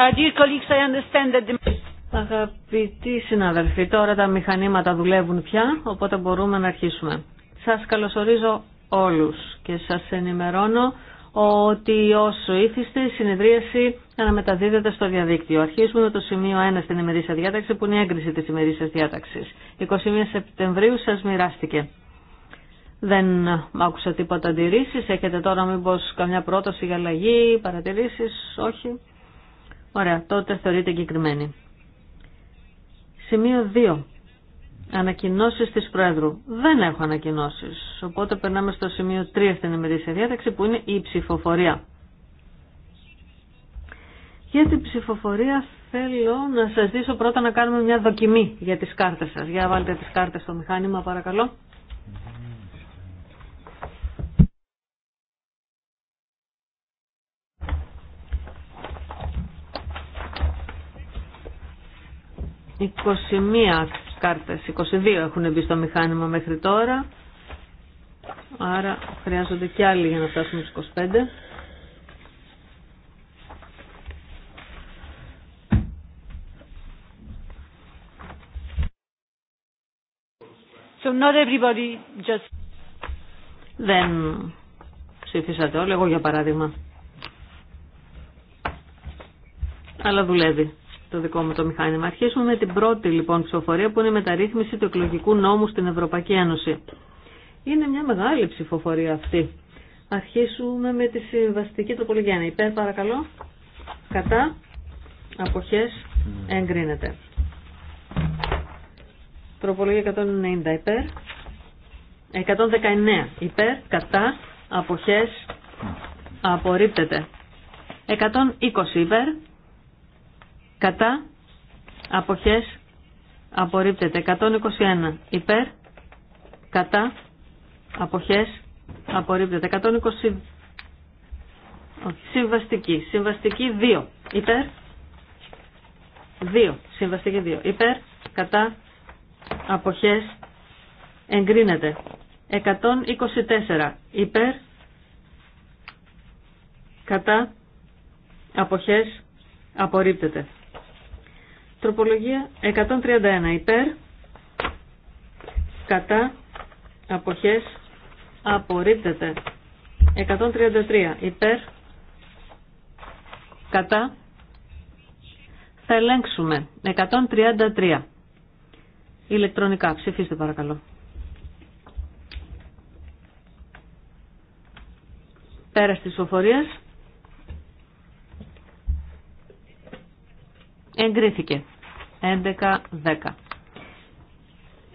Uh, Αγαπητοί συναδελφοί, τώρα τα μηχανήματα δουλεύουν πια, οπότε μπορούμε να αρχίσουμε. Σας καλωσορίζω όλους και σας ενημερώνω ότι όσο ήθιστε η συνεδρίαση αναμεταδίδεται στο διαδίκτυο. Αρχίζουμε με το σημείο 1 στην ημερήσια διάταξη που είναι η έγκριση της ημερήσιας διάταξης. 21 Σεπτεμβρίου σας μοιράστηκε. Δεν άκουσα τίποτα αντιρρήσεις. Έχετε τώρα μήπως καμιά πρόταση για αλλαγή, παρατηρήσεις, όχι. Ωραία, τότε θεωρείται εγκεκριμένη. Σημείο 2. Ανακοινώσει τη Προέδρου. Δεν έχω ανακοινώσει. Οπότε περνάμε στο σημείο 3 στην ημερήσια διάταξη που είναι η ψηφοφορία. Για την ψηφοφορία θέλω να σας δείσω πρώτα να κάνουμε μια δοκιμή για τις κάρτες σας. Για βάλτε τις κάρτες στο μηχάνημα παρακαλώ. 21 κάρτες, 22 έχουν μπει στο μηχάνημα μέχρι τώρα. Άρα χρειάζονται και άλλοι για να φτάσουμε στους 25. So not everybody just... Δεν ψήφισατε όλοι, εγώ για παράδειγμα. Αλλά δουλεύει το δικό μου το μηχάνημα. Αρχίσουμε με την πρώτη λοιπόν ψηφοφορία που είναι η μεταρρύθμιση του εκλογικού νόμου στην Ευρωπαϊκή Ένωση. Είναι μια μεγάλη ψηφοφορία αυτή. Αρχίσουμε με τη συμβαστική τροπολογία. Υπέρ παρακαλώ. Κατά. Αποχές. Εγκρίνεται. Τροπολογία 190 υπέρ. 119 υπέρ. Κατά. Αποχές. Απορρίπτεται. 120 υπέρ Κατά. Αποχές. Απορρίπτεται. 121. Υπέρ. Κατά. Αποχές. Απορρίπτεται. 120. Συμβαστική. Συμβαστική 2. Υπέρ. 2. Συμβαστική 2. Υπέρ. Κατά. Αποχές. Εγκρίνεται. 124. Υπέρ. Κατά. Αποχές. Απορρίπτεται. Τροπολογία 131 υπέρ, κατά, αποχές, απορρίπτεται. 133 υπέρ, κατά, θα ελέγξουμε. 133. Ηλεκτρονικά. Ψηφίστε παρακαλώ. Πέρα της ψηφοφορίας. Εγκρίθηκε. 11,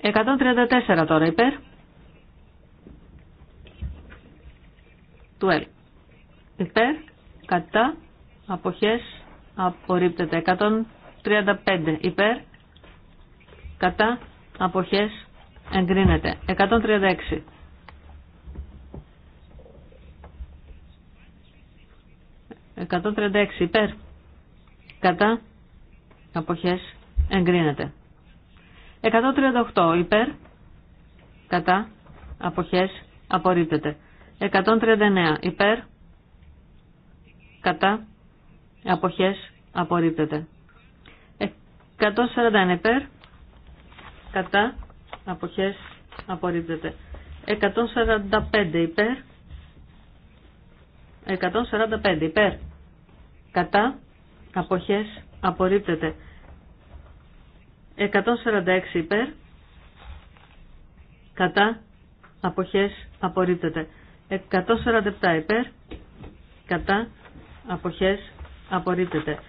134 τώρα υπέρ. Του L. Υπέρ, κατά, αποχές, απορρίπτεται. 135 υπέρ, κατά, αποχές, εγκρίνεται. 136. «136 υπέρ, κατά, αποχές, εγκρίνεται. 138 υπέρ, κατά, αποχές, απορρίπτεται. 139 υπέρ, κατά, αποχές, απορρίπτεται. 141 υπέρ, κατά, αποχές, απορρίπτεται. 145 υπέρ, 145 υπέρ, κατά, αποχές, απορρίπτεται. 146 υπέρ, κατά, αποχές, απορρίπτεται. 147 υπέρ, κατά, αποχές, απορρίπτεται.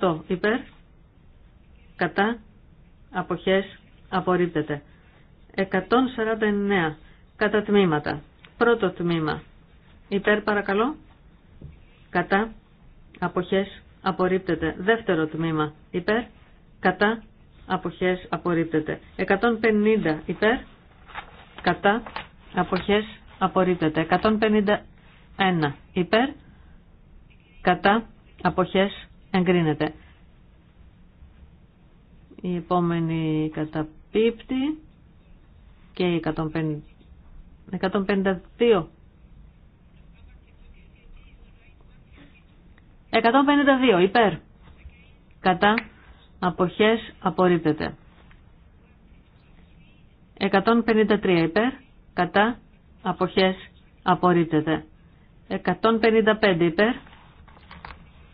148 υπέρ, κατά, αποχές, απορρίπτεται. 149 κατά τμήματα. Πρώτο τμήμα. Υπέρ παρακαλώ. Κατά. Αποχές. Απορρίπτεται. Δεύτερο τμήμα. Υπέρ κατά αποχές απορρίπτεται. 150 υπέρ κατά αποχές απορρίπτεται. 151 υπέρ κατά αποχές εγκρίνεται. Η επόμενη καταπίπτει και η 150, 152 152 υπέρ κατά Αποχές απορρίπτεται. 153 υπέρ, κατά, αποχές απορρίπτεται. 155 υπέρ,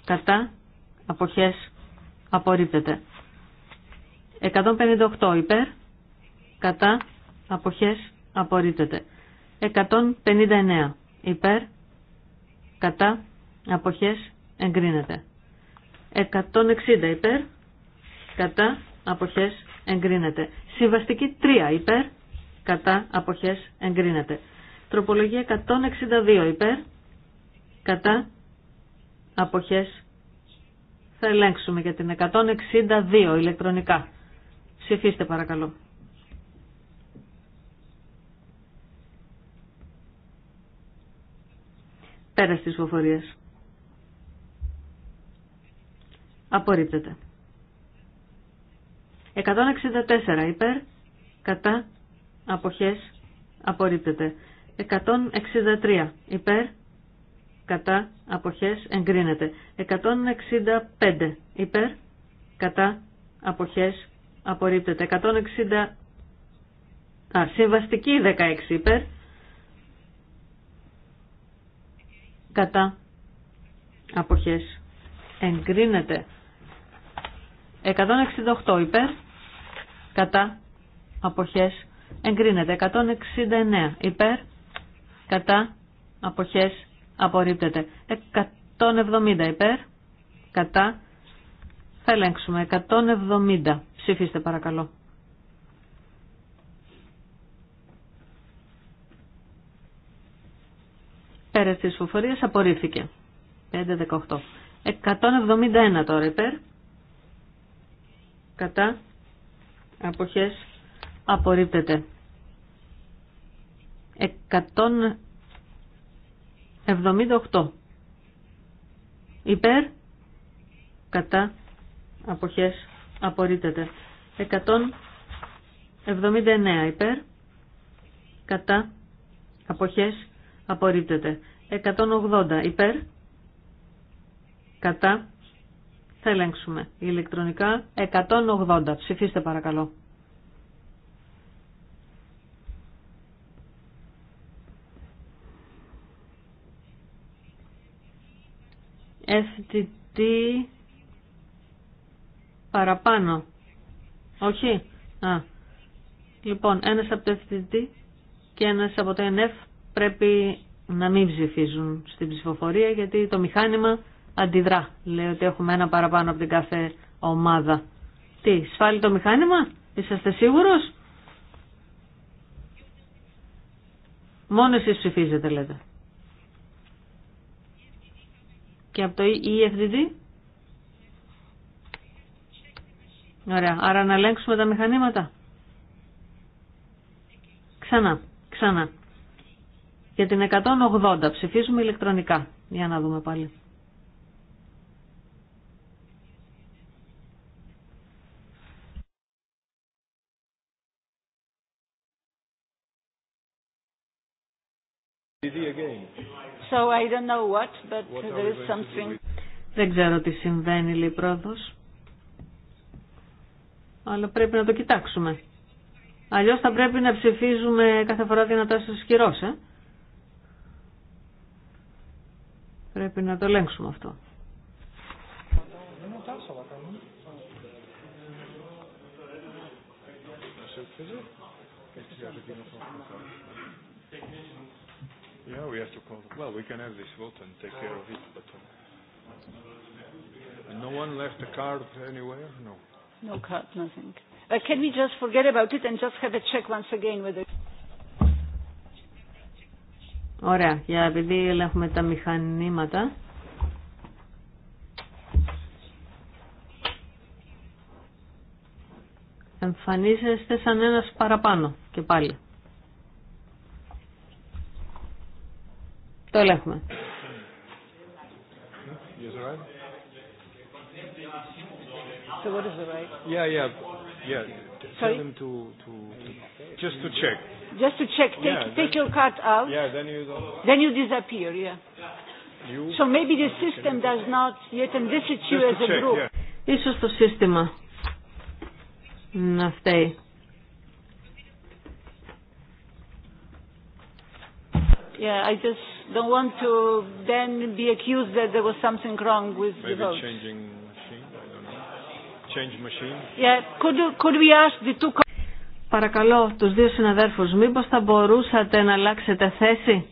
κατά, αποχές απορρίπτεται. 158 υπέρ, κατά, αποχές απορρίπτεται. 159 υπέρ, κατά, αποχές εγκρίνεται. 160 υπέρ, κατά αποχές εγκρίνεται. Συμβαστική 3 υπέρ, κατά αποχές εγκρίνεται. Τροπολογία 162 υπέρ, κατά αποχές θα ελέγξουμε για την 162 ηλεκτρονικά. Ψηφίστε παρακαλώ. Πέρα στις φοφορίες. Απορρίπτεται. 164 υπέρ, κατά, αποχές, απορρίπτεται. 163 υπέρ, κατά, αποχές, εγκρίνεται. 165 υπέρ, κατά, αποχές, απορρίπτεται. 160 Α, συμβαστική 16 υπέρ, κατά, αποχές, εγκρίνεται. 168 υπέρ, κατά, αποχές, εγκρίνεται. 169 υπέρ, κατά, αποχές, απορρίπτεται. 170 υπέρ, κατά, θα ελέγξουμε. 170, ψηφίστε παρακαλώ. Πέρα της φοφορίας απορρίφθηκε. 5-18. 171 τώρα υπέρ, κατά αποχές απορρίπτεται. 178 υπέρ κατά αποχές απορρίπτεται. 179 υπέρ κατά αποχές απορρίπτεται. 180 υπέρ κατά θα ελέγξουμε ηλεκτρονικά 180. Ψηφίστε παρακαλώ. FTT παραπάνω. Όχι. Α. Λοιπόν, ένας από το FTT και ένας από το NF πρέπει να μην ψηφίζουν στην ψηφοφορία γιατί το μηχάνημα αντιδρά. Λέει ότι έχουμε ένα παραπάνω από την κάθε ομάδα. Τι, σφάλει το μηχάνημα, είσαστε σίγουρος. Μόνο εσείς ψηφίζετε λέτε. Και από το EFDD. Ωραία, άρα να ελέγξουμε τα μηχανήματα. Ξανά, ξανά. Για την 180 ψηφίζουμε ηλεκτρονικά. Για να δούμε πάλι. Δεν ξέρω τι συμβαίνει, λέει πρόεδρος. Αλλά πρέπει να το κοιτάξουμε. Αλλιώς θα πρέπει να ψηφίζουμε κάθε φορά δυνατά στο σκυρός, ε. Πρέπει να το ελέγξουμε αυτό. Yeah, we have to call. Well, we can have this vote and take care of it, but. No one left a card anywhere? No. No card, nothing. Uh, can we just forget about it and just have a check once again whether... Ωραία, για επειδή έχουμε τα μηχανήματα. Εμφανίζεστε σαν ένας παραπάνω και πάλι. Το ελέγχουμε. So what is the right? Yeah, yeah, yeah. Sorry? Tell them to, to, to just to check. Just to check. Take, yeah, take your card out. Yeah, then you don't... then you disappear. Yeah. You... So maybe the system does not yet envisage you as a group. Yeah. Ίσως το σύστημα να φταίει. Yeah, I just don't want to then be accused that there was something wrong with Maybe the vote. changing machine, I don't know. Change machine. Yeah, could, could we ask the two... Παρακαλώ τους δύο συναδέρφους, μήπως θα μπορούσατε να αλλάξετε θέση,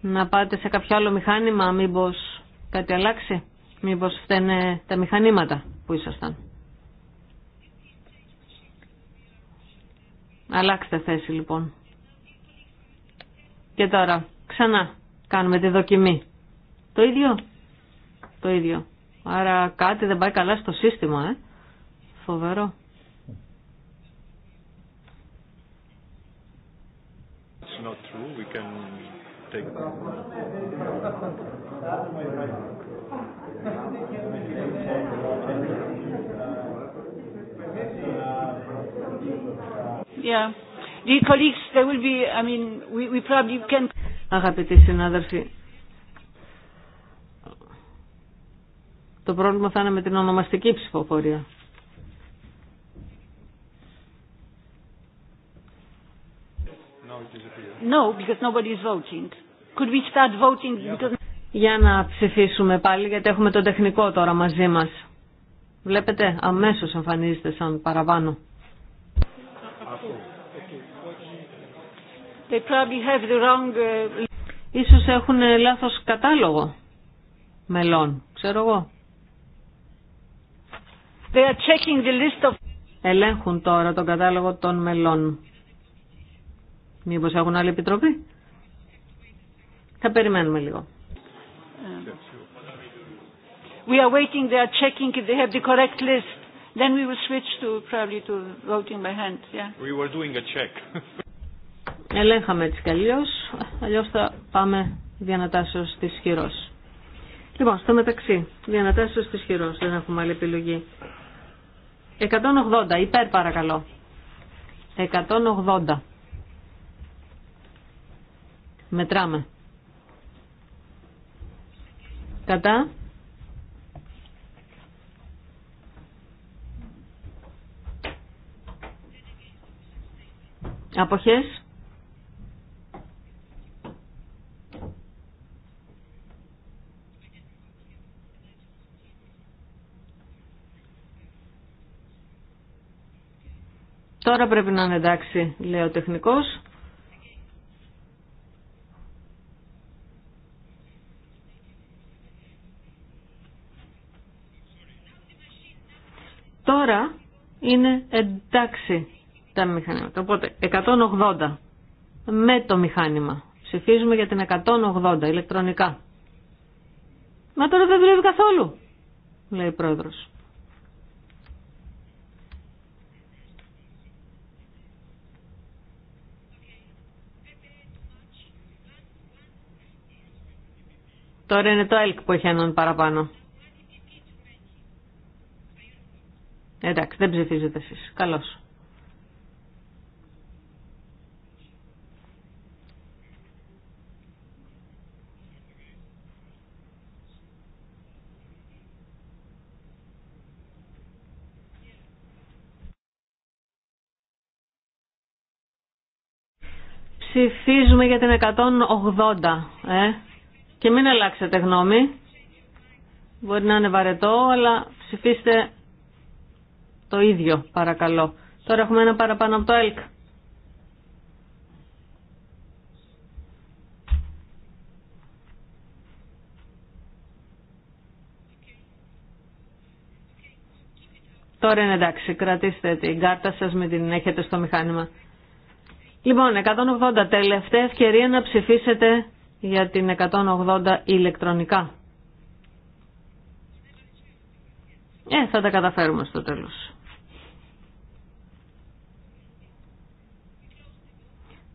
να πάτε σε κάποιο άλλο μηχάνημα, μήπως κάτι αλλάξει, μήπως φταίνε τα μηχανήματα που ήσασταν. Αλλάξτε θέση λοιπόν. Και τώρα Ξανά κάνουμε τη δοκιμή. Το ίδιο. Το ίδιο. Άρα κάτι δεν πάει καλά στο σύστημα, ε. Φοβερό. It's not true. We can take... Yeah. the colleagues, there will be, I mean, we, we probably can... Αγαπητοί συνάδελφοι, το πρόβλημα θα είναι με την ονομαστική ψηφοφορία. No, because nobody is voting. Could we start voting Για να ψηφίσουμε πάλι, γιατί έχουμε τον τεχνικό τώρα μαζί μας. Βλέπετε, αμέσως εμφανίζεται σαν παραπάνω. They probably have the wrong... Ίσως έχουν λάθος κατάλογο μελών, ξέρω εγώ. They are checking the list of... Ελέγχουν τώρα τον κατάλογο των μελών. Μήπως έχουν άλλη επιτροπή. Θα περιμένουμε λίγο. We are waiting, they are checking if they have the correct list. Then we will switch to probably to voting by hand. Yeah. We were doing a check ελέγχαμε έτσι κι Αλλιώ θα πάμε διανατάσσεω τη χειρός. Λοιπόν, στο μεταξύ, διανατάσσεω τη χειρός, δεν έχουμε άλλη επιλογή. 180, υπέρ παρακαλώ. 180. Μετράμε. Κατά. Αποχές. Τώρα πρέπει να είναι εντάξει, λέει ο τεχνικός. Τώρα είναι εντάξει τα μηχανήματα. Οπότε 180 με το μηχάνημα. Ψηφίζουμε για την 180 ηλεκτρονικά. Μα τώρα δεν δουλεύει καθόλου, λέει ο πρόεδρος. Τώρα είναι το ΕΛΚ που έχει έναν παραπάνω. Εντάξει, δεν ψηφίζετε εσείς. Καλώς. Ψηφίζουμε για την 180, ε. Και μην αλλάξετε γνώμη. Μπορεί να είναι βαρετό, αλλά ψηφίστε το ίδιο, παρακαλώ. Τώρα έχουμε ένα παραπάνω από το ΕΛΚ. Τώρα είναι εντάξει, κρατήστε την κάρτα σας με την έχετε στο μηχάνημα. Λοιπόν, 180 τελευταία ευκαιρία να ψηφίσετε για την 180 ηλεκτρονικά. Ε, θα τα καταφέρουμε στο τέλος.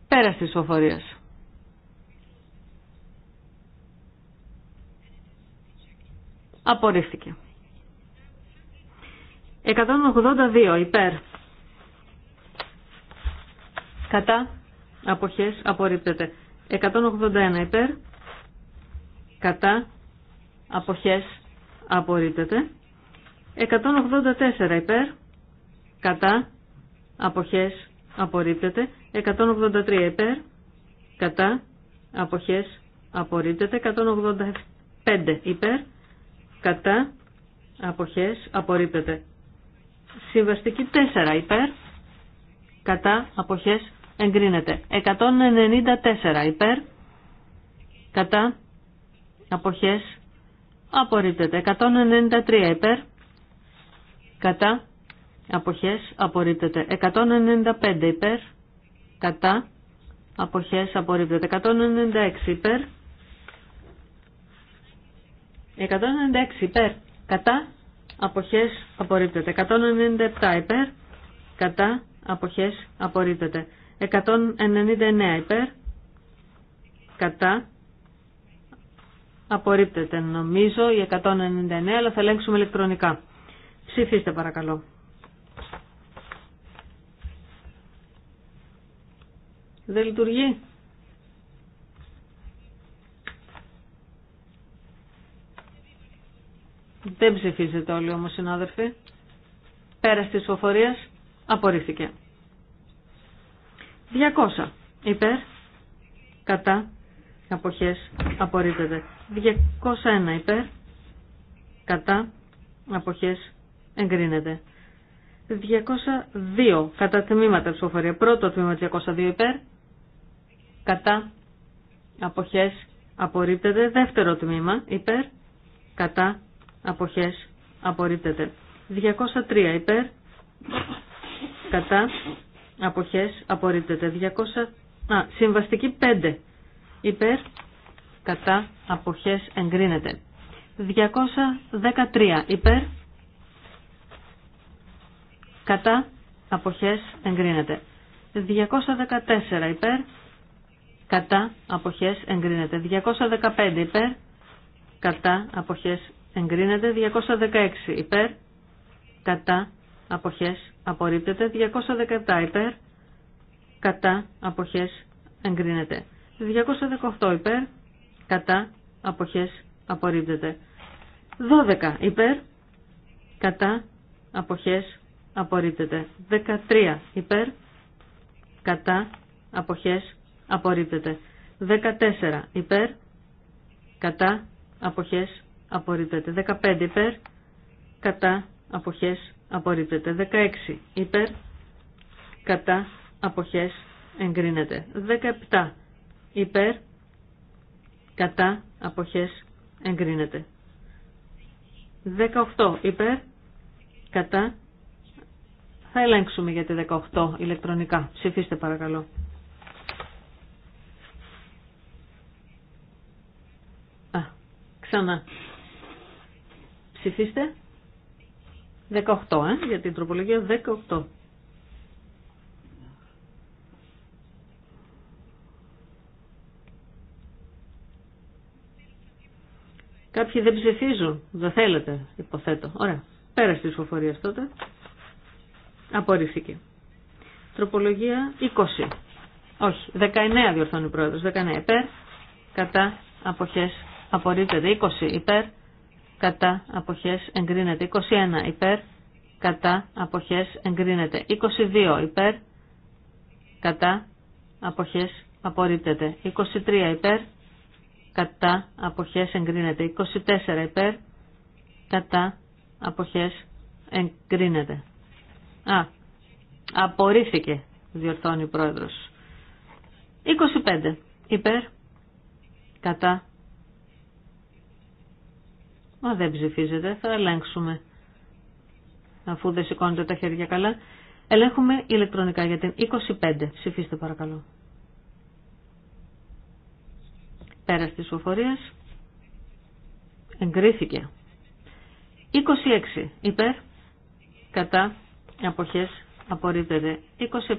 Πέρας της ψηφοφορίας. Απορρίφθηκε. 182 υπέρ. Κατά. Αποχές απορρίπτεται. 181 υπέρ, κατά, αποχές, απορρίπτεται. 184 υπέρ, κατά, αποχές, απορρίπτεται. 183 υπέρ, κατά, αποχές, απορρίπτεται. 185 υπέρ, κατά, αποχές, απορρίπτεται. Συμβαστική 4 υπέρ, κατά, αποχές, εγκρίνεται. 194 υπέρ, κατά, αποχές, απορρίπτεται. 193 υπέρ, κατά, αποχές, απορρίπτεται. 195 υπέρ, κατά, αποχές, απορρίπτεται. 196 υπέρ, 196 υπέρ, κατά, αποχές, απορρίπτεται. 197 υπέρ, κατά, αποχές, απορρίπτεται. 199 υπέρ. Κατά. Απορρίπτεται νομίζω η 199 αλλά θα ελέγξουμε ηλεκτρονικά. Ψηφίστε παρακαλώ. Δεν λειτουργεί. Δεν ψηφίζετε όλοι όμως συνάδελφοι. Πέρα της φοφορίας απορρίφθηκε. 200 υπέρ, κατά, αποχές, απορρίπτεται. 201 υπέρ, κατά, αποχές, εγκρίνεται. 202 κατά τμήματα ψηφοφορία. Πρώτο τμήμα 202 υπέρ, κατά, αποχές, απορρίπτεται. Δεύτερο τμήμα υπέρ, κατά, αποχές, απορρίπτεται. 203 υπέρ, κατά, αποχές απορρίπτεται. 200... Α, συμβαστική 5 υπέρ κατά αποχές εγκρίνεται. 213 υπέρ κατά αποχές εγκρίνεται. 214 υπέρ κατά αποχές εγκρίνεται. 215 υπέρ κατά αποχές εγκρίνεται. 216 υπέρ κατά αποχές απορρίπτεται. 217 υπέρ κατά αποχές εγκρίνεται. 218 υπέρ κατά αποχές απορρίπτεται. 12 υπέρ κατά αποχές απορρίπτεται. 13 υπέρ κατά αποχές απορρίπτεται. 14 υπέρ κατά αποχές απορρίπτεται. 15 υπέρ κατά αποχές απορρίπτεται. 16 υπέρ κατά αποχές εγκρίνεται. 17 υπέρ κατά αποχές εγκρίνεται. 18 υπέρ κατά θα ελέγξουμε για τη 18 ηλεκτρονικά. Ψηφίστε παρακαλώ. Α, ξανά. Ψηφίστε. 18, γιατί ε, για την τροπολογία 18. Κάποιοι δεν ψηφίζουν, δεν θέλετε, υποθέτω. Ωραία. Πέρασε τη ψηφοφορία τότε. Απορρίφθηκε. Τροπολογία 20. Όχι, 19 διορθώνει ο πρόεδρος. 19 υπέρ, κατά, αποχές, απορρίπτεται. 20 υπέρ, κατά αποχές εγκρίνεται. 21 υπέρ, κατά αποχές εγκρίνεται. 22 υπέρ, κατά αποχές απορρίπτεται. 23 υπέρ, κατά αποχές εγκρίνεται. 24 υπέρ, κατά αποχές εγκρίνεται. Α, απορρίφθηκε, διορθώνει ο πρόεδρος. 25 υπέρ, κατά Μα δεν ψηφίζετε, θα ελέγξουμε. Αφού δεν σηκώνετε τα χέρια καλά. Ελέγχουμε ηλεκτρονικά για την 25. Ψηφίστε παρακαλώ. Πέρα στις ψηφοφορίες. Εγκρίθηκε. 26. Υπέρ. Κατά. Αποχές. Απορρίπτεται.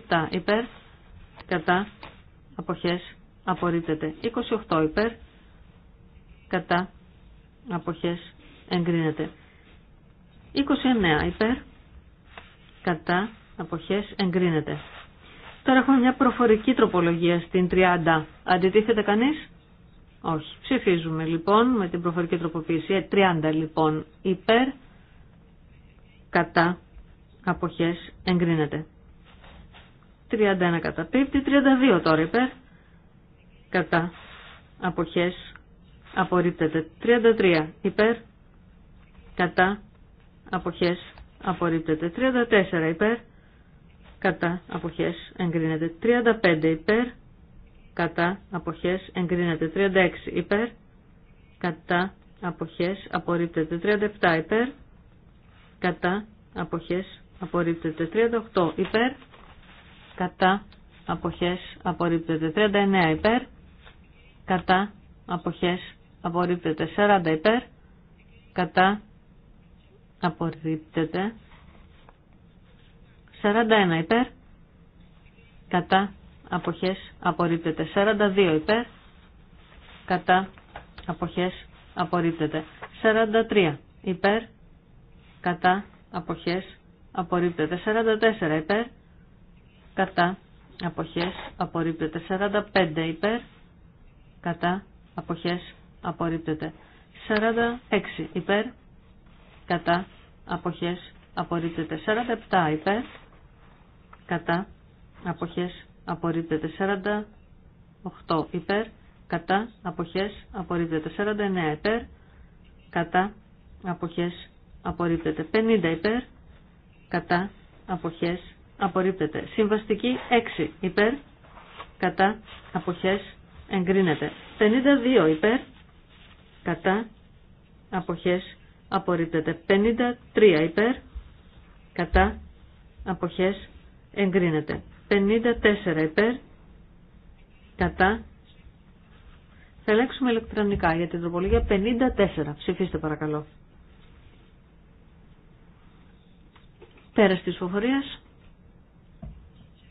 27. Υπέρ. Κατά. Αποχές. Απορρίπτεται. 28. Υπέρ. Κατά αποχές εγκρίνεται. 29 υπέρ, κατά, αποχές εγκρίνεται. Τώρα έχουμε μια προφορική τροπολογία στην 30. Αντιτίθεται κανείς? Όχι. Ψηφίζουμε λοιπόν με την προφορική τροποποίηση. 30 ε, λοιπόν υπέρ, κατά, αποχές εγκρίνεται. 31 κατά πίπτη, 32 τώρα υπέρ, κατά, αποχές απορρίπτεται. 33 υπέρ, κατά, αποχές, απορρίπτεται. 34 υπέρ, κατά, αποχές, εγκρίνεται. 35 υπέρ, κατά, αποχές, εγκρίνεται. 36 υπέρ, κατά, αποχές, απορρίπτεται. 37 υπέρ, κατά, αποχές, απορρίπτεται. 38 υπέρ, κατά, αποχές, απορρίπτεται. 39 υπέρ, κατά, αποχές, απορρίπτεται 40 υπέρ, κατά απορρίπτεται 41 υπέρ, κατά αποχές απορρίπτεται 42 υπέρ, κατά αποχές απορρίπτεται 43 υπέρ, κατά αποχές απορρίπτεται 44 υπέρ, κατά αποχές απορρίπτεται 45 υπέρ, κατά αποχές απορρίπτεται. 46 υπέρ, κατά, αποχές, απορρίπτεται. 47 υπέρ, κατά, αποχές, απορρίπτεται. 48 υπέρ, κατά, αποχές, απορρίπτεται. 49 υπέρ, κατά, αποχές, απορρίπτεται. 50 υπέρ, κατά, αποχές, απορρίπτεται. Συμβαστική 6 υπέρ, κατά, αποχές, εγκρίνεται. 52 υπέρ, κατά αποχές απορρίπτεται. 53 υπέρ κατά αποχές εγκρίνεται. 54 υπέρ κατά θα ελέγξουμε ηλεκτρονικά για την τροπολογία 54. Ψηφίστε παρακαλώ. Πέρας της φοφορίας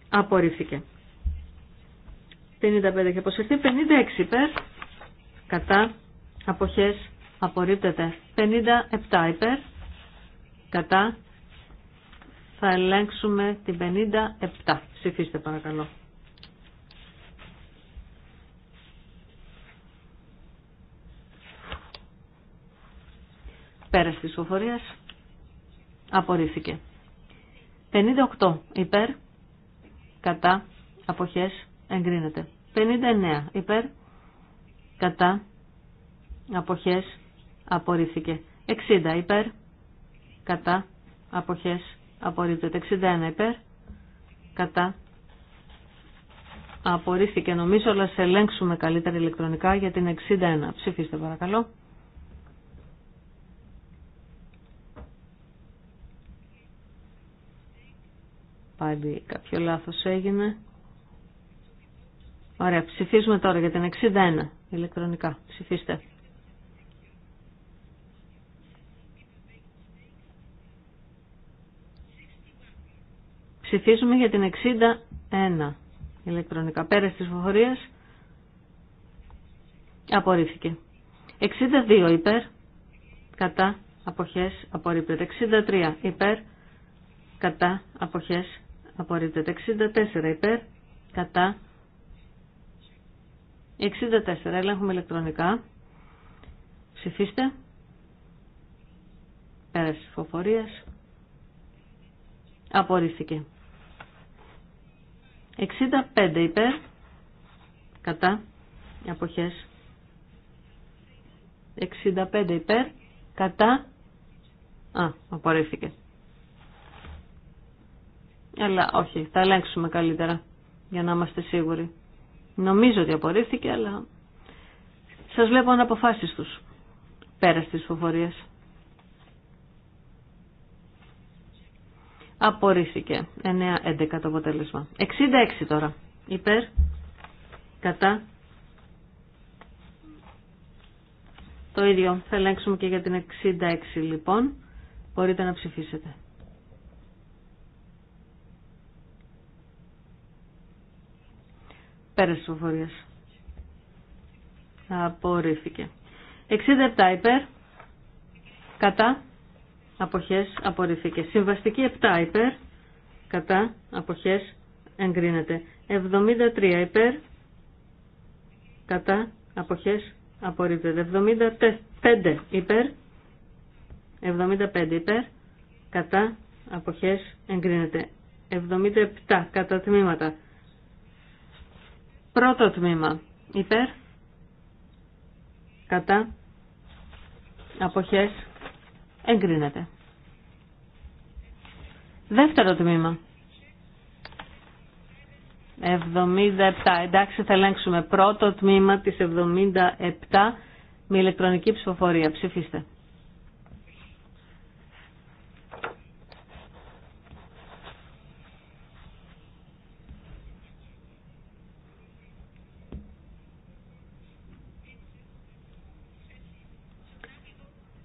απορρίφθηκε. 55 έχει αποσυρθεί, 56 υπέρ, κατά, αποχές απορρίπτεται. 57 υπέρ, κατά, θα ελέγξουμε την 57. Ψηφίστε παρακαλώ. Πέρας της οφορίας απορρίφθηκε. 58 υπέρ, κατά, αποχές εγκρίνεται. 59 υπέρ, κατά, αποχές απορρίφθηκε. 60 υπέρ, κατά, αποχές απορρίφθηκε 61 υπέρ, κατά, απορρίφθηκε. Νομίζω, αλλά σε ελέγξουμε καλύτερα ηλεκτρονικά για την 61. Ψηφίστε παρακαλώ. Πάλι κάποιο λάθος έγινε. Ωραία, ψηφίζουμε τώρα για την 61 ηλεκτρονικά. Ψηφίστε. Ψηφίζουμε για την 61 ηλεκτρονικά. Πέρα της ψηφοφορίας απορρίφθηκε. 62 υπέρ, κατά, αποχές, απορρίπτεται. 63 υπέρ, κατά, αποχές, απορρίπτεται. 64 υπέρ, κατά, 64. Ελέγχουμε ηλεκτρονικά. Ψηφίστε. Πέρασε τη φοφορίες. Απορρίφθηκε. 65 υπέρ κατά αποχές 65 υπέρ κατά α, απορρίφθηκε αλλά όχι, θα ελέγξουμε καλύτερα για να είμαστε σίγουροι νομίζω ότι απορρίφθηκε αλλά σας βλέπω αναποφάσεις τους πέρα στις φοφορίες Απορρίφθηκε. 9-11 το αποτέλεσμα. 66 τώρα. Υπέρ. Κατά. Το ίδιο. Θα ελέγξουμε και για την 66 λοιπόν. Μπορείτε να ψηφίσετε. Πέρασε της προφορίας. Απορρίφθηκε. 67 υπέρ. Κατά αποχές απορρίφθηκε. Συμβαστική 7 υπέρ, κατά, αποχές εγκρίνεται. 73 υπέρ, κατά, αποχές απορρίπτεται. 75 υπέρ, 75 υπέρ, κατά, αποχές εγκρίνεται. 77 κατά τμήματα. Πρώτο τμήμα υπέρ, κατά, αποχές Εγκρίνεται. Δεύτερο τμήμα. 77. Εντάξει, θα ελέγξουμε πρώτο τμήμα της 77 με ηλεκτρονική ψηφοφορία. Ψηφίστε.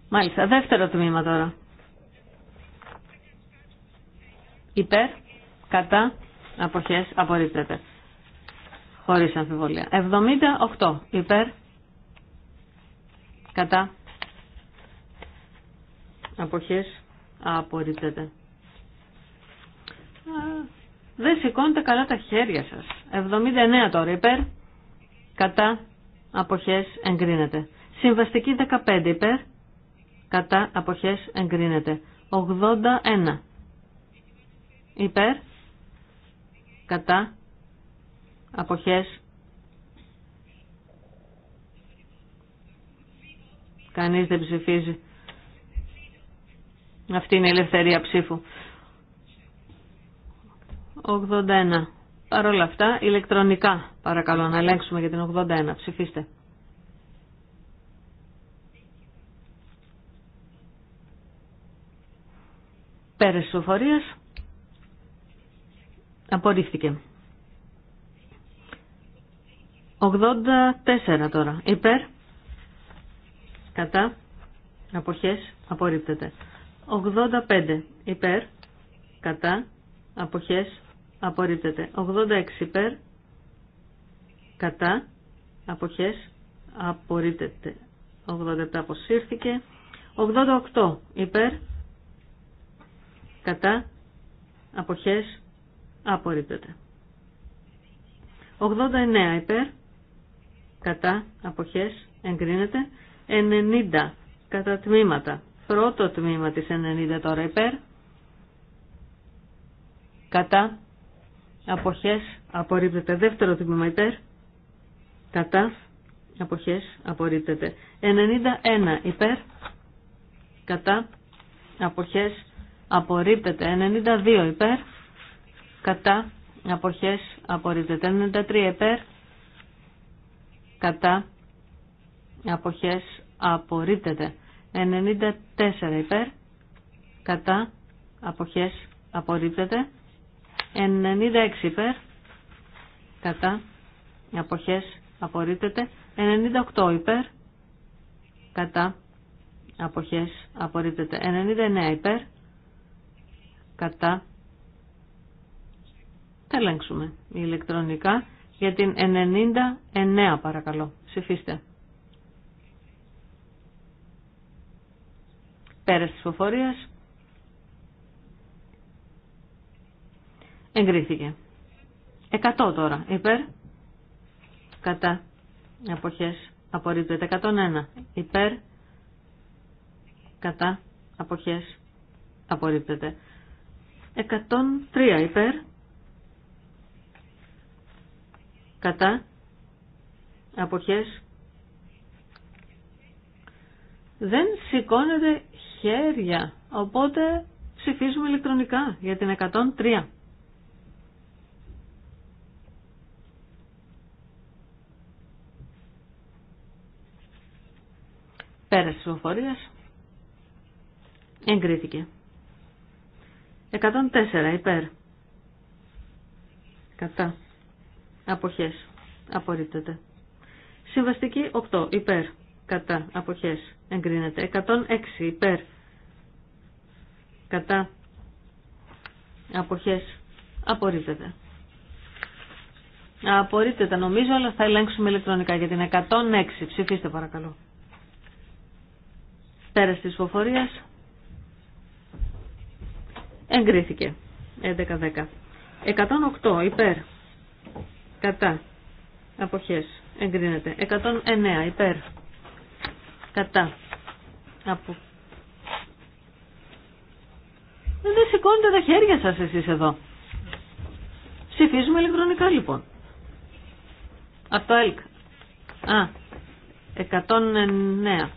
Μάλιστα, δεύτερο τμήμα τώρα. Υπέρ, κατά, αποχές, απορρίπτεται. Χωρίς αμφιβολία. 78, υπέρ, κατά, αποχές, απορρίπτεται. Δεν σηκώνετε καλά τα χέρια σας. 79 τώρα, υπέρ, κατά, αποχές, εγκρίνεται. Συμβαστική 15, υπέρ, κατά αποχές εγκρίνεται. 81 υπέρ κατά αποχές κανείς δεν ψηφίζει. Αυτή είναι η ελευθερία ψήφου. 81. Παρ' όλα αυτά, ηλεκτρονικά, παρακαλώ, να ελέγξουμε για την 81. Ψηφίστε. Πέρες ψηφοφορίας. Απορρίφθηκε. 84 τώρα. Υπέρ. Κατά. Αποχές. Απορρίπτεται. 85 υπέρ. Κατά. Αποχές. Απορρίπτεται. 86 υπέρ. Κατά. Αποχές. Απορρίπτεται. 87 αποσύρθηκε. 88 υπέρ κατά, αποχές, απορρίπτεται. 89 υπέρ, κατά, αποχές, εγκρίνεται. 90 κατά τμήματα. Πρώτο τμήμα της 90 τώρα υπέρ, κατά, αποχές, απορρίπτεται. Δεύτερο τμήμα υπέρ, κατά, αποχές, απορρίπτεται. 91 υπέρ, κατά, αποχές, απορρίπτεται 92 υπέρ, κατά αποχές απορρίπτεται 93 υπέρ, κατά αποχές απορρίπτεται 94 υπέρ, κατά αποχές απορρίπτεται 96 υπέρ, κατά αποχές απορρίπτεται 98 υπέρ, κατά αποχές απορρίπτεται 99 υπέρ, κατά. Θα ελέγξουμε ηλεκτρονικά για την 99 παρακαλώ. Ψηφίστε. Πέρας της φοφορίας. Εγκρίθηκε. 100 τώρα. Υπέρ. Κατά. Αποχές. Απορρίπτεται. 101. Υπέρ. Κατά. Αποχές. Απορρίπτεται. 103 υπέρ. Κατά. Αποχές. Δεν σηκώνεται χέρια. Οπότε ψηφίζουμε ηλεκτρονικά για την 103. Πέρασε τη εγκρίθηκε. 104 υπέρ. Κατά. Αποχές. Απορρίπτεται. Συμβαστική 8 υπέρ. Κατά. Αποχές. Εγκρίνεται. 106 υπέρ. Κατά. Αποχές. Απορρίπτεται. Απορρίπτεται νομίζω, αλλά θα ελέγξουμε ηλεκτρονικά για την 106. Ψηφίστε παρακαλώ. Πέρα τη φοφορίας. Εγκρίθηκε. 11-10. 108 υπέρ. Κατά. Αποχές. Εγκρίνεται. 109 υπέρ. Κατά. Από... Ε, δεν σηκώνετε τα χέρια σας εσείς εδώ. Ψηφίζουμε ηλεκτρονικά λοιπόν. Από το ΕΛΚ. Α, 109.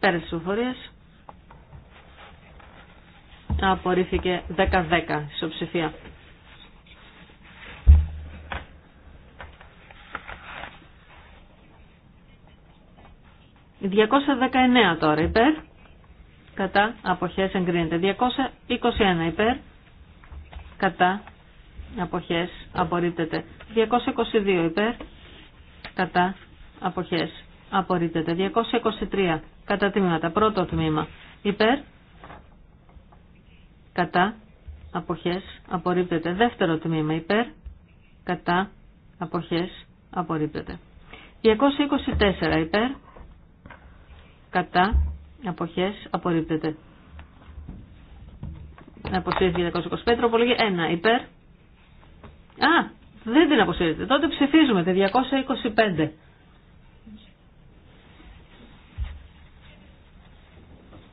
Πέρα τη ψηφοφορια απορριφθηκε Απορρίφθηκε 10-10 ισοψηφία. 219 τώρα υπέρ. Κατά αποχές εγκρίνεται. 221 υπέρ. Κατά αποχές απορρίπτεται. 222 υπέρ. Κατά αποχές απορρίπτεται. 223 κατά τμήματα. Πρώτο τμήμα υπέρ, κατά, αποχές, απορρίπτεται. Δεύτερο τμήμα υπέρ, κατά, αποχές, απορρίπτεται. 224 υπέρ, κατά, αποχές, απορρίπτεται. Αποσύρθηκε 225, τροπολογία 1 υπέρ. Α, δεν την αποσύρεται. Τότε ψηφίζουμε τη 225.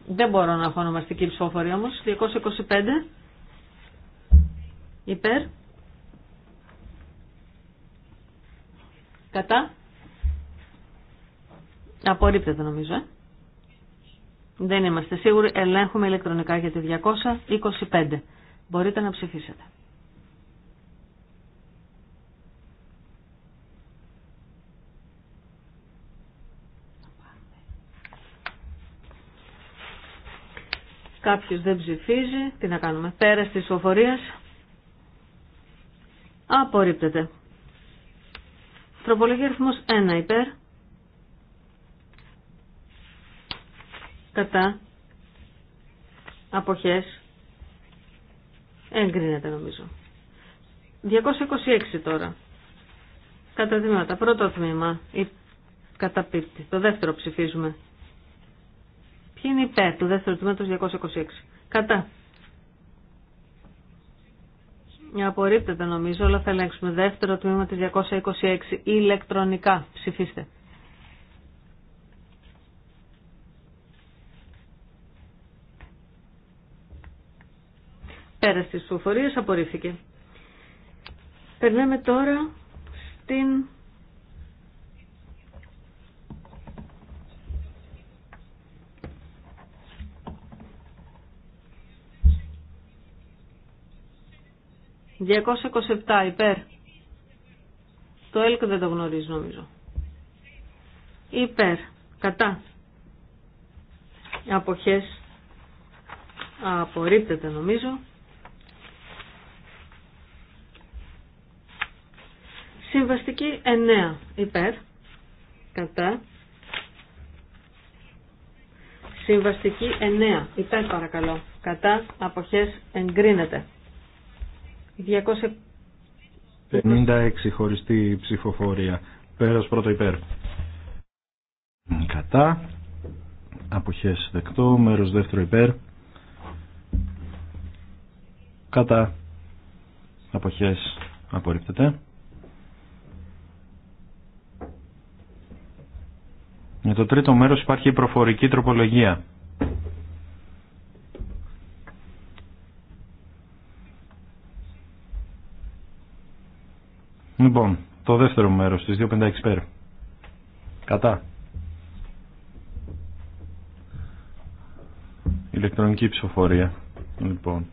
Δεν μπορώ να έχω ονομαστική ψηφοφορία όμως. 225 υπέρ. Κατά. Απορρίπτεται νομίζω. Ε. Δεν είμαστε σίγουροι. Ελέγχουμε ηλεκτρονικά για τη 225. Μπορείτε να ψηφίσετε. Κάποιος δεν ψηφίζει. Τι να κάνουμε. πέρα της ψηφοφορίας. Απορρίπτεται. Τροπολογία αριθμός 1 υπέρ. Κατά. Αποχές. Εγκρίνεται νομίζω. 226 τώρα. Κατά τμήματα. Πρώτο τμήμα. Η καταπίπτει. Το δεύτερο ψηφίζουμε. Ποιοι είναι υπέρ του δεύτερου τμήματος 226. Κατά. Απορρίπτεται νομίζω, αλλά θα ελέγξουμε δεύτερο τμήμα του 226 ηλεκτρονικά. Ψηφίστε. Πέρα στις ψηφοφορίες απορρίφθηκε. Περνάμε τώρα στην 227 υπέρ. Το έλκο δεν το γνωρίζει νομίζω. Υπέρ. Κατά. Αποχές. Απορρίπτεται νομίζω. Συμβαστική 9 υπέρ. Κατά. Συμβαστική 9 υπέρ παρακαλώ. Κατά. Αποχές εγκρίνεται. 256 χωριστή ψηφοφορία. Πέρας πρώτο υπέρ. Κατά. Αποχές δεκτό. Μέρος δεύτερο υπέρ. Κατά. Αποχές απορρίπτεται. Για το τρίτο μέρος υπάρχει η προφορική τροπολογία. Λοιπόν, το δεύτερο μέρος της 256 πέρα. Κατά. Ηλεκτρονική ψηφοφορία. Λοιπόν,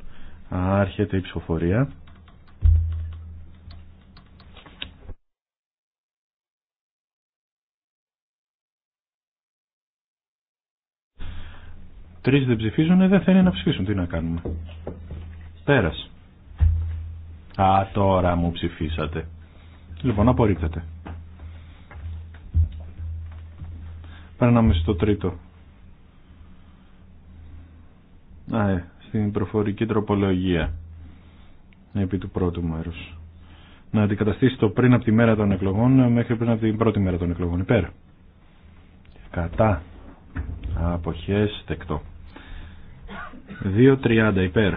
άρχεται η ψηφοφορία. Τρεις δεν ψηφίζουν, δεν θέλει να ψηφίσουν. Τι να κάνουμε. Πέρας. Α, τώρα μου ψηφίσατε. Λοιπόν, απορρίπτεται. Παίρναμε στο τρίτο. Α, ε, στην προφορική τροπολογία επί του πρώτου μέρους. Να αντικαταστήσει το πριν από τη μέρα των εκλογών μέχρι πριν από την πρώτη μέρα των εκλογών. Υπέρ. Κατά. Αποχές τεκτό. 2.30 υπέρ.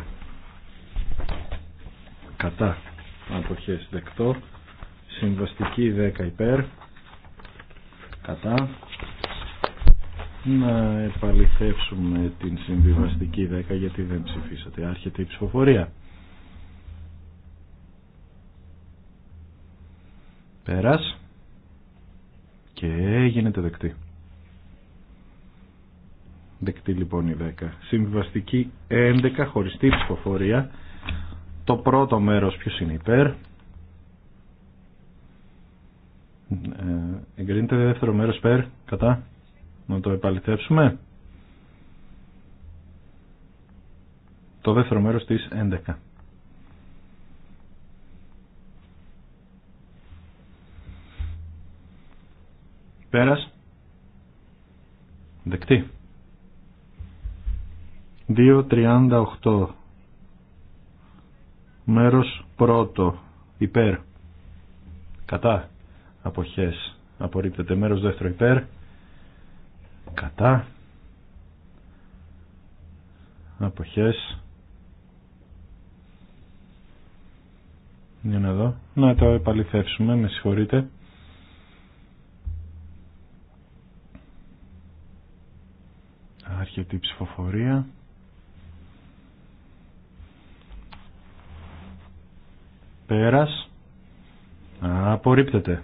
Κατά. Αποχές δεκτό. Συμβαστική 10 υπέρ. Κατά. Να επαληθεύσουμε την συμβιβαστική 10 γιατί δεν ψηφίσατε. Άρχεται η ψηφοφορία. Πέρας. Και γίνεται δεκτή. Δεκτή λοιπόν η 10. Συμβιβαστική 11 χωριστή ψηφοφορία. Το πρώτο μέρος ποιος είναι υπέρ. Εγκρίνεται δεύτερο μέρος περ, κατά. Να το επαληθεύσουμε. Το δεύτερο μέρος της 11. Πέρας. Δεκτή. 2.38 Μέρος πρώτο Υπέρ Κατά Αποχές απορρίπτεται μέρος δεύτερο υπέρ κατά αποχές για να δω να το επαληθεύσουμε με συγχωρείτε άρχεται ψηφοφορία πέρας απορρίπτεται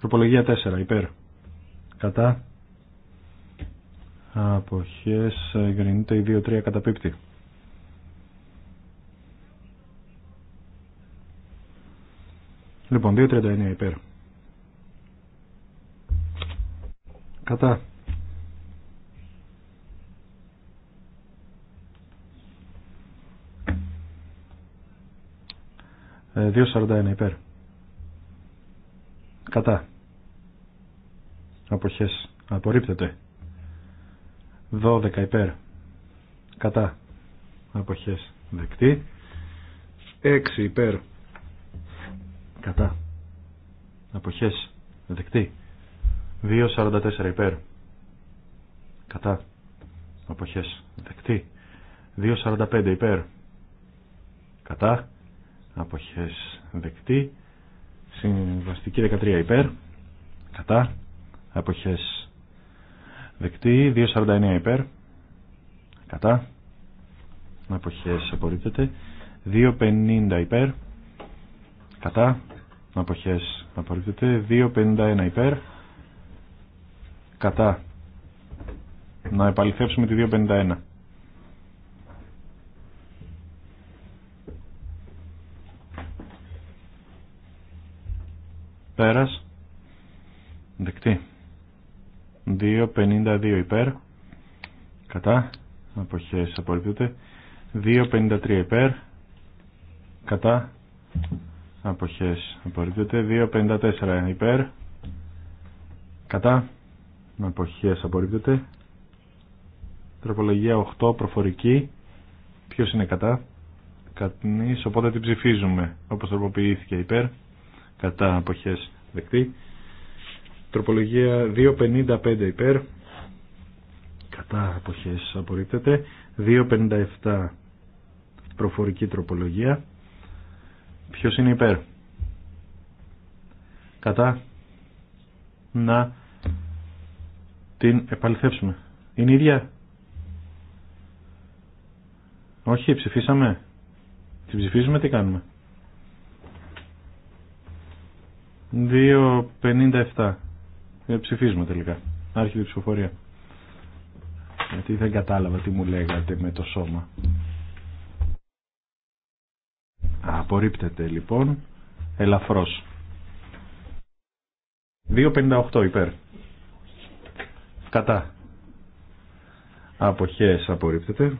Τροπολογία 4 υπέρ. Κατά. Αποχές εγκρινείται η 2-3 πίπτη. Λοιπόν, 2 2-39 υπέρ. Κατά. Ε, 2-41 υπέρ. Κατά αποχές απορρίπτεται 12 υπέρ κατά αποχές δεκτή 6 υπέρ κατά αποχές δεκτή 2.44 υπέρ κατά αποχές δεκτή 2.45 υπέρ κατά αποχές δεκτή συμβαστική 13 υπέρ κατά εποχές δεκτή 2.49 υπέρ κατά εποχές απορρίπτεται 2.50 υπέρ κατά εποχές απορρίπτεται 2.51 υπέρ κατά να επαληθεύσουμε τη 2.51 Πέρας. Δεκτή. 2.52 υπέρ κατά αποχές απορρίπτεται 2.53 υπέρ κατά αποχές απορρίπτεται 2.54 υπέρ κατά αποχές απορρίπτεται τροπολογία 8 προφορική ποιος είναι κατά κατνής οπότε την ψηφίζουμε όπως τροποποιήθηκε υπέρ κατά αποχές δεκτή Τροπολογία 2.55 υπέρ. Κατά αποχές απορρίπτεται. 2.57 προφορική τροπολογία. Ποιος είναι υπέρ. Κατά να την επαληθεύσουμε. Είναι ίδια. Όχι, ψηφίσαμε. Την ψηφίζουμε, τι κάνουμε. 2.57 ε, ψηφίσμα τελικά. Άρχιδη η ψηφοφορία. Γιατί δεν κατάλαβα τι μου λέγατε με το σώμα. Απορρίπτεται λοιπόν ελαφρώς. 2.58 υπέρ. Κατά. Αποχές απορρίπτεται.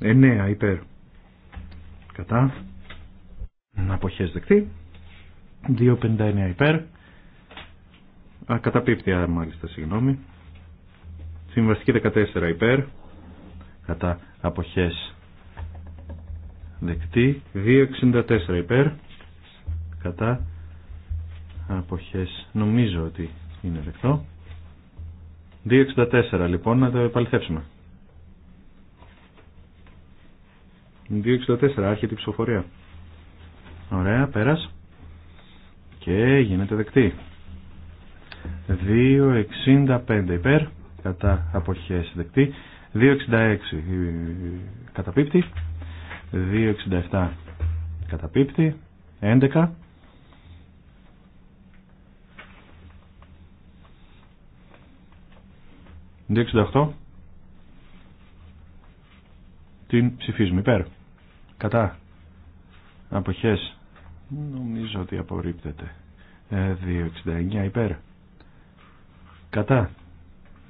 9 υπέρ. Κατά. Αποχές δεκτή. 2.59 υπέρ. Α, α, μάλιστα, συγγνώμη. Συμβαστική 14 υπέρ. Κατά αποχές δεκτή. 2.64 υπέρ. Κατά αποχές νομίζω ότι είναι δεκτό. 2.64 λοιπόν να το επαληθεύσουμε. 2.64 άρχεται η ψηφοφορία. Ωραία, πέρας και γίνεται δεκτή. 2.65 υπέρ κατά αποχές δεκτή. 2.66 ε, καταπίπτει. 2.67 καταπίπτει. 11. Την ψηφίζουμε υπέρ. Κατά. Αποχές Νομίζω ότι απορρίπτεται. 269 ε, υπέρ. Κατά.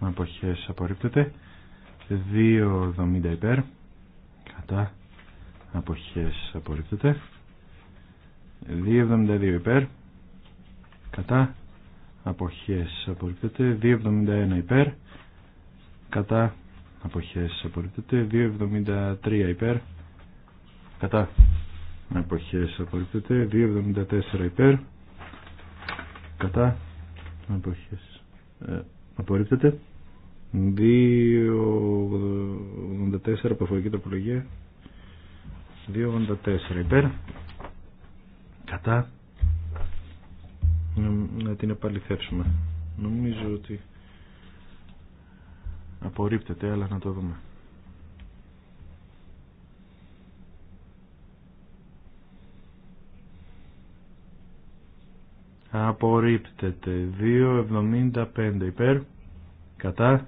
Αποχές απορρίπτεται. 270 υπέρ. Κατά. Αποχές απορρίπτεται. 272 υπέρ. Κατά. Αποχές απορρίπτεται. 271 υπέρ. Κατά. Αποχές απορρίπτεται. 273 υπέρ. Κατά εποχές απορρίπτεται 2.74 υπέρ κατά εποχές ε, απορρίπτεται 2.84 προφορική τροπολογία 2.84 υπέρ κατά να την επαληθεύσουμε νομίζω ότι απορρίπτεται αλλά να το δούμε απορρίπτεται 2.75 υπέρ κατά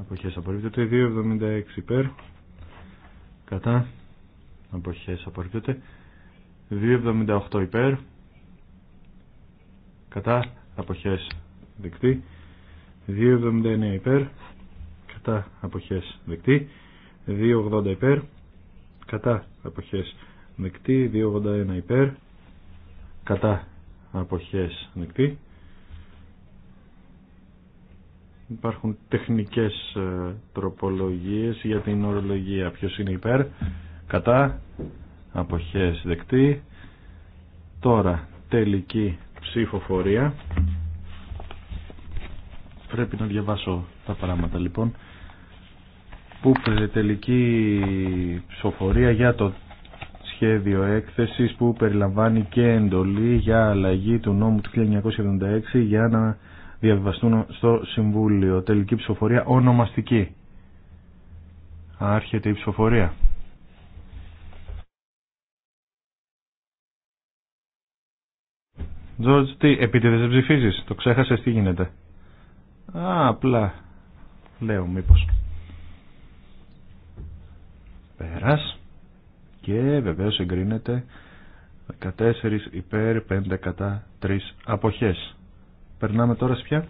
αποχές απορρίπτεται 2.76 υπέρ κατά αποχές απορρίπτεται 2.78 υπέρ κατά αποχές δεκτή 2.79 υπέρ κατά αποχές δεκτή 2.80 υπέρ κατά αποχές δεκτή 2.81 υπέρ κατά αποχές δεκτή. Υπάρχουν τεχνικές ε, τροπολογίες για την ορολογία. Ποιος είναι υπέρ, κατά, αποχές δεκτή. Τώρα, τελική ψηφοφορία. Πρέπει να διαβάσω τα πράγματα λοιπόν. Που τελική ψηφοφορία για το σχέδιο έκθεσης που περιλαμβάνει και εντολή για αλλαγή του νόμου του 1976 για να διαβιβαστούν στο Συμβούλιο. Τελική ψηφοφορία ονομαστική. Άρχεται η ψηφοφορία. Τζορτζ, τι, επειδή δεν το ξέχασες, τι γίνεται. Α, απλά, λέω μήπως. Πέρας και βεβαίως εγκρίνεται 14 υπέρ 5 κατά 3 αποχές. Περνάμε τώρα σε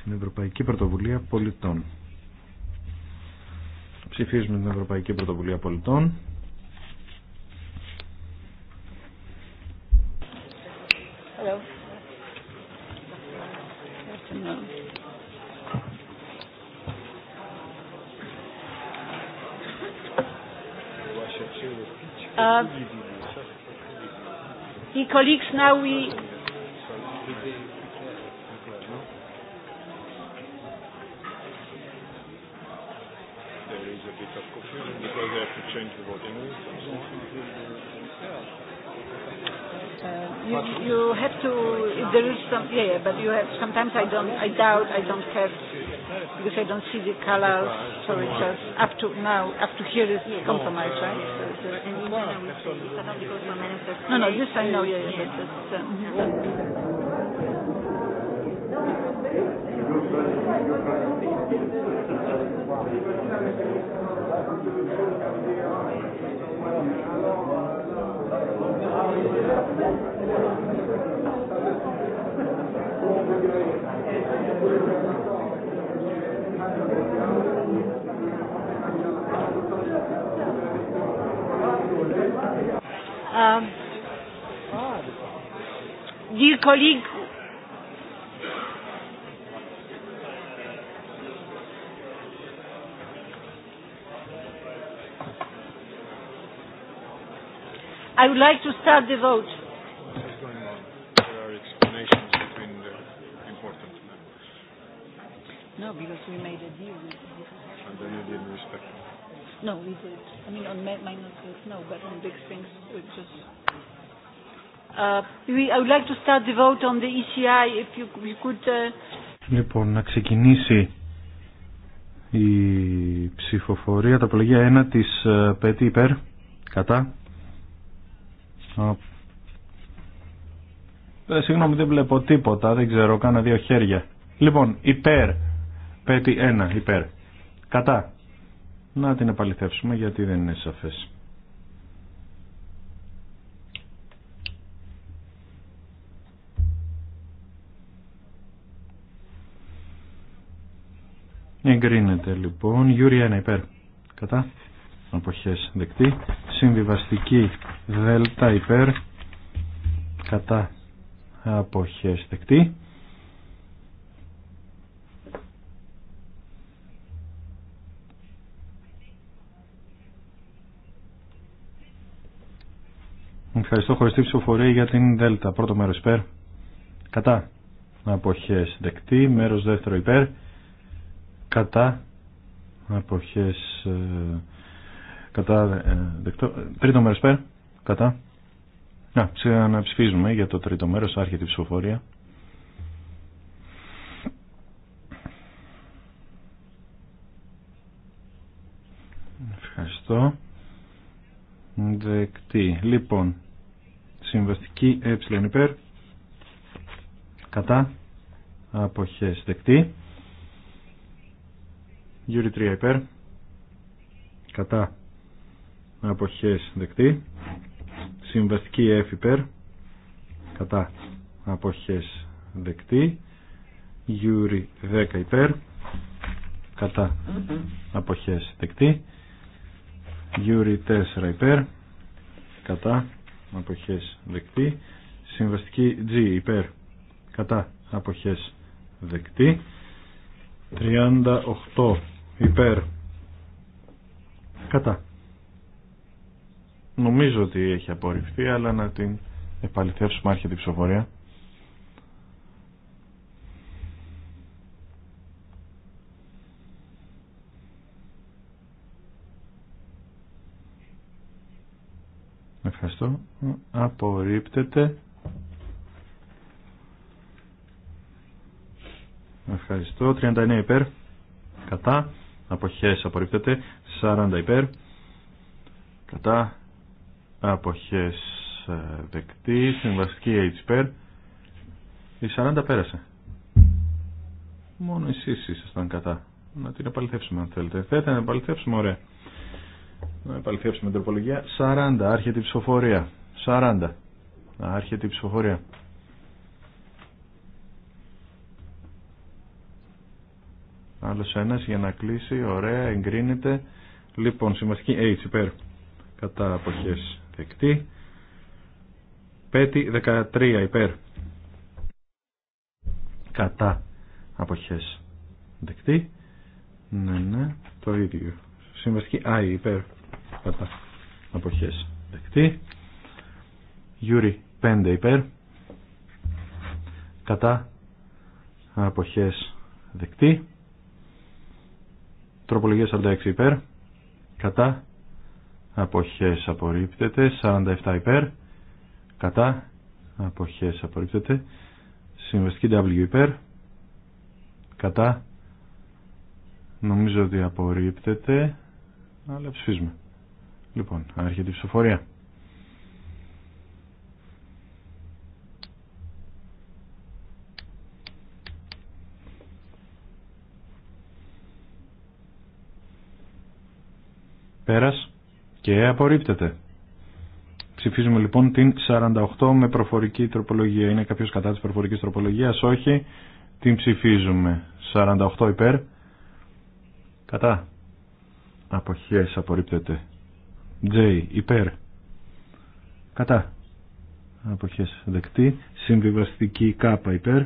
Στην Ευρωπαϊκή Πρωτοβουλία Πολιτών. Ψηφίζουμε την Ευρωπαϊκή Πρωτοβουλία Πολιτών. Hello. Uh, the colleagues, now we. There is a bit of confusion because they have to change the voting rules you, you have to if there is some yeah, but you have sometimes I don't I doubt I don't have because I don't see the colors so it's just up to now up to here is come right so it's no no this I know yeah, yeah but colleague, I would like to start the vote. There are explanations between the important No, because we made a deal with And then you didn't respect them. No, we did. I mean, on minor things, no, but on big things, we just... Uh, we, I would like to start the vote on the ECI, if you, you could... Uh... Λοιπόν, να ξεκινήσει η ψηφοφορία, τα πλαγιά 1 της uh, ΠΕΤΗ υπέρ, κατά ε, συγγνώμη δεν βλέπω τίποτα, δεν ξέρω, κάνω δύο χέρια. Λοιπόν, υπέρ, πέτει ένα, υπέρ. Κατά. Να την επαληθεύσουμε γιατί δεν είναι σαφές. Εγκρίνεται λοιπόν. Γιούρι ένα υπέρ. Κατά αποχές δεκτή συμβιβαστική δέλτα υπέρ κατά αποχές δεκτή Ευχαριστώ χωριστή ψηφοφορία για την ΔΕΛΤΑ. Πρώτο μέρος υπέρ. Κατά. Αποχές δεκτή. Μέρος δεύτερο υπέρ. Κατά. Αποχές ε, κατά ε, δεκτό, ε, τρίτο μέρος πέρα, κατά. Να, ξαναψηφίζουμε για το τρίτο μέρος, άρχεται η ψηφοφορία. Ευχαριστώ. Δεκτή. Λοιπόν, συμβαστική ε υπέρ, κατά, αποχές δεκτή. Γιούρι 3 υπέρ, κατά, αποχές δεκτή συμβαστική F υπέρ κατά αποχές δεκτή Γιούρι 10 υπέρ κατά αποχές δεκτή Γιούρι 4 υπέρ κατά αποχές δεκτή συμβαστική G υπέρ κατά αποχές δεκτή 38 υπέρ κατά Νομίζω ότι έχει απορριφθεί, αλλά να την επαληθεύσουμε άρχεται την ψηφοφορία. Ευχαριστώ. Απορρίπτεται. Ευχαριστώ. 39 υπέρ. Κατά. Αποχές απορρίπτεται. 40 υπέρ. Κατά αποχές ε, δεκτή συμβαστική H η 40 πέρασε μόνο εσείς ήσασταν κατά να την επαληθεύσουμε αν θέλετε θέλετε να επαληθεύσουμε ωραία να επαληθεύσουμε την τροπολογία 40 άρχεται η ψηφοφορία 40 άρχεται η ψηφοφορία άλλος ένας για να κλείσει ωραία εγκρίνεται λοιπόν συμβαστική H υπέρ κατά αποχές Δεκτή. Πέτη 13 υπέρ. Κατά αποχές. Δεκτή. Ναι, ναι, το ίδιο. Συμβαστική Άι υπέρ. Κατά αποχές. Δεκτή. Γιούρι 5 υπέρ. Κατά αποχές. Δεκτή. Τροπολογία 46 υπέρ. Κατά αποχές απορρίπτεται 47 υπέρ κατά αποχές απορρίπτεται συμβαστική W υπέρ κατά νομίζω ότι απορρίπτεται αλλά ψηφίζουμε λοιπόν άρχεται η ψηφοφορία Πέρας και απορρίπτεται. Ψηφίζουμε λοιπόν την 48 με προφορική τροπολογία. Είναι κάποιος κατά της προφορικής τροπολογίας, όχι. Την ψηφίζουμε. 48 υπέρ. Κατά. αποχέ απορρίπτεται. J υπέρ. Κατά. αποχέ δεκτή. Συμβιβαστική K υπέρ.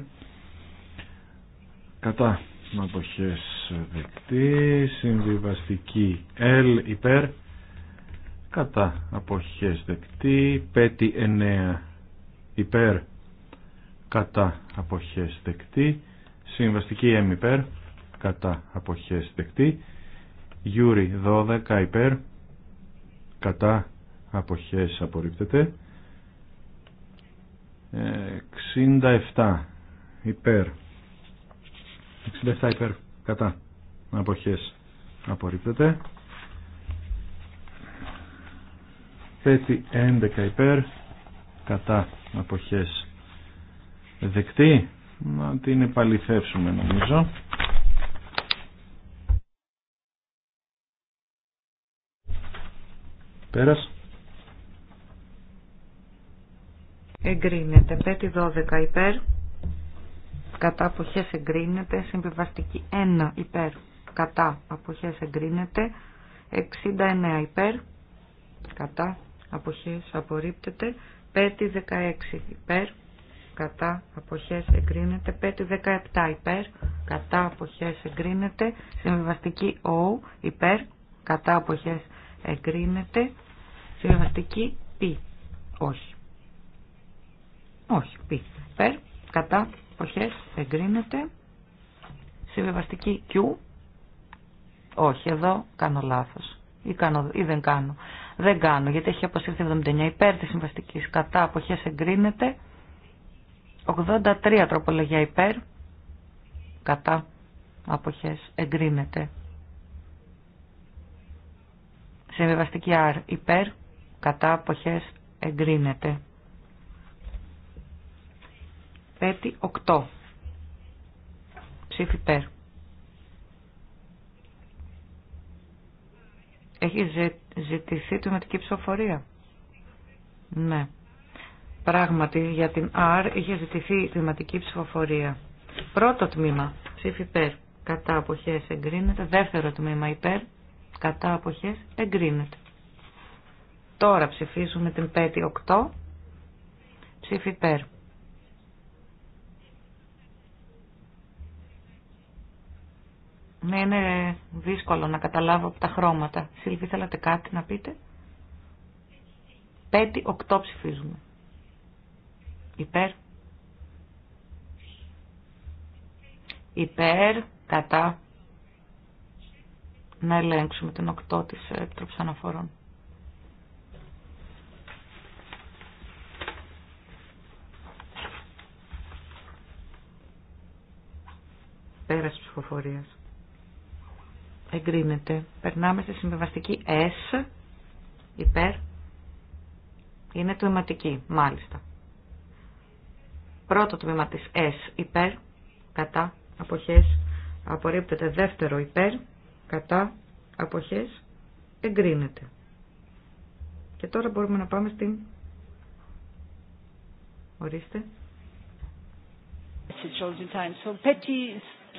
Κατά. Αποχές δεκτή. Συμβιβαστική L υπέρ κατά αποχές δεκτή 5-9 υπέρ κατά αποχές δεκτή συμβαστική M υπέρ κατά αποχές δεκτή Γιούρι 12 υπέρ κατά αποχές απορρίπτεται 67 ε, υπέρ 67 υπέρ κατά αποχές απορρίπτεται Πέτει 11 υπέρ. Κατά αποχές δεκτή. Να την επαληθεύσουμε νομίζω. Πέρας. Εγκρίνεται. Πέτει 12 υπέρ. Κατά αποχές εγκρίνεται. Συμβιβαστική 1 υπέρ. Κατά αποχές εγκρίνεται. 69 υπέρ. Κατά αποχές απορρίπτεται. 5-16 υπέρ, κατά αποχές εγκρίνεται. 5-17 υπέρ, κατά αποχές εγκρίνεται. Συμβιβαστική O υπέρ, κατά αποχές εγκρίνεται. Συμβιβαστική π. Όχι. Όχι, π. Υπέρ, κατά αποχές εγκρίνεται. Συμβιβαστική Q. Όχι, εδώ κάνω λάθος. Ή, κάνω, ή δεν κάνω δεν κάνω, γιατί έχει αποσύρθει 79 υπέρ της συμβαστικής κατά αποχές εγκρίνεται, 83 τροπολογία υπέρ, κατά αποχές εγκρίνεται. Συμβαστική R υπέρ, κατά αποχές εγκρίνεται. 5. 8. Ψήφι υπέρ. Έχει ζητηθεί τμηματική ψηφοφορία. Ναι. Πράγματι, για την ΑΡ είχε ζητηθεί τμηματική ψηφοφορία. Πρώτο τμήμα, ψήφι υπέρ, κατά αποχές εγκρίνεται. Δεύτερο τμήμα υπέρ, κατά αποχές εγκρίνεται. Τώρα ψηφίζουμε την 5 8, ψήφι υπέρ Ναι, είναι δύσκολο να καταλάβω από τα χρώματα. Σίλβι, θέλατε κάτι να πειτε Πέτη οκτώ ψηφίζουμε. Υπέρ. Υπέρ, κατά. Να ελέγξουμε την οκτώ της Επιτροπής Αναφορών. Πέρας ψηφοφορίας εγκρίνεται. Περνάμε στη συμβιβαστική S, υπέρ, είναι τμηματική, μάλιστα. Πρώτο τμήμα της S, υπέρ, κατά, αποχές, απορρίπτεται. Δεύτερο, υπέρ, κατά, αποχές, εγκρίνεται. Και τώρα μπορούμε να πάμε στην... Ορίστε.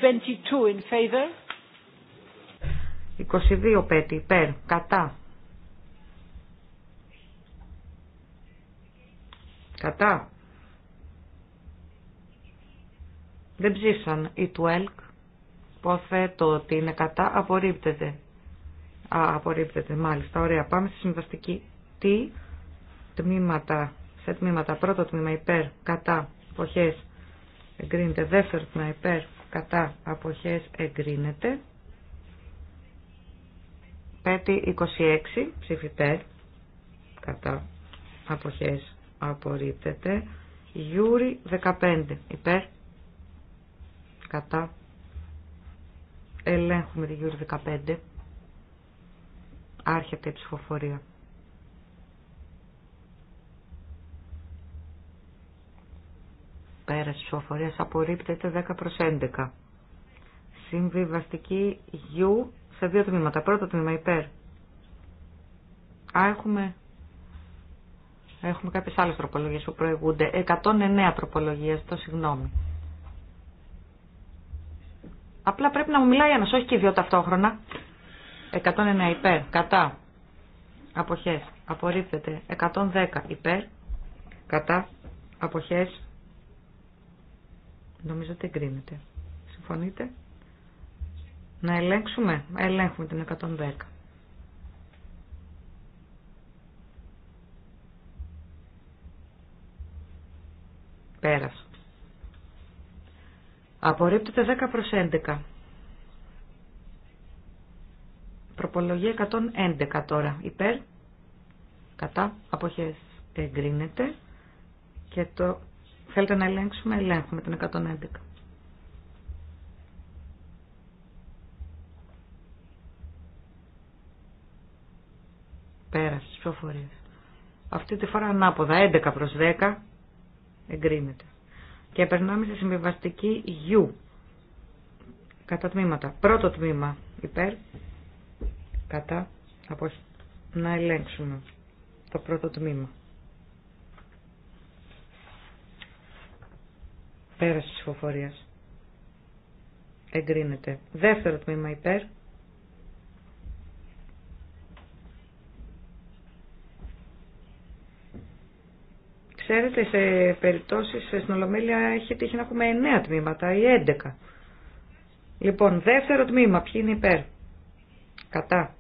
22 in favor. 22 πέτη υπέρ, κατά. Κατά. Δεν ψήφισαν οι του ΕΛΚ. Υποθέτω ότι είναι κατά. Απορρίπτεται. Α, απορρίπτεται μάλιστα. Ωραία. Πάμε στη συμβαστική. Τι τμήματα. Σε τμήματα. Πρώτο τμήμα υπέρ. Κατά. Αποχές. Εγκρίνεται. Δεύτερο τμήμα υπέρ. Κατά. Αποχές. Εγκρίνεται. Πέτει 26 ψηφίτε κατά αποχές απορρίπτεται. Γιούρι 15 υπέρ κατά ελέγχουμε τη Γιούρι 15 άρχεται η ψηφοφορία. Πέρας ψηφοφορία απορρίπτεται 10 προς 11. Συμβιβαστική Γιού σε δύο τμήματα. Πρώτο τμήμα υπέρ. Α, έχουμε, έχουμε κάποιες άλλες τροπολογίες που προηγούνται. 109 τροπολογίες, το συγγνώμη. Απλά πρέπει να μου μιλάει ένας, όχι και δύο ταυτόχρονα. 109 υπέρ, κατά. Αποχές, απορρίπτεται. 110 υπέρ, κατά. Αποχές, νομίζω ότι εγκρίνεται. Συμφωνείτε. Να ελέγξουμε. Ελέγχουμε την 110. Πέρασε. Απορρίπτεται 10 προς 11. Προπολογία 111 τώρα. Υπέρ. Κατά. Αποχές εγκρίνεται. Και το θέλετε να ελέγξουμε. Ελέγχουμε την 111. Πέρασε τις Αυτή τη φορά ανάποδα, 11 προς 10, εγκρίνεται. Και περνάμε στη συμβιβαστική U. Κατά τμήματα. Πρώτο τμήμα υπέρ, κατά, να ελέγξουμε το πρώτο τμήμα. Πέραση της ψηφοφορίας. Εγκρίνεται. Δεύτερο τμήμα υπέρ, Ξέρετε, σε περιπτώσεις στην Ολομέλεια έχει τύχει να έχουμε 9 τμήματα ή 11. Λοιπόν, δεύτερο τμήμα, ποιοι είναι υπέρ. Κατά.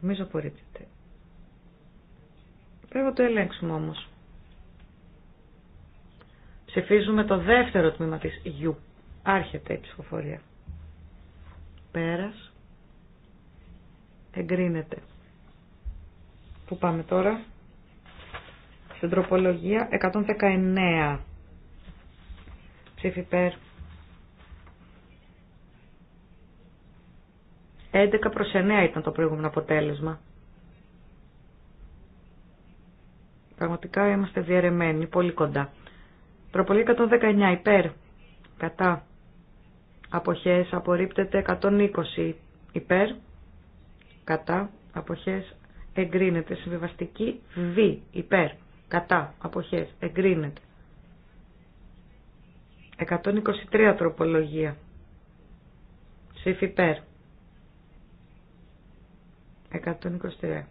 Νομίζω απορρίπτεται. Πρέπει να το ελέγξουμε όμως. Ψηφίζουμε το δεύτερο τμήμα της γιου. Άρχεται η ψηφοφορία. Πέρας. Εγκρίνεται. Πού πάμε τώρα. Στην τροπολογία 119. Ψήφι υπέρ. 11 προς 9 ήταν το προηγούμενο αποτέλεσμα. Πραγματικά είμαστε διαρρεμένοι, πολύ κοντά. Τροπολογία 119 υπέρ. Κατά. Αποχές απορρίπτεται 120 υπέρ. Κατά. Αποχές εγκρίνεται συμβιβαστική β υπέρ κατά αποχές εγκρίνεται. 123 τροπολογία. Ψήφι περ 123.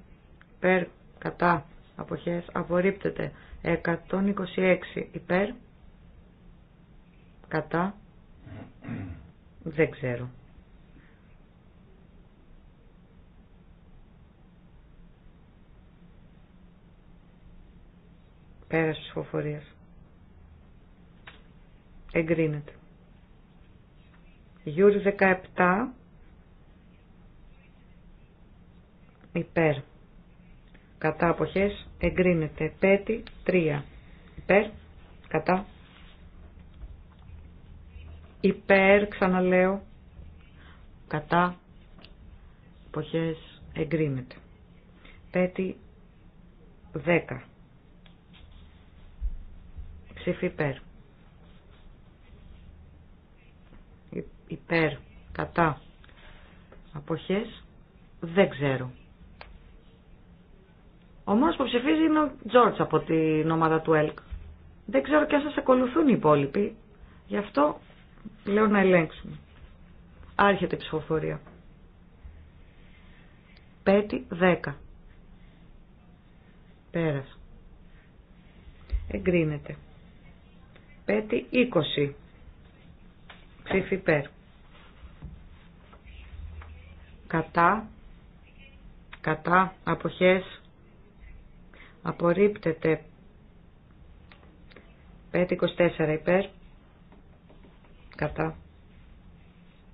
περ κατά, αποχές, απορρίπτεται. 126 υπέρ, κατά, δεν ξέρω. Πέρας φοφορίας. Εγκρίνεται. Γιούρι 17 υπέρ. Κατά αποχές εγκρίνεται. Πέτη 3 υπέρ. Κατά. Υπέρ ξαναλέω. Κατά αποχές εγκρίνεται. Πέτη 10 Ψήφι υπέρ. Υπέρ. Κατά. Αποχές. Δεν ξέρω. Ο μόνος που ψηφίζει είναι ο Τζόρτς από την ομάδα του ΕΛΚ. Δεν ξέρω και αν σας ακολουθούν οι υπόλοιποι. Γι' αυτό λέω να ελέγξουμε. Άρχεται η ψηφοφορία. 5-10. Πέρας. Εγκρίνεται. 5 20. Ψήφι υπέρ. Κατά. Κατά. Αποχές. Απορρίπτεται. Πέτη 24 υπέρ. Κατά.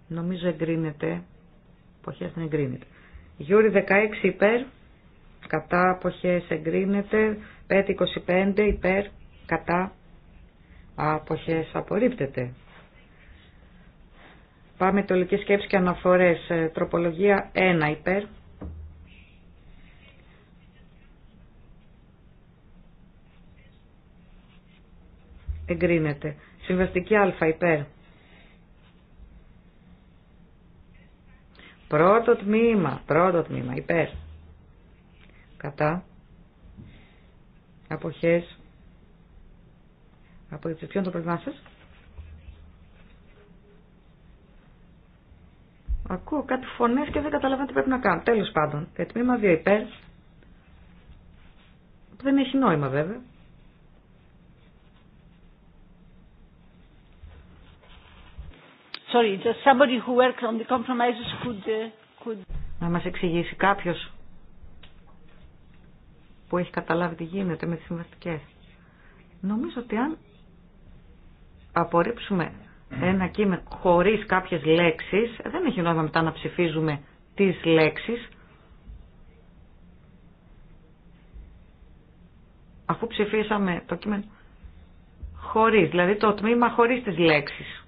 Νομίζω εγκρίνεται. Αποχές δεν εγκρίνεται. Γιούρι 16 υπέρ. Κατά. Αποχές εγκρίνεται. Εγκρίνεται. 25 υπέρ. Κατά Άποχες απορρίπτεται. Πάμε τολική σκέψη και αναφορές. Ε, τροπολογία 1 υπέρ. Εγκρίνεται. Συμβαστική α υπέρ. Πρώτο τμήμα. Πρώτο τμήμα υπέρ. Κατά. Αποχές από Ποιο είναι το πρόβλημά σας. Ακούω κάτι φωνές και δεν καταλαβαίνω τι πρέπει να κάνω. Τέλος πάντων, ε, τμήμα 2 υπέρ. Δεν έχει νόημα βέβαια. Sorry, just somebody who works on the compromises could, uh, could... Να μας εξηγήσει κάποιος που έχει καταλάβει τι γίνεται με τις συμβαστικές. Νομίζω ότι αν απορρίψουμε ένα κείμενο χωρίς κάποιες λέξεις, δεν έχει νόημα μετά να ψηφίζουμε τις λέξεις, αφού ψηφίσαμε το κείμενο χωρίς, δηλαδή το τμήμα χωρίς τις λέξεις.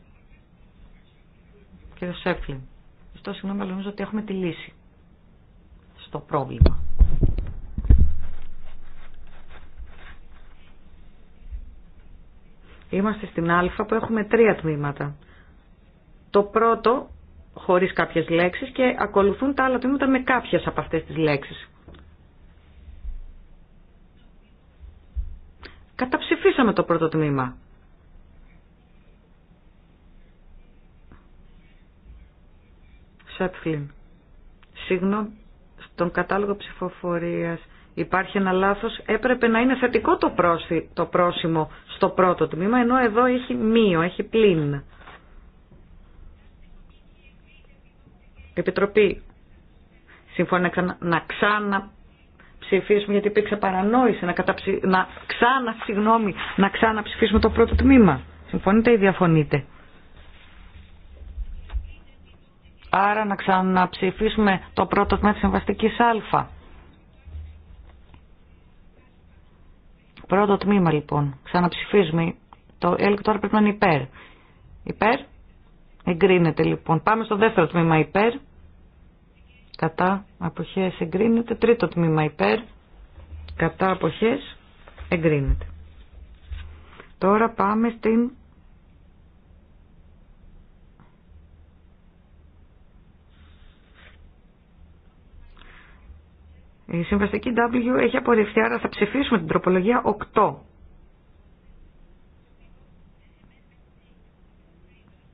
Κύριε Σέφλιν, ζητώ συγγνώμη, αλλά νομίζω ότι έχουμε τη λύση στο πρόβλημα. Είμαστε στην Α που έχουμε τρία τμήματα. Το πρώτο χωρίς κάποιες λέξεις και ακολουθούν τα άλλα τμήματα με κάποιες από αυτές τις λέξεις. Καταψηφίσαμε το πρώτο τμήμα. Σέπφλιν. Σύγνω στον κατάλογο ψηφοφορίας υπάρχει ένα λάθος. Έπρεπε να είναι θετικό το, το πρόσημο στο πρώτο τμήμα, ενώ εδώ έχει μείο, έχει πλήν. Επιτροπή, συμφωνώ να ξαναψηφίσουμε, γιατί υπήρξε παρανόηση, να, καταψη, να, ξαναψηφίσουμε το πρώτο τμήμα. Συμφωνείτε ή διαφωνείτε. Άρα να ξαναψηφίσουμε το πρώτο τμήμα της συμβαστικής α. Πρώτο τμήμα λοιπόν. Ξαναψηφίζουμε. Το ΕΛΚ τώρα πρέπει να είναι υπέρ. Υπέρ. Εγκρίνεται λοιπόν. Πάμε στο δεύτερο τμήμα υπέρ. Κατά αποχές εγκρίνεται. Τρίτο τμήμα υπέρ. Κατά αποχές εγκρίνεται. Τώρα πάμε στην Η συμβαστική W έχει απορριφθεί, άρα θα ψηφίσουμε την τροπολογία 8.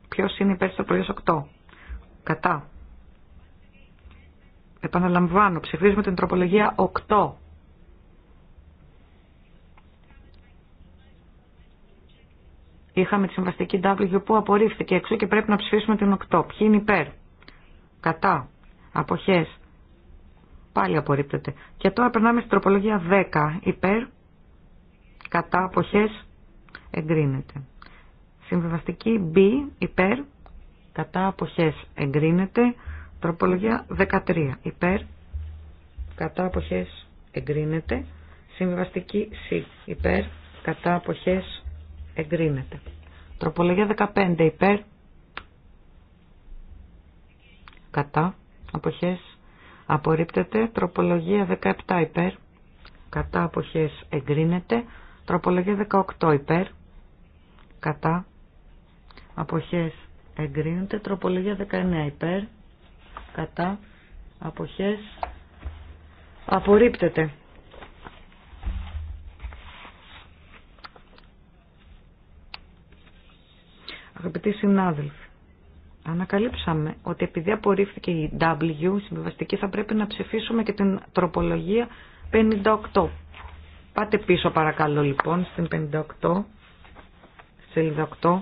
Ποιος είναι υπέρ της τροπολογίας 8. Κατά. Επαναλαμβάνω, ψηφίζουμε την τροπολογία 8. Είχαμε τη συμβαστική W που απορρίφθηκε έξω και πρέπει να ψηφίσουμε την 8. Ποιοι είναι υπέρ. Κατά. Αποχές πάλι απορρίπτεται. Και τώρα περνάμε στην τροπολογία 10 υπέρ, κατά αποχές εγκρίνεται. Συμβιβαστική B υπέρ, κατά αποχές εγκρίνεται. Τροπολογία 13 υπέρ, κατά αποχές εγκρίνεται. Συμβιβαστική C υπέρ, κατά αποχές εγκρίνεται. Τροπολογία 15 υπέρ, κατά αποχές απορρίπτεται. Τροπολογία 17 υπέρ, κατά αποχές εγκρίνεται. Τροπολογία 18 υπέρ, κατά αποχές εγκρίνεται. Τροπολογία 19 υπέρ, κατά αποχές απορρίπτεται. Αγαπητοί συνάδελφοι, Ανακαλύψαμε ότι επειδή απορρίφθηκε η W, Η συμβιβαστική, θα πρέπει να ψηφίσουμε και την τροπολογία 58. Πάτε πίσω παρακαλώ λοιπόν στην 58, σελίδα 8.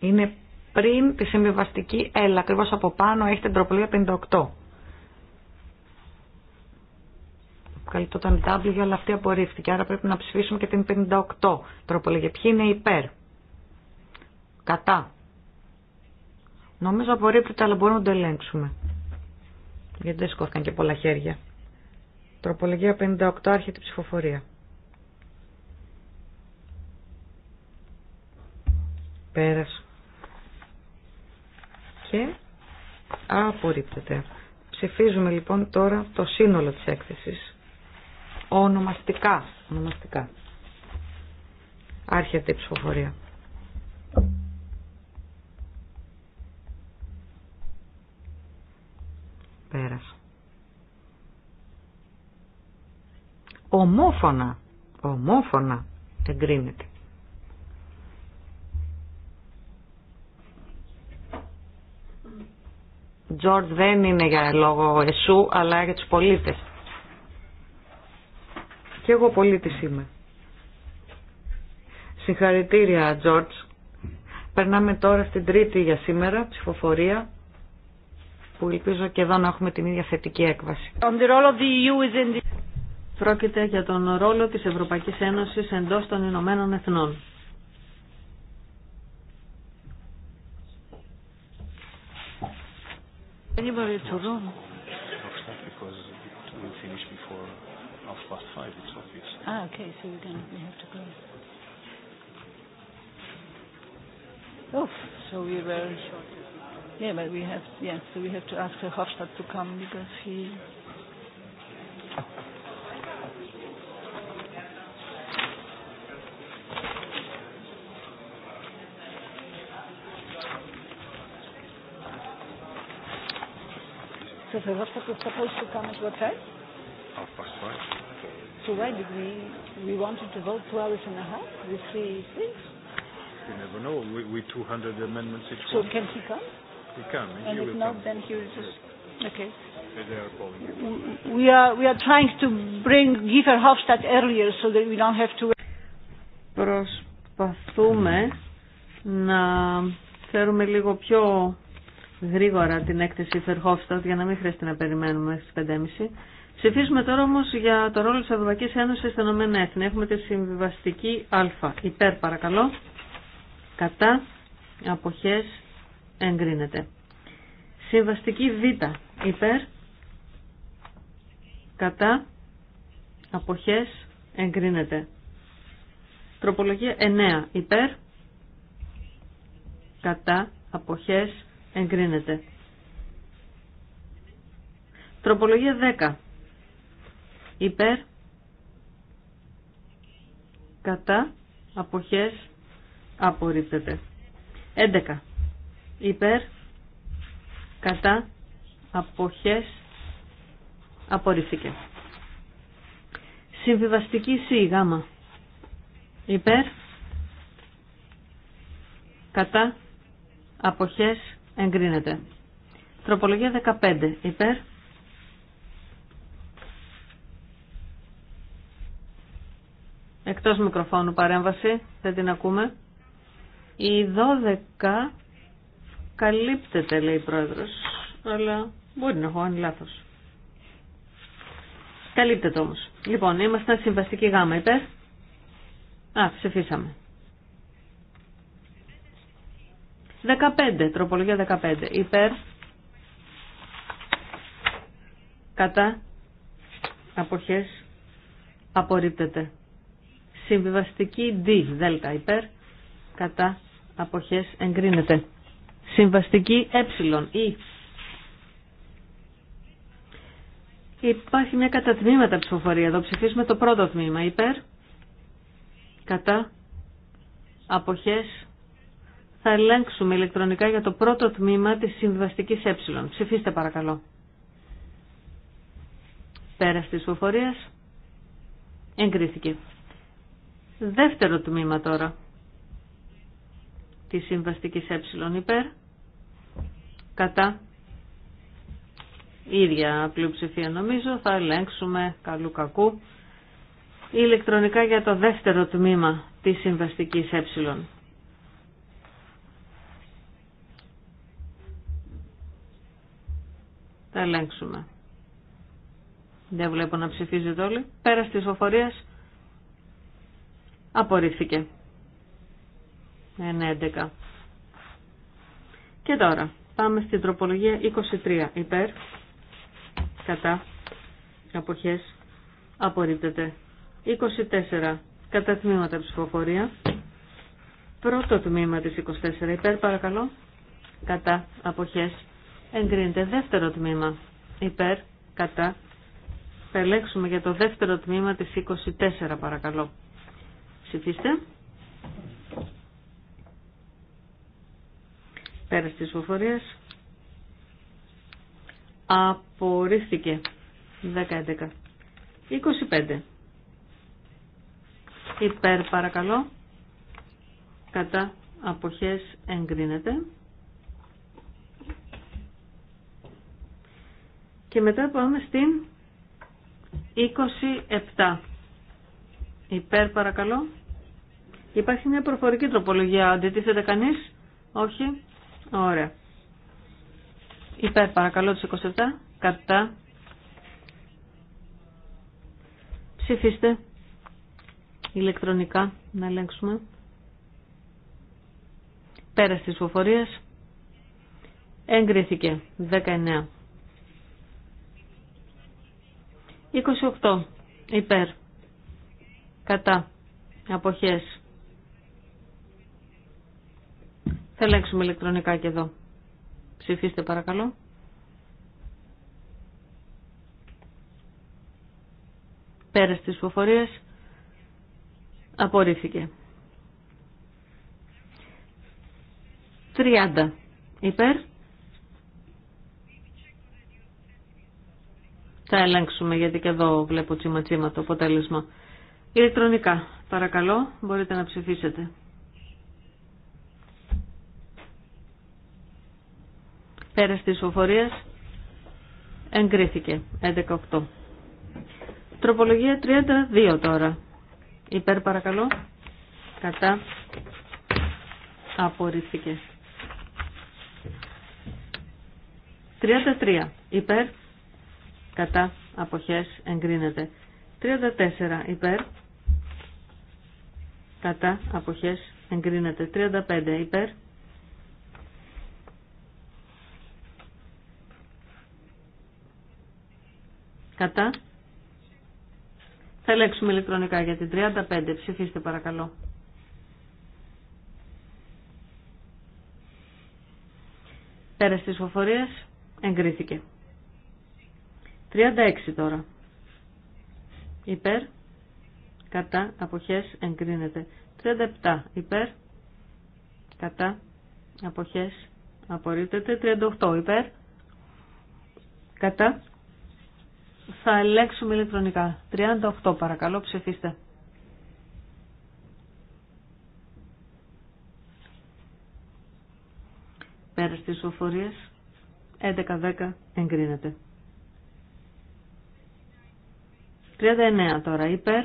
Είναι πριν τη συμβιβαστική L, ακριβώς από πάνω έχει την τροπολογία 58. καλύπτω το W, αλλά αυτή απορρίφθηκε. Άρα πρέπει να ψηφίσουμε και την 58 τροπολογία. Ποιοι είναι υπέρ. Κατά. Νομίζω απορρίπτεται, αλλά μπορούμε να το ελέγξουμε. Γιατί δεν σκόφηκαν και πολλά χέρια. Τροπολογία 58, άρχεται η ψηφοφορία. Πέρας. Και απορρίπτεται. Ψηφίζουμε λοιπόν τώρα το σύνολο της έκθεσης ονομαστικά. Ονομαστικά. Άρχεται η ψηφοφορία. Πέρασε. Ομόφωνα. Ομόφωνα εγκρίνεται. Τζορτ δεν είναι για λόγο εσού, αλλά για τους πολίτες. Και εγώ πολίτης είμαι. Συγχαρητήρια, Τζόρτζ. Περνάμε τώρα στην τρίτη για σήμερα ψηφοφορία που ελπίζω και εδώ να έχουμε την ίδια θετική έκβαση. E Πρόκειται για τον ρόλο της Ευρωπαϊκής Ένωσης εντός των Ηνωμένων Εθνών. past five, it's obvious. Ah, okay, so we can we have to go. Oh, so we were. Yeah, but we have yeah, so we have to ask the Hofstadt to come because he. So the Hofstadt is supposed to come at what time? Half past five to why did we, we wanted to vote two hours and a half with three things? You never know, we, we 200 amendments each So one. can he come? He can. He and he if not, come. then he will just, okay. We are, we are trying to bring Giefer Hofstadt earlier so that we don't have to Προσπαθούμε να φέρουμε λίγο πιο γρήγορα την έκθεση Φερχόφστατ για να μην χρειάζεται να περιμένουμε στις 5.30. Ψηφίσουμε τώρα όμω για το ρόλο τη Ευρωπαϊκή Ένωση στα Ηνωμένα Έθνη. Έχουμε τη συμβιβαστική Α. Υπέρ παρακαλώ. Κατά αποχέ εγκρίνεται. Συμβαστική Β. Υπέρ. Κατά αποχέ εγκρίνεται. Τροπολογία 9. Υπέρ. Κατά αποχέ εγκρίνεται. Τροπολογία 10 υπέρ κατά αποχές απορρίπτεται. 11. Υπέρ κατά αποχές απορρίφθηκε. Συμβιβαστική ΣΥΓΑΜΑ. γάμα. Υπέρ κατά αποχές εγκρίνεται. Τροπολογία 15. Υπέρ Εκτός μικροφώνου παρέμβαση, δεν την ακούμε. Η 12 καλύπτεται, λέει η πρόεδρος, αλλά μπορεί να έχω αν λάθος. Καλύπτεται όμως. Λοιπόν, είμαστε συμβαστική γάμα υπέρ. Α, ψηφίσαμε. 15, τροπολογία 15. Υπέρ. Κατά. Αποχές. Απορρίπτεται. Συμβιβαστική D, δέλτα υπέρ, κατά αποχές εγκρίνεται. Συμβαστική ε, ή. Υπάρχει μια κατατμήματα ψηφοφορία εδώ. Ψηφίσουμε το πρώτο τμήμα υπέρ, κατά αποχές θα ελέγξουμε ηλεκτρονικά για το πρώτο τμήμα της συμβιβαστικής ε. Ψηφίστε παρακαλώ. Πέρας της ψηφοφορίας εγκρίθηκε. Δεύτερο τμήμα τώρα της συμβαστικής ε υπέρ κατά ίδια πλειοψηφία νομίζω θα ελέγξουμε καλού κακού ηλεκτρονικά για το δεύτερο τμήμα της συμβαστικής ε. Θα ελέγξουμε. Δεν βλέπω να ψηφίζετε όλοι. Πέρα της οφορίας Απορρίφθηκε. 9-11. Και τώρα πάμε στην τροπολογία 23. Υπέρ, κατά, αποχές, απορρίπτεται. 24. Κατά τμήματα ψηφοφορία. Πρώτο τμήμα της 24. Υπέρ παρακαλώ. Κατά. Αποχές. Εγκρίνεται. Δεύτερο τμήμα. Υπέρ. Κατά. Θα ελέγξουμε για το δεύτερο τμήμα της 24 παρακαλώ. Ψηφίστε. Πέρα στις ψηφοφορίες. Απορρίφθηκε. 10-11. 25. Υπέρ παρακαλώ. Κατά αποχές εγκρίνεται. Και μετά πάμε στην 27. Υπέρ παρακαλώ. Υπάρχει μια προφορική τροπολογία. Αντιτίθεται κανεί. Όχι. Ωραία. Υπέρ παρακαλώ του 27. Κατά. Ψηφίστε. Ηλεκτρονικά να ελέγξουμε. Πέρα τη ψηφοφορία. Εγκρίθηκε. 19. 28. Υπέρ. Κατά. Αποχές Θα ελέγξουμε ηλεκτρονικά και εδώ. Ψηφίστε παρακαλώ. Πέρα τις ψηφοφορίας απορρίφθηκε. 30 υπέρ. Θα ελέγξουμε γιατί και εδώ βλέπω τσίμα τσίμα το αποτέλεσμα. Ηλεκτρονικά παρακαλώ μπορείτε να ψηφίσετε. Πέρας της οφορίας εγκριθηκε 11.8. Τροπολογία 32 τώρα. Υπέρ παρακαλώ. Κατά. Απορρίφθηκε. 33. Υπέρ. Κατά. Αποχές. Εγκρίνεται. 34. Υπέρ. Κατά. Αποχές. Εγκρίνεται. 35. Υπέρ. Κατά. Θα ελέγξουμε ηλεκτρονικά για την 35. Ψηφίστε παρακαλώ. Πέρας της φοφορίες. εγκρίθηκε. 36 τώρα. Υπέρ. Κατά. Αποχές εγκρίνεται. 37. Υπέρ. Κατά. Αποχές απορρίπτεται. 38. Υπέρ. Κατά. Θα ελέγξουμε ηλεκτρονικά. 38 παρακαλώ ψηφίστε. Πέρα στις οφορίες 11-10 εγκρίνεται. 39 τώρα υπέρ.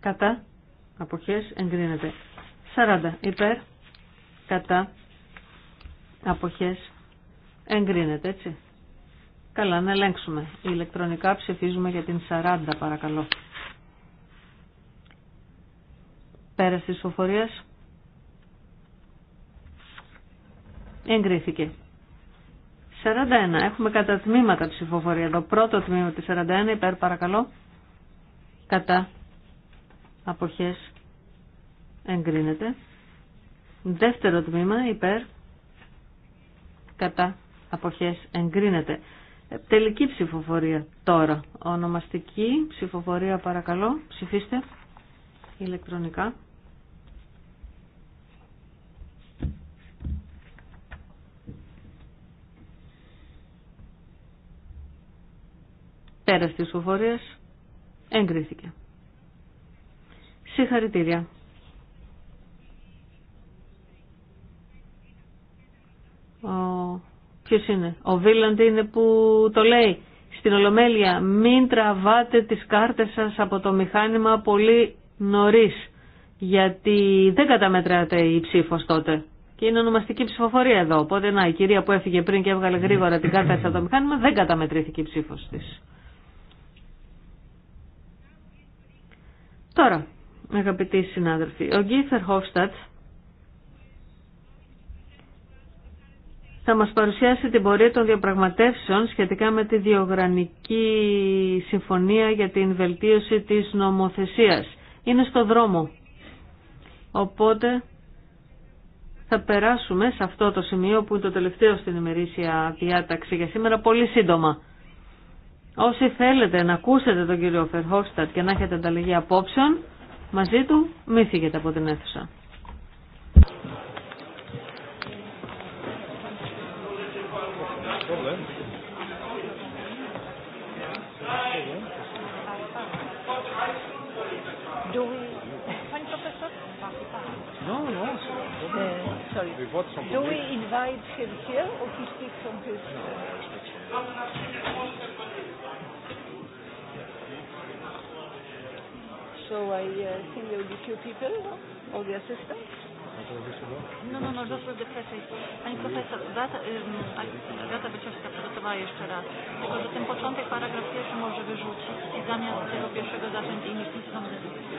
Κατά. Αποχές εγκρίνεται. 40 υπέρ. Κατά. Αποχές εγκρίνεται έτσι. Καλά, να ελέγξουμε. Ηλεκτρονικά ψηφίζουμε για την 40 παρακαλώ. Πέρας της ψηφοφορίας. Εγκρίθηκε. 41. Έχουμε κατά τμήματα ψηφοφορία. Το πρώτο τμήμα τη 41 υπέρ παρακαλώ. Κατά. Αποχές. Εγκρίνεται. Δεύτερο τμήμα υπέρ. Κατά. Αποχές. Εγκρίνεται. Τελική ψηφοφορία τώρα. Ονομαστική ψηφοφορία παρακαλώ. Ψηφίστε ηλεκτρονικά. Πέρας της ψηφοφορίας εγκρίθηκε. Συγχαρητήρια. Ο Ποιο είναι, ο Βίλαντ είναι που το λέει. Στην Ολομέλεια, μην τραβάτε τις κάρτες σας από το μηχάνημα πολύ νωρίς, γιατί δεν καταμετράτε η ψήφος τότε. Και είναι ονομαστική ψηφοφορία εδώ, οπότε να, η κυρία που έφυγε πριν και έβγαλε γρήγορα την κάρτα από το μηχάνημα, δεν καταμετρήθηκε η ψήφος της. Τώρα, αγαπητοί συνάδελφοι, ο Γκίθερ Χόφστατ θα μας παρουσιάσει την πορεία των διαπραγματεύσεων σχετικά με τη διογρανική συμφωνία για την βελτίωση της νομοθεσίας. Είναι στο δρόμο. Οπότε θα περάσουμε σε αυτό το σημείο που είναι το τελευταίο στην ημερήσια διάταξη για σήμερα πολύ σύντομα. Όσοι θέλετε να ακούσετε τον κύριο Φερχόφστατ και να έχετε ανταλλαγή απόψεων, μαζί του μη φύγετε από την αίθουσα. sorry. Do we invite him here or he speaks from his... So I uh, think there will be two people, all the assistants. No, no, no, just with the preface. Pani profesor, data, um, data Wyciewska przygotowała jeszcze raz. Tylko, że ten początek paragraf pierwszy może wyrzucić i zamiast tego pierwszego zacząć inicjatywą dyskusję.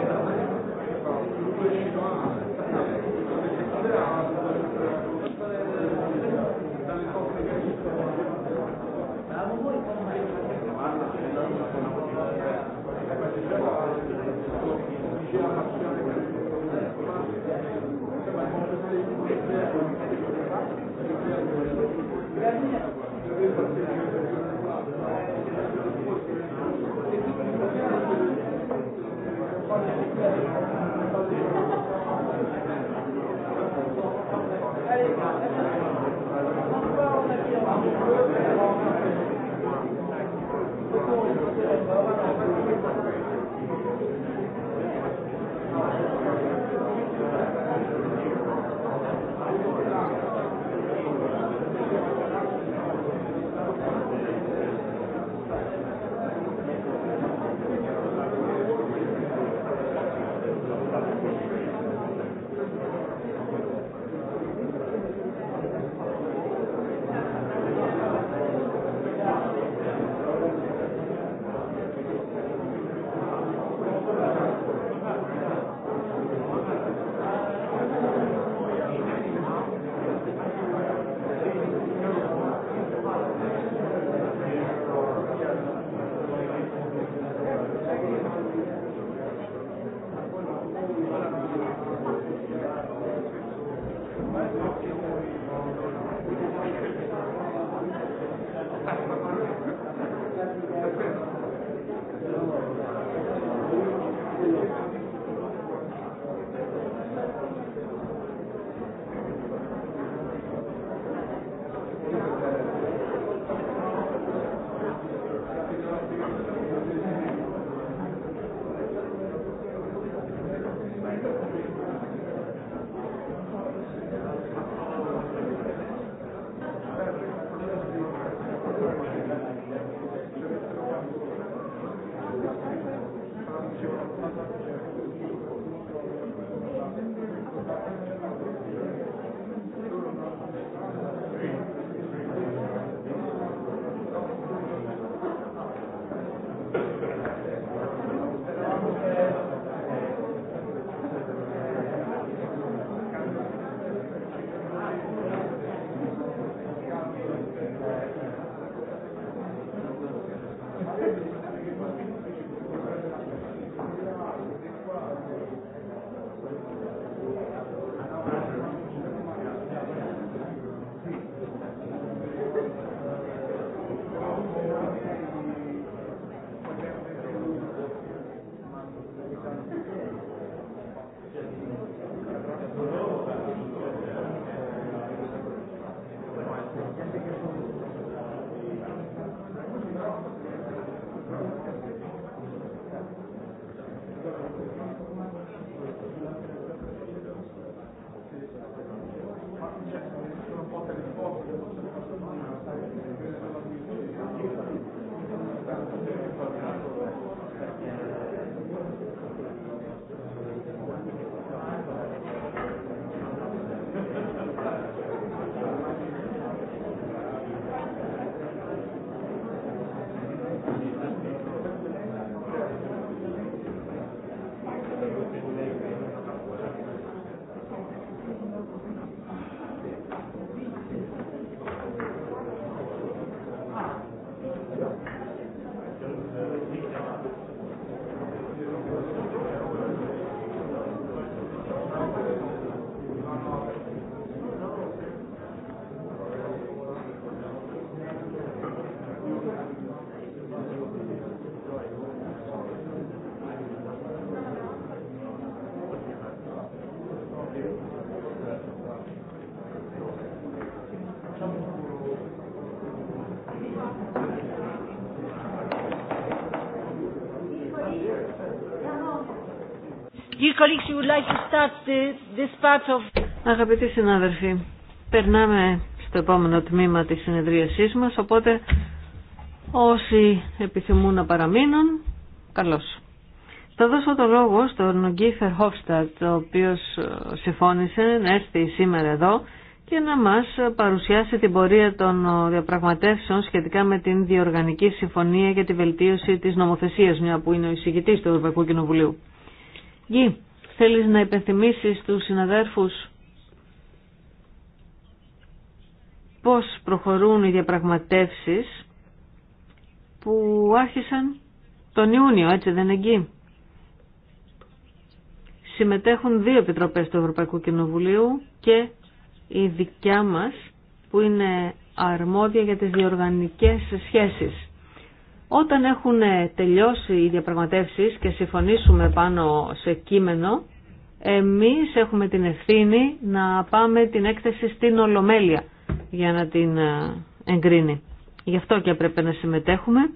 like to start this part of... Αγαπητοί συνάδελφοι, περνάμε στο επόμενο τμήμα της συνεδρίασής μας, οπότε όσοι επιθυμούν να παραμείνουν, καλώς. Θα δώσω το λόγο στον Γκίφερ Χόφστατ, ο οποίος ε, συμφώνησε να έρθει σήμερα εδώ και να μας παρουσιάσει την πορεία των ε, διαπραγματεύσεων σχετικά με την Διοργανική Συμφωνία για τη Βελτίωση της Νομοθεσίας, μια που είναι ο εισηγητής του Ευρωπαϊκού Κοινοβουλίου. Γκί, Θέλεις να υπενθυμίσεις τους συναδέρφους πώς προχωρούν οι διαπραγματεύσεις που άρχισαν τον Ιούνιο, έτσι δεν εκεί. Συμμετέχουν δύο επιτροπές του Ευρωπαϊκού Κοινοβουλίου και η δικιά μας που είναι αρμόδια για τις διοργανικές σχέσεις. Όταν έχουν τελειώσει οι διαπραγματεύσεις και συμφωνήσουμε πάνω σε κείμενο, εμείς έχουμε την ευθύνη να πάμε την έκθεση στην Ολομέλεια για να την ε, εγκρίνει. Γι' αυτό και έπρεπε να συμμετέχουμε.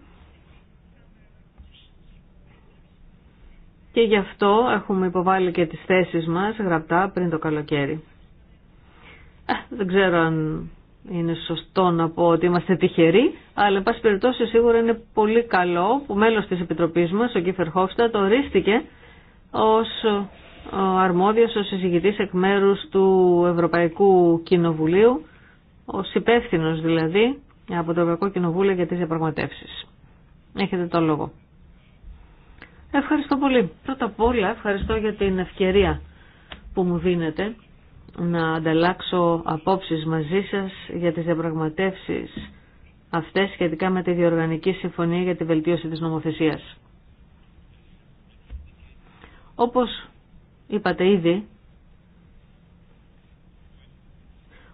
Και γι' αυτό έχουμε υποβάλει και τις θέσεις μας γραπτά πριν το καλοκαίρι. Ε, δεν ξέρω είναι σωστό να πω ότι είμαστε τυχεροί, αλλά εν πάση περιπτώσει σίγουρα είναι πολύ καλό που μέλος της Επιτροπής μας, ο Κίφερ το ορίστηκε ως ο ε, αρμόδιος, ως εκ μέρους του Ευρωπαϊκού Κοινοβουλίου, ως υπεύθυνο δηλαδή από το Ευρωπαϊκό Κοινοβούλιο για τις διαπραγματεύσει. Έχετε το λόγο. Ευχαριστώ πολύ. Πρώτα απ' όλα ευχαριστώ για την ευκαιρία που μου δίνετε να ανταλλάξω απόψεις μαζί σας για τις διαπραγματεύσεις αυτές σχετικά με τη Διοργανική Συμφωνία για τη Βελτίωση της Νομοθεσίας. Όπως είπατε ήδη,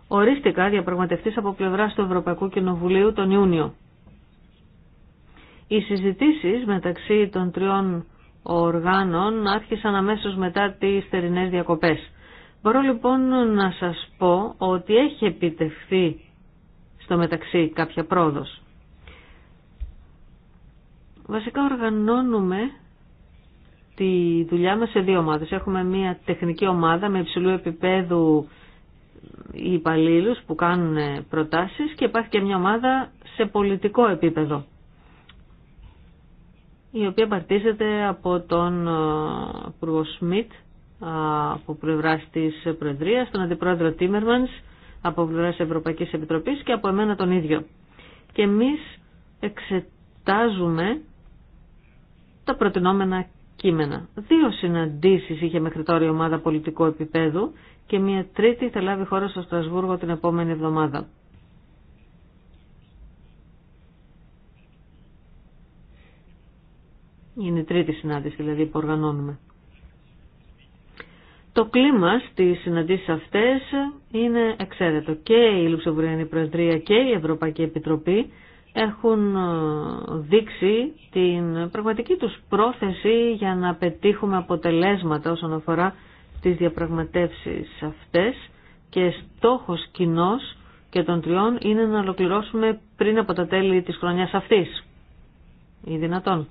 ορίστηκα διαπραγματευτής από πλευρά του Ευρωπαϊκού Κοινοβουλίου τον Ιούνιο. Οι συζητήσεις μεταξύ των τριών οργάνων άρχισαν αμέσως μετά τις θερινές διακοπές. Μπορώ λοιπόν να σας πω ότι έχει επιτευχθεί στο μεταξύ κάποια πρόοδος. Βασικά οργανώνουμε τη δουλειά μας σε δύο ομάδες. Έχουμε μια τεχνική ομάδα με υψηλού επίπεδου υπαλλήλου που κάνουν προτάσεις και υπάρχει και μια ομάδα σε πολιτικό επίπεδο η οποία παρτίζεται από τον ε, Υπουργό Σμιτ από πλευρά τη Προεδρία, τον Αντιπρόεδρο Τίμερμαν από πλευρά Ευρωπαϊκή Επιτροπή και από εμένα τον ίδιο. Και εμεί εξετάζουμε τα προτινόμενα κείμενα. Δύο συναντήσει είχε μέχρι τώρα η ομάδα πολιτικού επίπεδου και μία τρίτη θα λάβει χώρα στο Στρασβούργο την επόμενη εβδομάδα. Είναι η τρίτη συνάντηση δηλαδή που οργανώνουμε. Το κλίμα στις συναντήσεις αυτές είναι εξαίρετο. Και η Λουξεμβουργιανή Προεδρία και η Ευρωπαϊκή Επιτροπή έχουν ε, δείξει την πραγματική τους πρόθεση για να πετύχουμε αποτελέσματα όσον αφορά τις διαπραγματεύσεις αυτές και στόχος κοινό και των τριών είναι να ολοκληρώσουμε πριν από τα τέλη της χρονιάς αυτής ή δυνατόν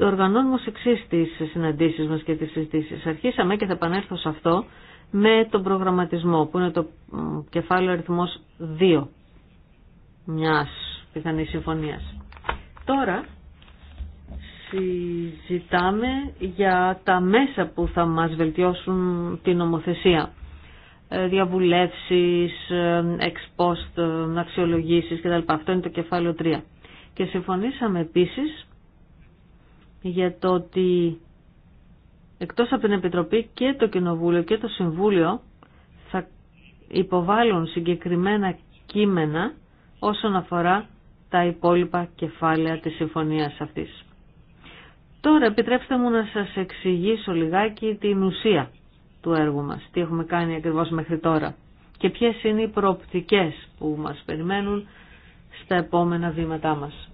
οργανώνουμε ως εξή τις συναντήσεις μας και τις συζητήσεις. Αρχίσαμε και θα επανέλθω σε αυτό με τον προγραμματισμό που είναι το κεφάλαιο αριθμός 2 μιας πιθανής συμφωνίας. Τώρα συζητάμε για τα μέσα που θα μας βελτιώσουν την νομοθεσία. Ε, διαβουλεύσεις, εξ post, ε, αξιολογήσεις κτλ. Αυτό είναι το κεφάλαιο 3. Και συμφωνήσαμε επίσης για το ότι εκτός από την Επιτροπή και το Κοινοβούλιο και το Συμβούλιο θα υποβάλουν συγκεκριμένα κείμενα όσον αφορά τα υπόλοιπα κεφάλαια της συμφωνίας αυτής. Τώρα επιτρέψτε μου να σας εξηγήσω λιγάκι την ουσία του έργου μας, τι έχουμε κάνει ακριβώς μέχρι τώρα και ποιες είναι οι προοπτικές που μας περιμένουν στα επόμενα βήματά μας.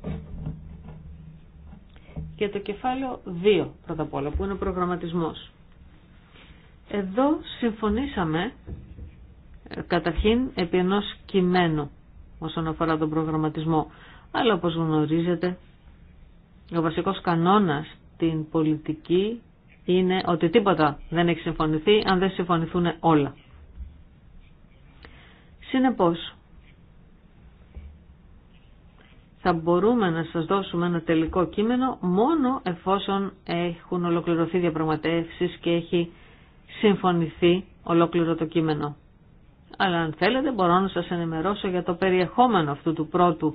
Και το κεφάλαιο 2 πρώτα απ' όλα που είναι ο προγραμματισμός. Εδώ συμφωνήσαμε ε, καταρχήν επί ενός κειμένου όσον αφορά τον προγραμματισμό. Αλλά όπως γνωρίζετε ο βασικός κανόνας στην πολιτική είναι ότι τίποτα δεν έχει συμφωνηθεί αν δεν συμφωνηθούν όλα. Συνεπώς, θα μπορούμε να σας δώσουμε ένα τελικό κείμενο μόνο εφόσον έχουν ολοκληρωθεί διαπραγματεύσεις και έχει συμφωνηθεί ολόκληρο το κείμενο. Αλλά αν θέλετε μπορώ να σας ενημερώσω για το περιεχόμενο αυτού του πρώτου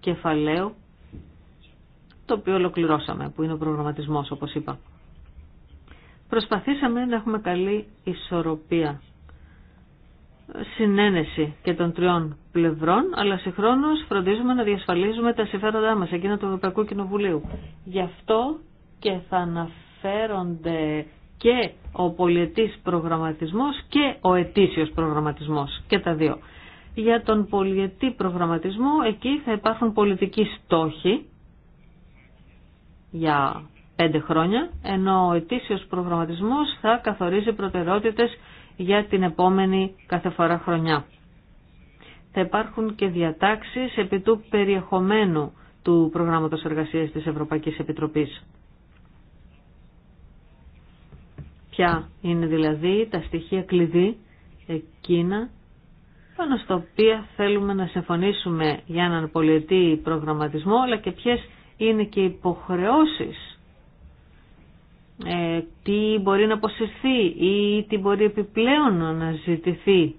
κεφαλαίου το οποίο ολοκληρώσαμε, που είναι ο προγραμματισμός όπως είπα. Προσπαθήσαμε να έχουμε καλή ισορροπία συνένεση και των τριών πλευρών, αλλά συγχρόνω φροντίζουμε να διασφαλίζουμε τα συμφέροντά μας, εκείνα του Ευρωπαϊκού Κοινοβουλίου. Γι' αυτό και θα αναφέρονται και ο πολιετής προγραμματισμός και ο ετήσιος προγραμματισμός και τα δύο. Για τον πολιετή προγραμματισμό εκεί θα υπάρχουν πολιτικοί στόχοι για πέντε χρόνια, ενώ ο ετήσιος προγραμματισμός θα καθορίζει προτεραιότητες για την επόμενη κάθε φορά χρονιά. Θα υπάρχουν και διατάξεις επί του περιεχομένου του Προγράμματος Εργασίας της Ευρωπαϊκής Επιτροπής. Ποια είναι δηλαδή τα στοιχεία κλειδί εκείνα πάνω στα οποία θέλουμε να συμφωνήσουμε για έναν πολιετή προγραμματισμό αλλά και ποιες είναι και οι υποχρεώσεις ε, τι μπορεί να αποσυρθεί ή τι μπορεί επιπλέον να ζητηθεί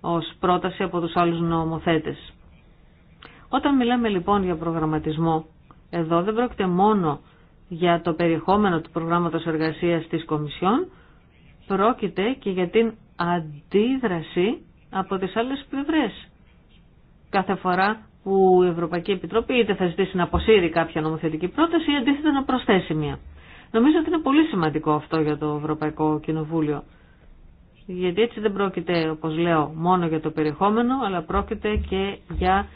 ως πρόταση από τους άλλους νομοθέτες. Όταν μιλάμε λοιπόν για προγραμματισμό, εδώ δεν πρόκειται μόνο για το περιεχόμενο του προγράμματος εργασίας της Κομισιόν, πρόκειται και για την αντίδραση από τις άλλες πλευρές. Κάθε φορά που η Ευρωπαϊκή Επιτροπή είτε θα ζητήσει να αποσύρει κάποια νομοθετική πρόταση ή αντίθετα να προσθέσει μια. Νομίζω ότι είναι πολύ σημαντικό αυτό για το Ευρωπαϊκό Κοινοβούλιο. Γιατί έτσι δεν πρόκειται, όπως λέω, μόνο για το περιεχόμενο, αλλά πρόκειται και για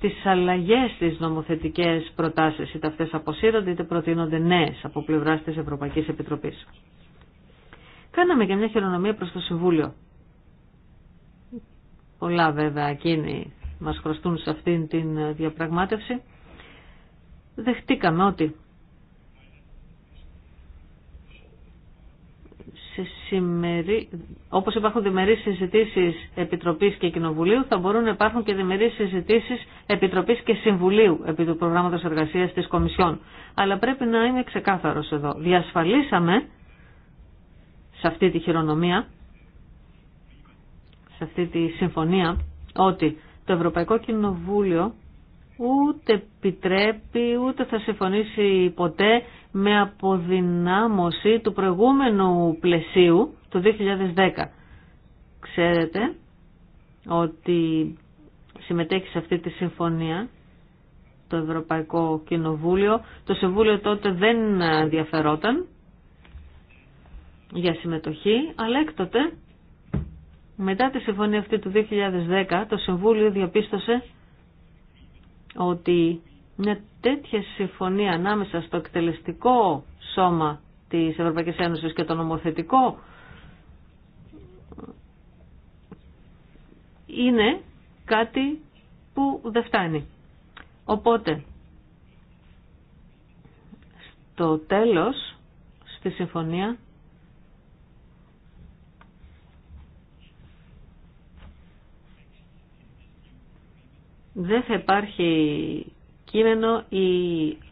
τις αλλαγές στις νομοθετικές προτάσεις, είτε αυτές αποσύρονται είτε προτείνονται νέες από πλευράς της Ευρωπαϊκής Επιτροπής. Κάναμε και μια χειρονομία προς το Συμβούλιο. Πολλά βέβαια εκείνοι μας χρωστούν σε αυτήν την διαπραγμάτευση. Δεχτήκαμε ότι σημερι... όπως υπάρχουν διμερείς συζητήσεις Επιτροπής και Κοινοβουλίου, θα μπορούν να υπάρχουν και διμερείς συζητήσεις Επιτροπής και Συμβουλίου επί του προγράμματος εργασίας της Κομισιόν. Αλλά πρέπει να είμαι ξεκάθαρος εδώ. Διασφαλίσαμε σε αυτή τη χειρονομία, σε αυτή τη συμφωνία, ότι το Ευρωπαϊκό Κοινοβούλιο ούτε επιτρέπει, ούτε θα συμφωνήσει ποτέ με αποδυνάμωση του προηγούμενου πλαισίου του 2010. Ξέρετε ότι συμμετέχει σε αυτή τη συμφωνία το Ευρωπαϊκό Κοινοβούλιο. Το Συμβούλιο τότε δεν ενδιαφερόταν για συμμετοχή, αλλά έκτοτε μετά τη συμφωνία αυτή του 2010 το Συμβούλιο διαπίστωσε ότι μια τέτοια συμφωνία ανάμεσα στο εκτελεστικό σώμα της Ευρωπαϊκής Ένωσης και το νομοθετικό είναι κάτι που δεν φτάνει. Οπότε, στο τέλος, στη συμφωνία, δεν θα υπάρχει κείμενο ή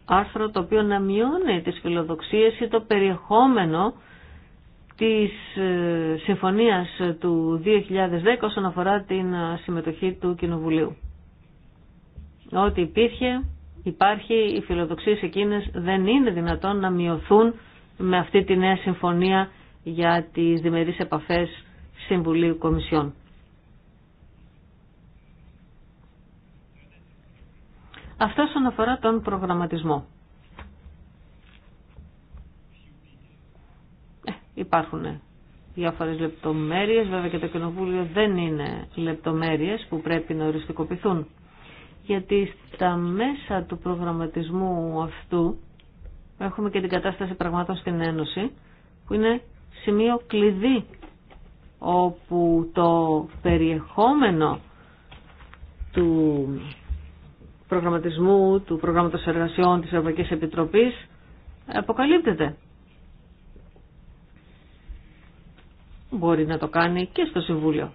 άρθρο το οποίο να μειώνει τις φιλοδοξίες ή το περιεχόμενο της ε, συμφωνίας του 2010 όσον αφορά την ε, συμμετοχή του Κοινοβουλίου. Ό,τι υπήρχε, υπάρχει, οι φιλοδοξίες εκείνες δεν είναι δυνατόν να μειωθούν με αυτή τη νέα συμφωνία για τις διμερείς επαφές Συμβουλίου Κομισιών. Αυτό όσον αφορά τον προγραμματισμό. Ε, υπάρχουν διάφορες λεπτομέρειες, βέβαια και το Κοινοβούλιο δεν είναι λεπτομέρειες που πρέπει να οριστικοποιηθούν. Γιατί στα μέσα του προγραμματισμού αυτού έχουμε και την κατάσταση πραγμάτων στην Ένωση, που είναι σημείο κλειδί όπου το περιεχόμενο του προγραμματισμού, του προγράμματος εργασιών της Ευρωπαϊκής Επιτροπής αποκαλύπτεται. Μπορεί να το κάνει και στο Συμβούλιο.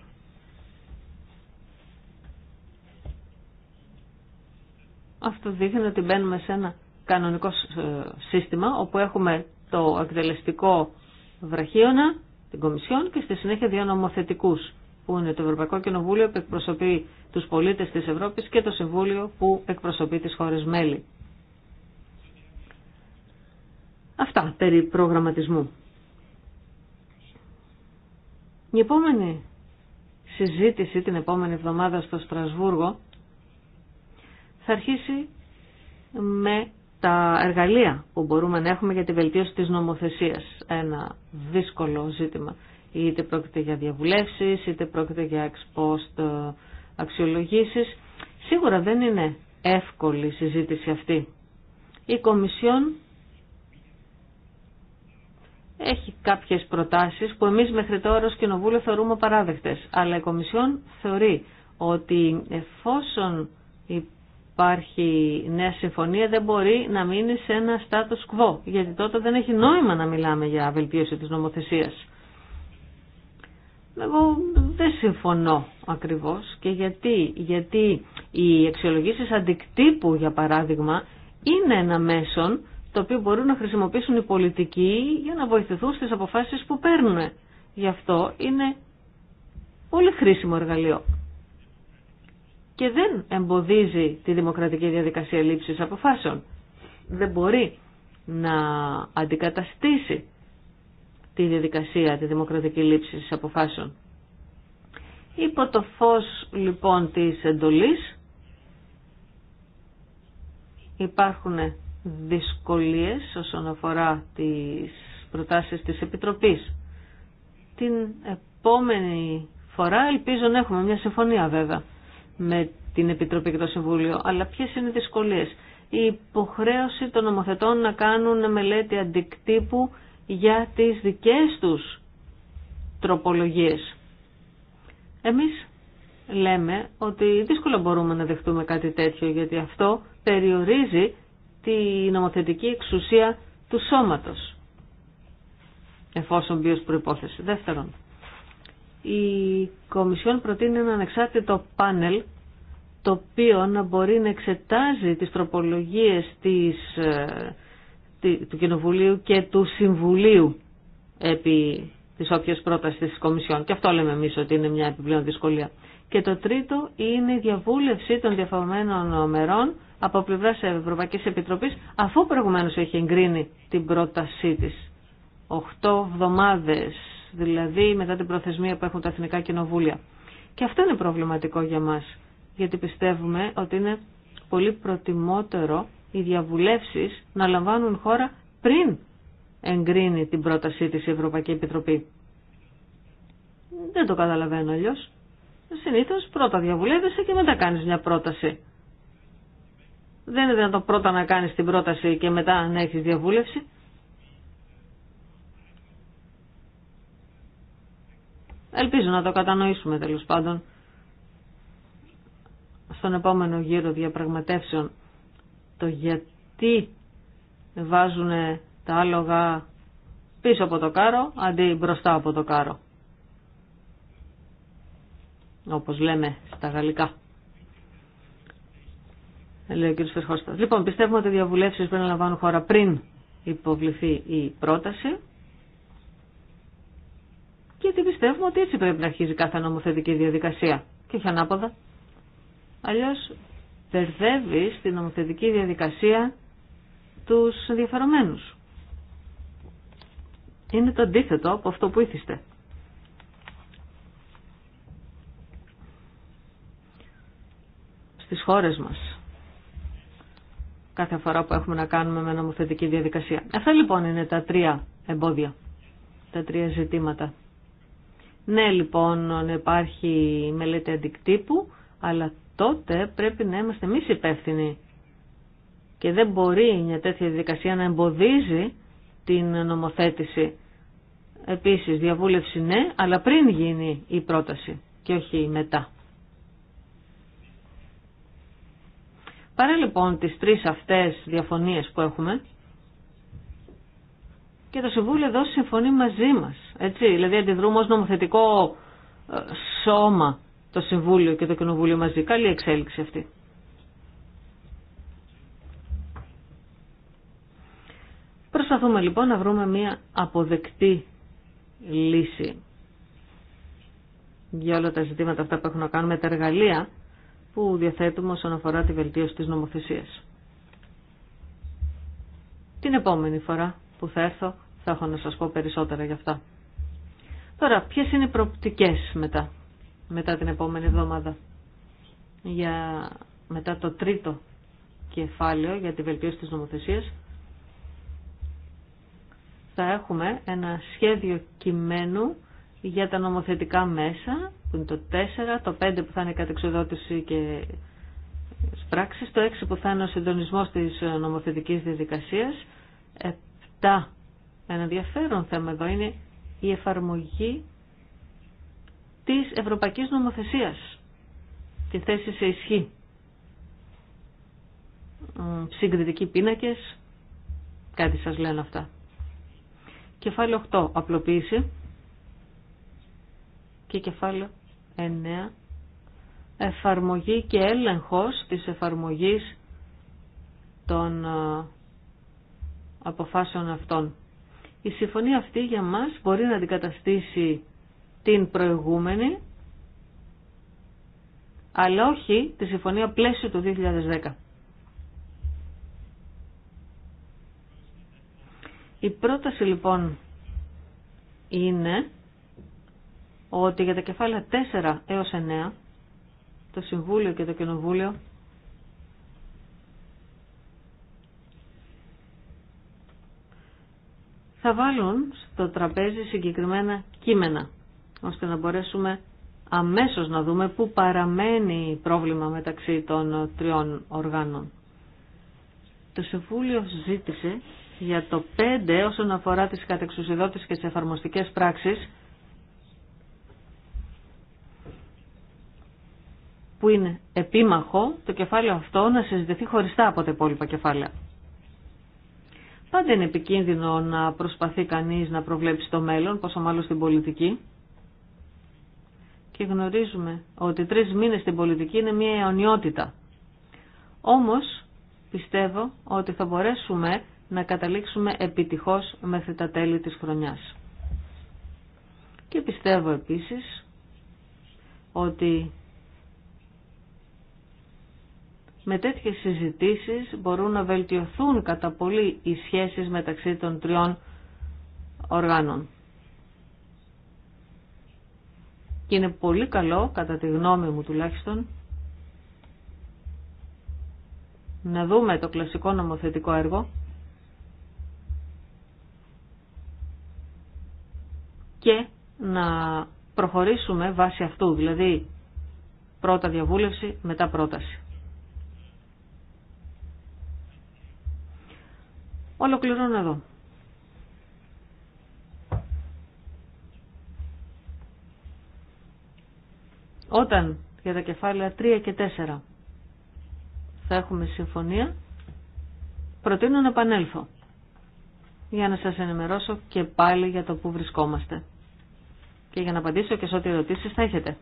Αυτό δείχνει ότι μπαίνουμε σε ένα κανονικό ε, σύστημα όπου έχουμε το εκτελεστικό βραχίωνα, την Κομισιόν και στη συνέχεια δύο νομοθετικούς που είναι το Ευρωπαϊκό Κοινοβούλιο που εκπροσωπεί τους πολίτες της Ευρώπης και το Συμβούλιο που εκπροσωπεί τις χώρες μέλη. Αυτά περί προγραμματισμού. Η επόμενη συζήτηση την επόμενη εβδομάδα στο Στρασβούργο θα αρχίσει με τα εργαλεία που μπορούμε να έχουμε για τη βελτίωση της νομοθεσίας. Ένα δύσκολο ζήτημα είτε πρόκειται για διαβουλεύσεις, είτε πρόκειται για εξπόστ αξιολογήσεις. Σίγουρα δεν είναι εύκολη η συζήτηση αυτή. Η Κομισιόν έχει κάποιες προτάσεις που εμείς μέχρι τώρα ως Κοινοβούλιο θεωρούμε παράδεκτες, αλλά η Κομισιόν θεωρεί ότι εφόσον υπάρχει νέα συμφωνία δεν μπορεί να μείνει σε ένα status quo, γιατί τότε δεν έχει νόημα να μιλάμε για βελτίωση της νομοθεσίας. Εγώ δεν συμφωνώ ακριβώς και γιατί, γιατί οι αξιολογήσει αντικτύπου για παράδειγμα είναι ένα μέσον το οποίο μπορούν να χρησιμοποιήσουν οι πολιτικοί για να βοηθηθούν στις αποφάσεις που παίρνουν. Γι' αυτό είναι πολύ χρήσιμο εργαλείο και δεν εμποδίζει τη δημοκρατική διαδικασία λήψης αποφάσεων. Δεν μπορεί να αντικαταστήσει τη διαδικασία, τη δημοκρατική λήψη αποφάσεων. Υπό το φως λοιπόν της εντολής υπάρχουν δυσκολίες όσον αφορά τις προτάσεις της Επιτροπής. Την επόμενη φορά ελπίζω να έχουμε μια συμφωνία βέβαια με την Επιτροπή και το Συμβούλιο. Αλλά ποιες είναι οι δυσκολίες. Η υποχρέωση των νομοθετών να κάνουν μελέτη αντικτύπου για τις δικές τους τροπολογίες. Εμείς λέμε ότι δύσκολα μπορούμε να δεχτούμε κάτι τέτοιο γιατί αυτό περιορίζει τη νομοθετική εξουσία του σώματος εφόσον μπει ως προϋπόθεση. Δεύτερον, η Κομισιόν προτείνει ένα ανεξάρτητο πάνελ το οποίο να μπορεί να εξετάζει τις τροπολογίες της ε, του Κοινοβουλίου και του Συμβουλίου επί της όποιας πρότασης της Κομισιόν. Και αυτό λέμε εμείς ότι είναι μια επιπλέον δυσκολία. Και το τρίτο είναι η διαβούλευση των διαφορεμένων μερών από πλευρά Ευρωπαϊκή Επιτροπή, αφού προηγουμένω έχει εγκρίνει την πρότασή τη. Οχτώ εβδομάδε, δηλαδή μετά την προθεσμία που έχουν τα εθνικά κοινοβούλια. Και αυτό είναι προβληματικό για μα, γιατί πιστεύουμε ότι είναι πολύ προτιμότερο οι διαβουλεύσεις να λαμβάνουν χώρα πριν εγκρίνει την πρότασή της η Ευρωπαϊκή Επιτροπή. Δεν το καταλαβαίνω αλλιώ. Συνήθω πρώτα διαβουλεύεσαι και μετά κάνει μια πρόταση. Δεν είναι δυνατόν πρώτα να κάνει την πρόταση και μετά να έχει διαβούλευση. Ελπίζω να το κατανοήσουμε τέλο πάντων στον επόμενο γύρο διαπραγματεύσεων το γιατί βάζουν τα άλογα πίσω από το κάρο αντί μπροστά από το κάρο. Όπως λέμε στα γαλλικά. Λέει ο κ. Λοιπόν, πιστεύουμε ότι οι διαβουλεύσεις πρέπει να λαμβάνουν χώρα πριν υποβληθεί η πρόταση και τι πιστεύουμε ότι έτσι πρέπει να αρχίζει κάθε νομοθετική διαδικασία και όχι ανάποδα. Αλλιώς μπερδεύει στην νομοθετική διαδικασία τους ενδιαφερομένους. Είναι το αντίθετο από αυτό που ήθιστε. Στις χώρες μας. Κάθε φορά που έχουμε να κάνουμε με νομοθετική διαδικασία. Αυτά λοιπόν είναι τα τρία εμπόδια. Τα τρία ζητήματα. Ναι λοιπόν υπάρχει μελέτη αντικτύπου αλλά τότε πρέπει να είμαστε εμεί υπεύθυνοι. Και δεν μπορεί μια τέτοια διαδικασία να εμποδίζει την νομοθέτηση. Επίσης, διαβούλευση ναι, αλλά πριν γίνει η πρόταση και όχι μετά. Παρά λοιπόν τις τρεις αυτές διαφωνίες που έχουμε, και το Συμβούλιο εδώ συμφωνεί μαζί μας, έτσι, δηλαδή αντιδρούμε ως νομοθετικό ε, σώμα το Συμβούλιο και το Κοινοβούλιο μαζί. Καλή εξέλιξη αυτή. Προσπαθούμε λοιπόν να βρούμε μία αποδεκτή λύση για όλα τα ζητήματα αυτά που έχουν να κάνουν με τα εργαλεία που διαθέτουμε όσον αφορά τη βελτίωση της νομοθεσίας. Την επόμενη φορά που θα έρθω θα έχω να σας πω περισσότερα γι' αυτά. Τώρα, ποιες είναι οι προοπτικές μετά μετά την επόμενη εβδομάδα. Για, μετά το τρίτο κεφάλαιο για τη βελτίωση της νομοθεσίας θα έχουμε ένα σχέδιο κειμένου για τα νομοθετικά μέσα που είναι το 4, το 5 που θα είναι κατεξοδότηση και πράξεις, το 6 που θα είναι ο συντονισμός της νομοθετικής διαδικασίας, 7 ένα ενδιαφέρον θέμα εδώ είναι η εφαρμογή της Ευρωπαϊκής Νομοθεσίας, τη θέση σε ισχύ. Συγκριτικοί πίνακες, κάτι σας λένε αυτά. Κεφάλαιο 8, απλοποίηση και κεφάλαιο 9, εφαρμογή και έλεγχος της εφαρμογής των αποφάσεων αυτών. Η συμφωνία αυτή για μας μπορεί να αντικαταστήσει την προηγούμενη, αλλά όχι τη συμφωνία πλαίσιο του 2010. Η πρόταση λοιπόν είναι ότι για τα κεφάλαια 4 έως 9 το Συμβούλιο και το Κοινοβούλιο θα βάλουν στο τραπέζι συγκεκριμένα κείμενα ώστε να μπορέσουμε αμέσως να δούμε πού παραμένει πρόβλημα μεταξύ των τριών οργάνων. Το Συμβούλιο ζήτησε για το 5 όσον αφορά τις κατεξουσιδότητες και τις εφαρμοστικές πράξεις που είναι επίμαχο το κεφάλαιο αυτό να συζητηθεί χωριστά από τα υπόλοιπα κεφάλαια. Πάντα είναι επικίνδυνο να προσπαθεί κανείς να προβλέψει το μέλλον, πόσο μάλλον στην πολιτική και γνωρίζουμε ότι τρεις μήνες στην πολιτική είναι μια αιωνιότητα. Όμως πιστεύω ότι θα μπορέσουμε να καταλήξουμε επιτυχώς μέχρι τα τέλη της χρονιάς. Και πιστεύω επίσης ότι με τέτοιες συζητήσεις μπορούν να βελτιωθούν κατά πολύ οι σχέσεις μεταξύ των τριών οργάνων. και είναι πολύ καλό, κατά τη γνώμη μου τουλάχιστον, να δούμε το κλασικό νομοθετικό έργο και να προχωρήσουμε βάσει αυτού, δηλαδή πρώτα διαβούλευση, μετά πρόταση. Ολοκληρώνω εδώ. Όταν για τα κεφάλαια 3 και 4 θα έχουμε συμφωνία, προτείνω να επανέλθω για να σας ενημερώσω και πάλι για το που βρισκόμαστε και για να απαντήσω και σε ό,τι ερωτήσεις θα έχετε.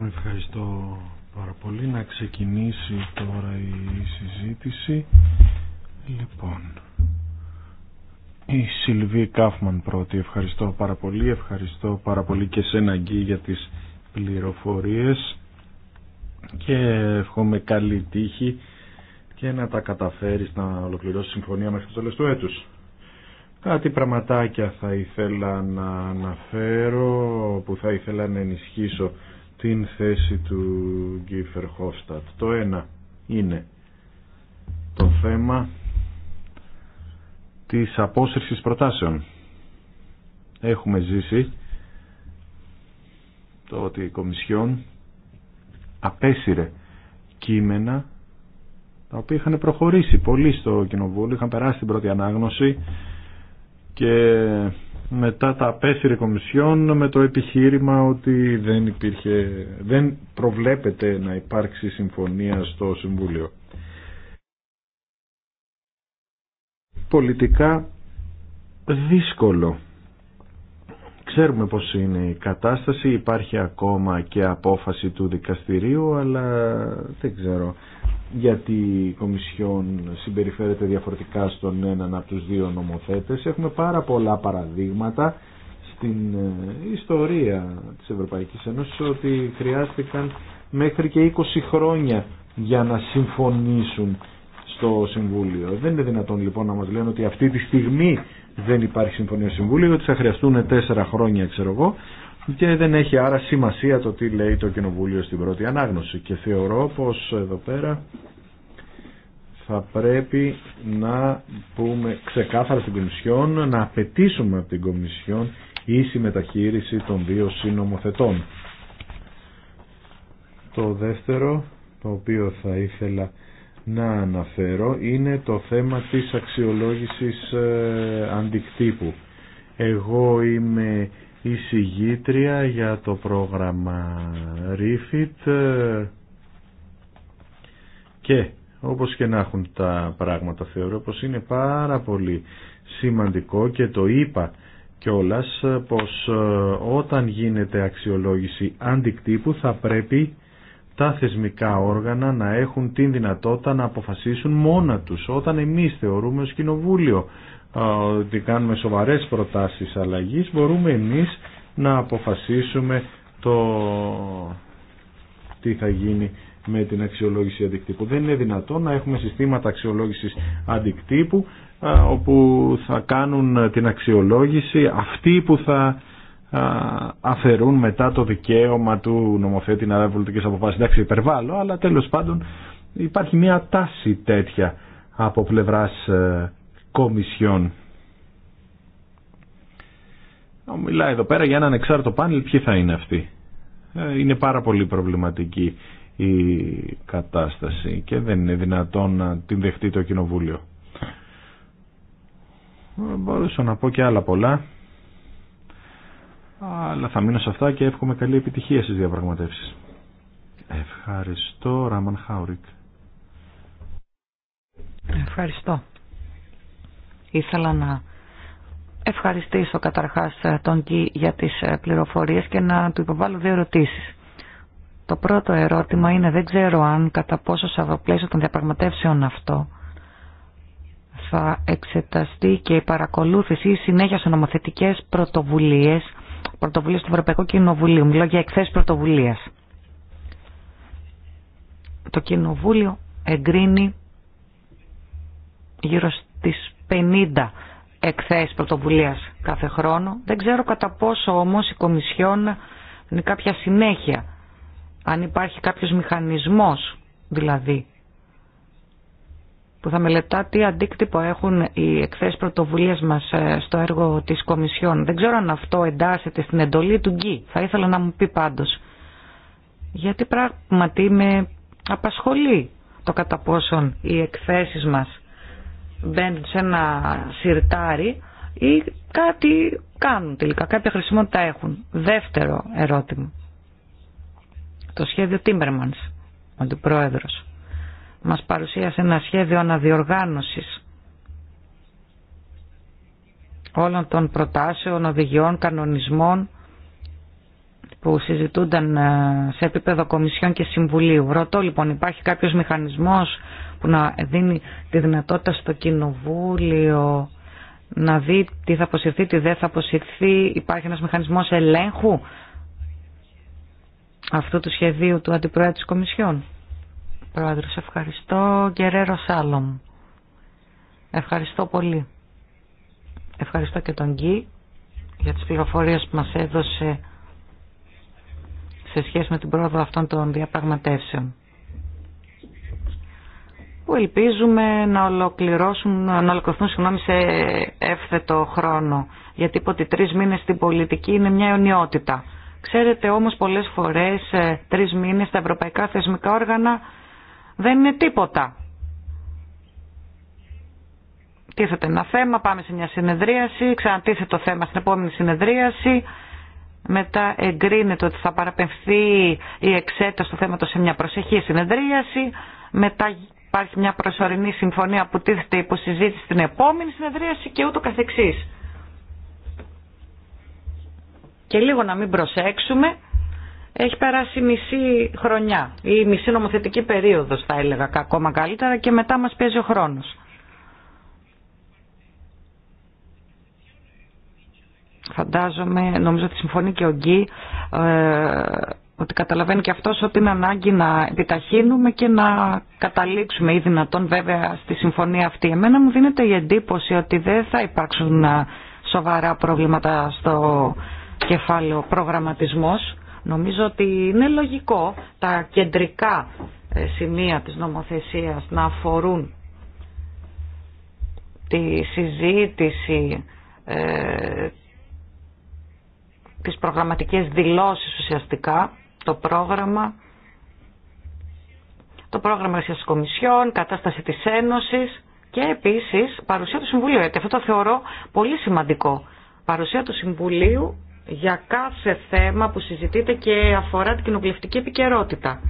Ευχαριστώ πάρα πολύ. Να ξεκινήσει τώρα η συζήτηση. Λοιπόν, η Σιλβί Κάφμαν πρώτη. Ευχαριστώ πάρα πολύ. Ευχαριστώ πάρα πολύ και σένα Γκί για τις πληροφορίες και εύχομαι καλή τύχη και να τα καταφέρεις να ολοκληρώσει συμφωνία μέχρι το τέλος του έτους. Κάτι πραγματάκια θα ήθελα να αναφέρω που θα ήθελα να ενισχύσω την θέση του Γκίφερ Χόφστατ. Το ένα είναι το θέμα της απόσυρσης προτάσεων. Έχουμε ζήσει το ότι η Κομισιόν απέσυρε κείμενα τα οποία είχαν προχωρήσει πολύ στο Κοινοβούλιο, είχαν περάσει την πρώτη ανάγνωση και μετά τα απέσυρε Κομισιόν με το επιχείρημα ότι δεν, υπήρχε, δεν προβλέπεται να υπάρξει συμφωνία στο Συμβούλιο. Πολιτικά δύσκολο Ξέρουμε πως είναι η κατάσταση, υπάρχει ακόμα και απόφαση του δικαστηρίου, αλλά δεν ξέρω γιατί η Κομισιόν συμπεριφέρεται διαφορετικά στον έναν από τους δύο νομοθέτες. Έχουμε πάρα πολλά παραδείγματα στην ε, ιστορία της Ευρωπαϊκής Ένωσης ότι χρειάστηκαν μέχρι και 20 χρόνια για να συμφωνήσουν στο Συμβούλιο. Δεν είναι δυνατόν λοιπόν να μας λένε ότι αυτή τη στιγμή δεν υπάρχει συμφωνία στο Συμβούλιο, ότι θα χρειαστούν τέσσερα χρόνια ξέρω εγώ και δεν έχει άρα σημασία το τι λέει το Κοινοβούλιο στην πρώτη ανάγνωση. Και θεωρώ πως εδώ πέρα θα πρέπει να πούμε ξεκάθαρα στην Κομισιόν, να απαιτήσουμε από την Κομισιόν ίση μεταχείριση των δύο συνομοθετών. Το δεύτερο, το οποίο θα ήθελα να αναφέρω είναι το θέμα της αξιολόγησης ε, αντικτύπου. Εγώ είμαι εισηγήτρια για το πρόγραμμα REFIT ε, και όπως και να έχουν τα πράγματα θεωρώ πως είναι πάρα πολύ σημαντικό και το είπα κιόλας ε, πως όταν γίνεται αξιολόγηση αντικτύπου θα πρέπει τα θεσμικά όργανα να έχουν την δυνατότητα να αποφασίσουν μόνα τους όταν εμείς θεωρούμε ως κοινοβούλιο ότι κάνουμε σοβαρές προτάσεις αλλαγής μπορούμε εμείς να αποφασίσουμε το τι θα γίνει με την αξιολόγηση αντικτύπου. Δεν είναι δυνατόν να έχουμε συστήματα αξιολόγησης αντικτύπου όπου θα κάνουν την αξιολόγηση αυτοί που θα αφαιρούν μετά το δικαίωμα του νομοθέτη να λάβει πολιτικές αποφάσεις. Εντάξει, υπερβάλλω, αλλά τέλος πάντων υπάρχει μια τάση τέτοια από πλευρά ε, κομισιών. Μιλάει εδώ πέρα για έναν εξάρτητο πάνελ, ποιοι θα είναι αυτοί. Ε, είναι πάρα πολύ προβληματική η κατάσταση και δεν είναι δυνατόν να την δεχτεί το Κοινοβούλιο. Ε, μπορούσα να πω και άλλα πολλά αλλά θα μείνω σε αυτά και εύχομαι καλή επιτυχία στις διαπραγματεύσεις. Ευχαριστώ, Ράμαν Χάουρικ. Ευχαριστώ. Ήθελα να ευχαριστήσω καταρχάς ε, τον Κι για τις ε, πληροφορίες και να του υποβάλω δύο ερωτήσεις. Το πρώτο ερώτημα είναι δεν ξέρω αν κατά πόσο σε πλαίσιο των διαπραγματεύσεων αυτό θα εξεταστεί και η παρακολούθηση ή συνέχεια σε νομοθετικές πρωτοβουλίες πρωτοβουλία του Ευρωπαϊκού Κοινοβουλίου. Μιλώ για εκθέσει πρωτοβουλία. Το Κοινοβούλιο εγκρίνει γύρω στις 50 εκθέσεις πρωτοβουλία κάθε χρόνο. Δεν ξέρω κατά πόσο όμως η Κομισιόν είναι κάποια συνέχεια. Αν υπάρχει κάποιος μηχανισμός δηλαδή που θα μελετά τι αντίκτυπο έχουν οι εκθέσει πρωτοβουλία μα ε, στο έργο τη Κομισιόν. Δεν ξέρω αν αυτό εντάσσεται στην εντολή του Γκί. Θα ήθελα να μου πει πάντω. Γιατί πράγματι με απασχολεί το κατά πόσον οι εκθέσει μα μπαίνουν σε ένα σιρτάρι ή κάτι κάνουν τελικά, κάποια χρησιμότητα έχουν. Δεύτερο ερώτημα. Το σχέδιο Τίμπερμανς, ο αντιπρόεδρος μας παρουσίασε ένα σχέδιο αναδιοργάνωσης όλων των προτάσεων, οδηγιών, κανονισμών που συζητούνταν ε, σε επίπεδο Κομισιών και Συμβουλίου. Ρωτώ λοιπόν, υπάρχει κάποιος μηχανισμός που να δίνει τη δυνατότητα στο Κοινοβούλιο να δει τι θα αποσυρθεί, τι δεν θα αποσυρθεί, υπάρχει ένας μηχανισμός ελέγχου αυτού του σχεδίου του Αντιπρόεδρου της Κομισιόν. Πρόεδρος, ευχαριστώ. Γκερέρο Σάλομ. Ευχαριστώ πολύ. Ευχαριστώ και τον Γκί για τις πληροφορίες που μας έδωσε σε σχέση με την πρόοδο αυτών των διαπραγματεύσεων που ελπίζουμε να ολοκληρώσουν, να ολοκληρωθούν συγγνώμη, σε εύθετο χρόνο. Γιατί είπα ότι τρεις μήνες στην πολιτική είναι μια αιωνιότητα. Ξέρετε όμως πολλές φορές ε, τρεις μήνες τα ευρωπαϊκά θεσμικά όργανα δεν είναι τίποτα. Τίθεται ένα θέμα, πάμε σε μια συνεδρίαση, ξανατίθεται το θέμα στην επόμενη συνεδρίαση, μετά εγκρίνεται ότι θα παραπευθεί η εξέταση του θέματος σε μια προσεχή συνεδρίαση, μετά υπάρχει μια προσωρινή συμφωνία που τίθεται υποσυζήτηση στην επόμενη συνεδρίαση και ούτω καθεξής. Και λίγο να μην προσέξουμε έχει περάσει μισή χρονιά ή μισή νομοθετική περίοδος θα έλεγα ακόμα καλύτερα και μετά μας παίζει ο χρόνος. Φαντάζομαι, νομίζω ότι συμφωνεί και ο Γκί, ε, ότι καταλαβαίνει και αυτός ότι είναι ανάγκη να επιταχύνουμε και να καταλήξουμε ή δυνατόν βέβαια στη συμφωνία αυτή. Εμένα μου δίνεται η εντύπωση ότι δεν θα υπάρξουν ε, σοβαρά προβλήματα στο κεφάλαιο προγραμματισμός Νομίζω ότι είναι λογικό τα κεντρικά ε, σημεία της νομοθεσίας να αφορούν τη συζήτηση, ε, τις προγραμματικές δηλώσεις ουσιαστικά, το πρόγραμμα, το πρόγραμμα της Κομισιόν, κατάσταση της Ένωσης και επίσης παρουσία του Συμβουλίου, γιατί αυτό το θεωρώ πολύ σημαντικό. Παρουσία του Συμβουλίου για κάθε θέμα που συζητείται και αφορά την κοινοβουλευτική επικαιρότητα.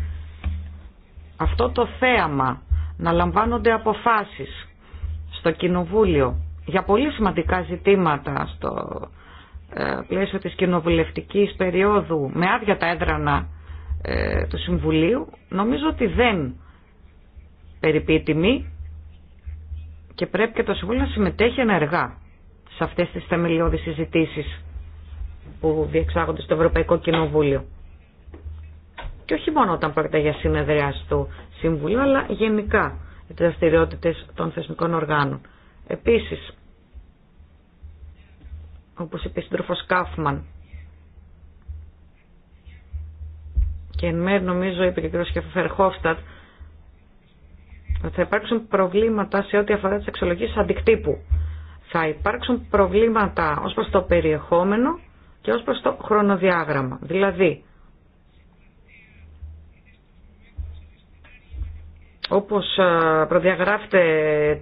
Αυτό το θέαμα να λαμβάνονται αποφάσεις στο Κοινοβούλιο για πολύ σημαντικά ζητήματα στο ε, πλαίσιο της κοινοβουλευτικής περίοδου με άδεια τα έδρανα ε, του Συμβουλίου νομίζω ότι δεν περιπεί και πρέπει και το Συμβούλιο να συμμετέχει ενεργά σε αυτές τις θεμελιώδεις συζητήσεις που διεξάγονται στο Ευρωπαϊκό Κοινοβούλιο. Και όχι μόνο όταν πρόκειται για συνεδρία του Συμβουλίου, αλλά γενικά για τι δραστηριότητε των θεσμικών οργάνων. Επίση, όπω είπε η σύντροφο Κάφμαν, και εν μέρει νομίζω είπε και ο κ. Φερχόφστατ, ότι θα υπάρξουν προβλήματα σε ό,τι αφορά τι εξολογήσει αντικτύπου. Θα υπάρξουν προβλήματα ως προς το περιεχόμενο και ως προς το χρονοδιάγραμμα. Δηλαδή, όπως ε, προδιαγράφεται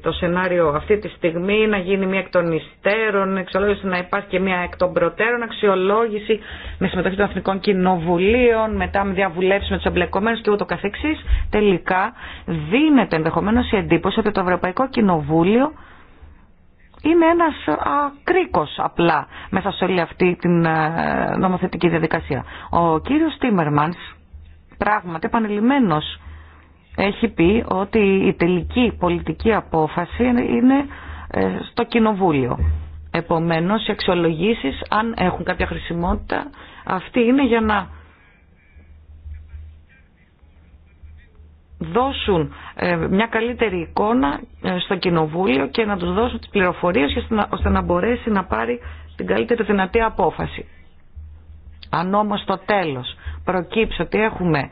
το σενάριο αυτή τη στιγμή, να γίνει μια εκ των υστέρων, εξολόγηση να υπάρχει και μια εκ των προτέρων, αξιολόγηση με συμμετοχή των εθνικών κοινοβουλίων, μετά με διαβουλεύσεις με τους εμπλεκομένους και ούτω καθεξής, τελικά δίνεται ενδεχομένως η εντύπωση ότι το Ευρωπαϊκό Κοινοβούλιο είναι ένας ακρίκος απλά μέσα σε όλη αυτή την ε, νομοθετική διαδικασία. Ο κύριος Τίμερμανς πράγματι επανειλημμένος έχει πει ότι η τελική πολιτική απόφαση είναι ε, στο κοινοβούλιο. Επομένως, οι αξιολογήσεις, αν έχουν κάποια χρησιμότητα, αυτή είναι για να δώσουν ε, μια καλύτερη εικόνα ε, στο κοινοβούλιο και να τους δώσουν τις πληροφορίες ώστε να μπορέσει να πάρει την καλύτερη δυνατή απόφαση. Αν όμως στο τέλος προκύψει ότι έχουμε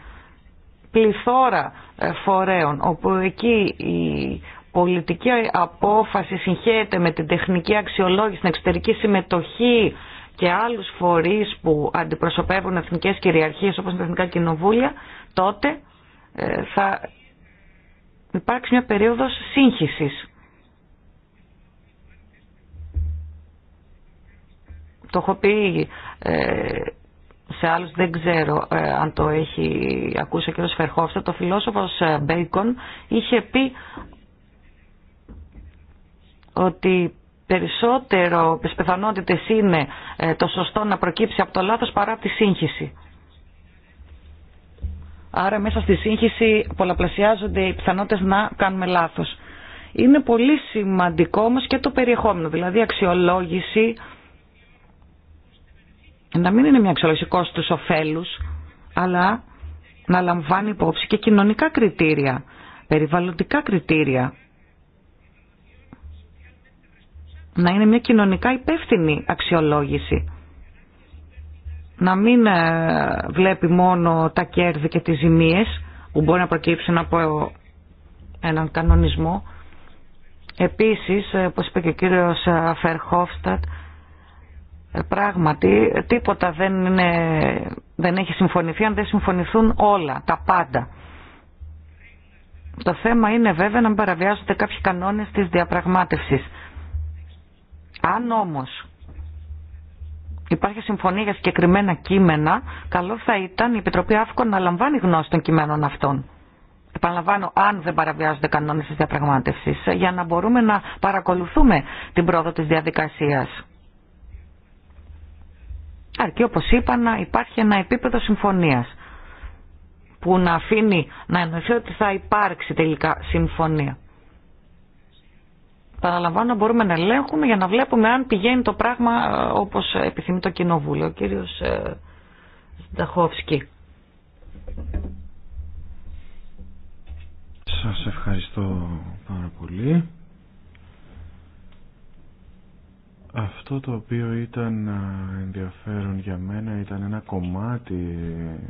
πληθώρα ε, φορέων όπου εκεί η πολιτική απόφαση συγχέεται με την τεχνική αξιολόγηση, την εξωτερική συμμετοχή και άλλους φορείς που αντιπροσωπεύουν εθνικές κυριαρχίες όπως τα εθνικά κοινοβούλια, τότε ε, θα υπάρξει μια περίοδος σύγχυσης. Το έχω πει ε, σε άλλους, δεν ξέρω ε, αν το έχει ακούσει ο κ. Φερχόφστα, το φιλόσοφος Μπέικον είχε πει ότι περισσότερο πιθανότητε είναι το σωστό να προκύψει από το λάθος παρά τη σύγχυση. Άρα μέσα στη σύγχυση πολλαπλασιάζονται οι πιθανότητες να κάνουμε λάθος. Είναι πολύ σημαντικό όμως και το περιεχόμενο, δηλαδή αξιολόγηση, να μην είναι μια αξιολόγηση κόστους ωφέλους, αλλά να λαμβάνει υπόψη και κοινωνικά κριτήρια, περιβαλλοντικά κριτήρια. Να είναι μια κοινωνικά υπεύθυνη αξιολόγηση να μην ε, βλέπει μόνο τα κέρδη και τις ζημίες που μπορεί να προκύψουν από έναν κανονισμό. Επίσης, ε, όπως είπε και ο κύριος ε, Φερχόφστατ, πράγματι τίποτα δεν, είναι, δεν έχει συμφωνηθεί αν δεν συμφωνηθούν όλα, τα πάντα. Το θέμα είναι βέβαια να παραβιάζονται κάποιοι κανόνες της διαπραγμάτευσης. Αν όμως υπάρχει συμφωνία για συγκεκριμένα κείμενα, καλό θα ήταν η Επιτροπή Αύκο να λαμβάνει γνώση των κειμένων αυτών. Επαναλαμβάνω, αν δεν παραβιάζονται κανόνες της διαπραγμάτευσης, για να μπορούμε να παρακολουθούμε την πρόοδο τη διαδικασίας. Αρκεί, όπως είπα, να υπάρχει ένα επίπεδο συμφωνίας που να αφήνει να εννοηθεί ότι θα υπάρξει τελικά συμφωνία. Παραλαμβάνω μπορούμε να ελέγχουμε για να βλέπουμε αν πηγαίνει το πράγμα ε, όπως επιθυμεί το Κοινοβούλιο. Ο κύριος ε, Σταχόφσκι. Σας ευχαριστώ πάρα πολύ. Αυτό το οποίο ήταν ε, ενδιαφέρον για μένα ήταν ένα κομμάτι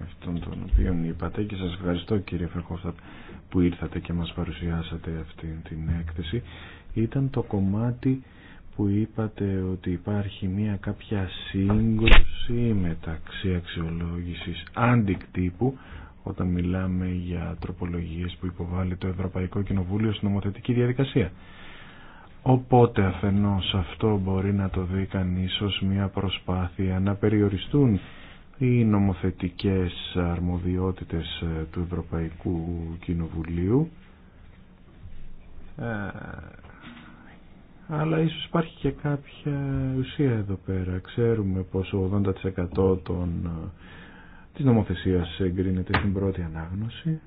αυτών των οποίων είπατε και σας ευχαριστώ κύριε Φερχόφτα που ήρθατε και μας παρουσιάσατε αυτή την έκθεση ήταν το κομμάτι που είπατε ότι υπάρχει μια κάποια σύγκρουση μεταξύ αξιολόγησης αντικτύπου όταν μιλάμε για τροπολογίες που υποβάλλει το Ευρωπαϊκό Κοινοβούλιο στην νομοθετική διαδικασία. Οπότε αφενός αυτό μπορεί να το δει κανείς ως μια προσπάθεια να περιοριστούν οι νομοθετικές αρμοδιότητες ε, του Ευρωπαϊκού Κοινοβουλίου ε, αλλά ίσως υπάρχει και κάποια ουσία εδώ πέρα. Ξέρουμε πως 80% των, ε, της νομοθεσίας εγκρίνεται στην πρώτη ανάγνωση.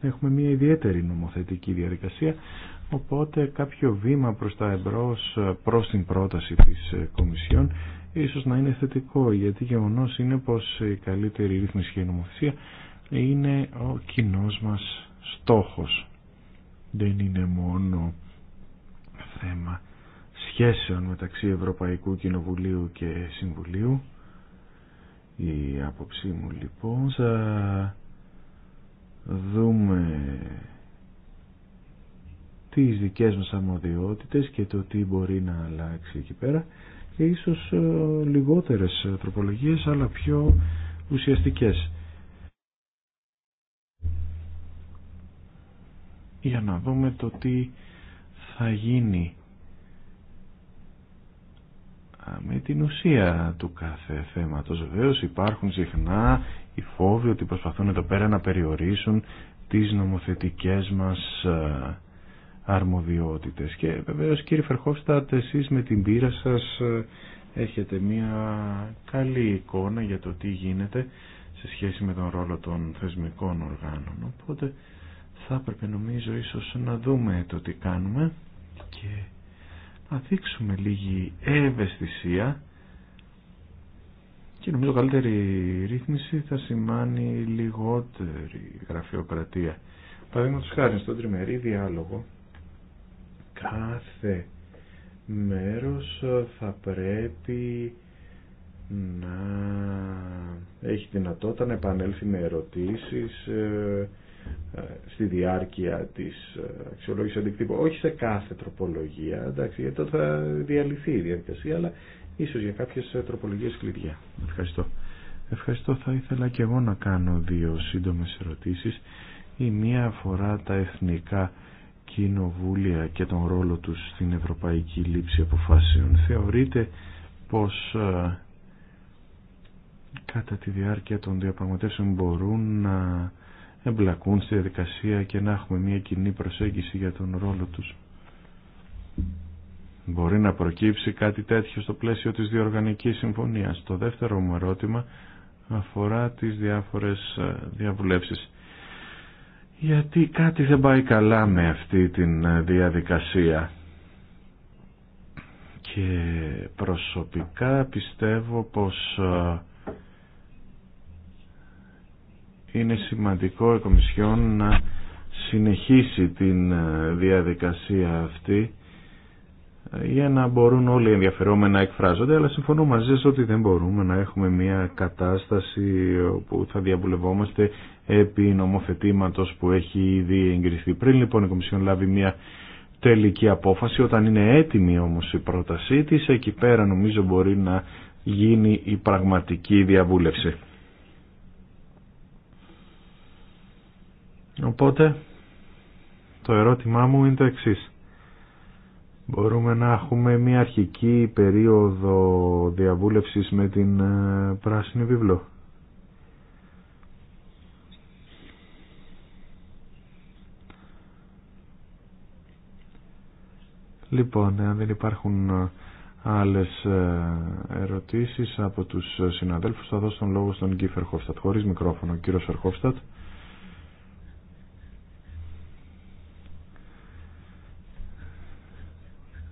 Έχουμε μια ιδιαίτερη νομοθετική διαδικασία, οπότε κάποιο βήμα προς τα εμπρός, ε, προς την πρόταση της ε, Κομισιόν, ίσως να είναι θετικό, γιατί γεγονό είναι πως η καλύτερη ρύθμιση και η νομοθεσία είναι ο κοινό μας στόχος. Δεν είναι μόνο θέμα σχέσεων μεταξύ Ευρωπαϊκού Κοινοβουλίου και Συμβουλίου. Η άποψή μου λοιπόν θα δούμε τις δικές μας και το τι μπορεί να αλλάξει εκεί πέρα και ίσως ε, λιγότερες τροπολογίες αλλά πιο ουσιαστικές. Για να δούμε το τι θα γίνει με την ουσία του κάθε θέματος. Βεβαίως υπάρχουν συχνά οι φόβοι ότι προσπαθούν εδώ πέρα να περιορίσουν τις νομοθετικές μας ε, αρμοδιότητες. Και βεβαίως κύριε Φερχόφστατ, εσείς με την πείρα σας ε, έχετε μια καλή εικόνα για το τι γίνεται σε σχέση με τον ρόλο των θεσμικών οργάνων. Οπότε θα έπρεπε νομίζω ίσως να δούμε το τι κάνουμε και να δείξουμε λίγη ευαισθησία και νομίζω καλύτερη ρύθμιση θα σημάνει λιγότερη γραφειοκρατία. Παραδείγματο χάρη στον τριμερή διάλογο κάθε μέρος θα πρέπει να έχει δυνατότητα να επανέλθει με ερωτήσεις ε, ε, στη διάρκεια της ε, αξιολόγησης αντικτύπου. Όχι σε κάθε τροπολογία, εντάξει, γιατί θα διαλυθεί η διαδικασία, αλλά ίσως για κάποιες ε, τροπολογίες κλειδιά. Ευχαριστώ. Ευχαριστώ. Θα ήθελα και εγώ να κάνω δύο σύντομες ερωτήσεις. Η μία αφορά τα εθνικά κοινοβούλια και τον ρόλο τους στην ευρωπαϊκή λήψη αποφάσεων. Θεωρείτε πως κατά τη διάρκεια των διαπραγματεύσεων μπορούν να εμπλακούν στη διαδικασία και να έχουμε μια κοινή προσέγγιση για τον ρόλο τους. Μπορεί να προκύψει κάτι τέτοιο στο πλαίσιο της διοργανικής συμφωνίας. Το δεύτερο μου ερώτημα αφορά τις διάφορες ε, διαβουλεύσεις. Γιατί κάτι δεν πάει καλά με αυτή την ε, διαδικασία. Και προσωπικά πιστεύω πως ε, είναι σημαντικό η Κομισιόν να συνεχίσει την ε, διαδικασία αυτή ε, για να μπορούν όλοι οι ενδιαφερόμενοι να εκφράζονται, αλλά συμφωνώ μαζί σας ότι δεν μπορούμε να έχουμε μια κατάσταση όπου θα διαβουλευόμαστε επί νομοθετήματος που έχει ήδη εγκριθεί. Πριν λοιπόν η Κομισιόν λάβει μια τελική απόφαση, όταν είναι έτοιμη όμως η πρότασή της, εκεί πέρα νομίζω μπορεί να γίνει η πραγματική διαβούλευση. Οπότε το ερώτημά μου είναι το εξή. Μπορούμε να έχουμε μια αρχική περίοδο διαβούλευσης με την ε, πράσινη βιβλό. Λοιπόν, αν δεν υπάρχουν ε, άλλες ε, ερωτήσεις από τους συναδέλφους θα δώσω τον λόγο στον Κίφερ Χόφστατ. Χωρίς μικρόφωνο, κύριο Χόφστατ.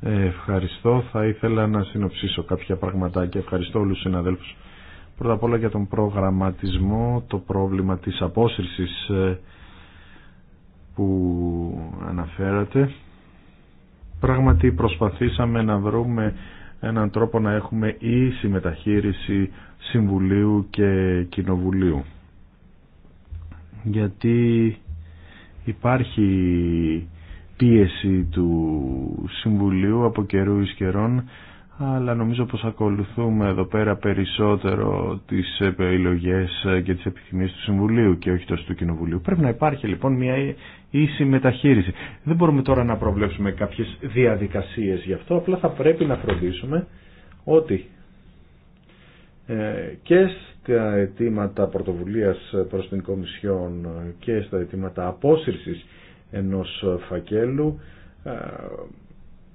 Ευχαριστώ. Θα ήθελα να συνοψίσω κάποια πραγματάκια. Ευχαριστώ όλους τους συναδέλφους. Πρώτα απ' όλα για τον προγραμματισμό, το πρόβλημα της απόσυρσης ε, που αναφέρατε. Πράγματι προσπαθήσαμε να βρούμε έναν τρόπο να έχουμε ίση μεταχείριση Συμβουλίου και Κοινοβουλίου. Γιατί υπάρχει πίεση του Συμβουλίου από καιρού εις καιρών, αλλά νομίζω πως ακολουθούμε εδώ πέρα περισσότερο τις επιλογές και τις επιθυμίες του Συμβουλίου και όχι τόσο του Κοινοβουλίου. Πρέπει να υπάρχει λοιπόν μια ίση μεταχείριση. Δεν μπορούμε τώρα να προβλέψουμε κάποιες διαδικασίες γι' αυτό, απλά θα πρέπει να φροντίσουμε ότι ε, και στα αιτήματα πρωτοβουλίας προς την Κομισιόν και στα αιτήματα απόσυρσης ενός φακέλου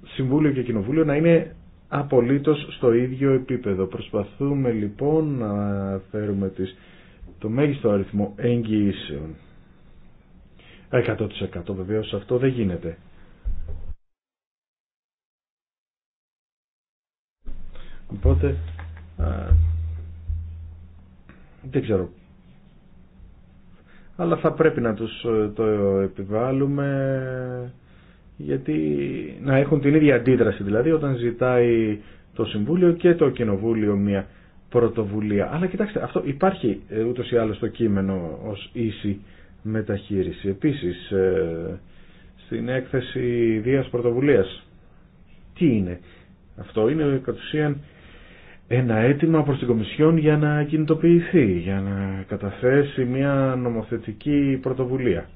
Συμβούλιο και Κοινοβούλιο να είναι απολύτως στο ίδιο επίπεδο. Προσπαθούμε λοιπόν να φέρουμε τις, το μέγιστο αριθμό εγγυήσεων. 100% βεβαίως αυτό δεν γίνεται. Οπότε α, δεν ξέρω αλλά θα πρέπει να τους ε, το επιβάλλουμε γιατί να έχουν την ίδια αντίδραση δηλαδή όταν ζητάει το Συμβούλιο και το Κοινοβούλιο μια πρωτοβουλία. Αλλά κοιτάξτε, αυτό υπάρχει ε, ούτως ή άλλως το κείμενο ως ίση μεταχείριση. Επίσης, ε, στην έκθεση Δίας Πρωτοβουλίας, τι είναι αυτό, είναι κατ' ουσίαν ένα αίτημα προς την Κομισιόν για να κινητοποιηθεί, για να καταθέσει μια νομοθετική πρωτοβουλία.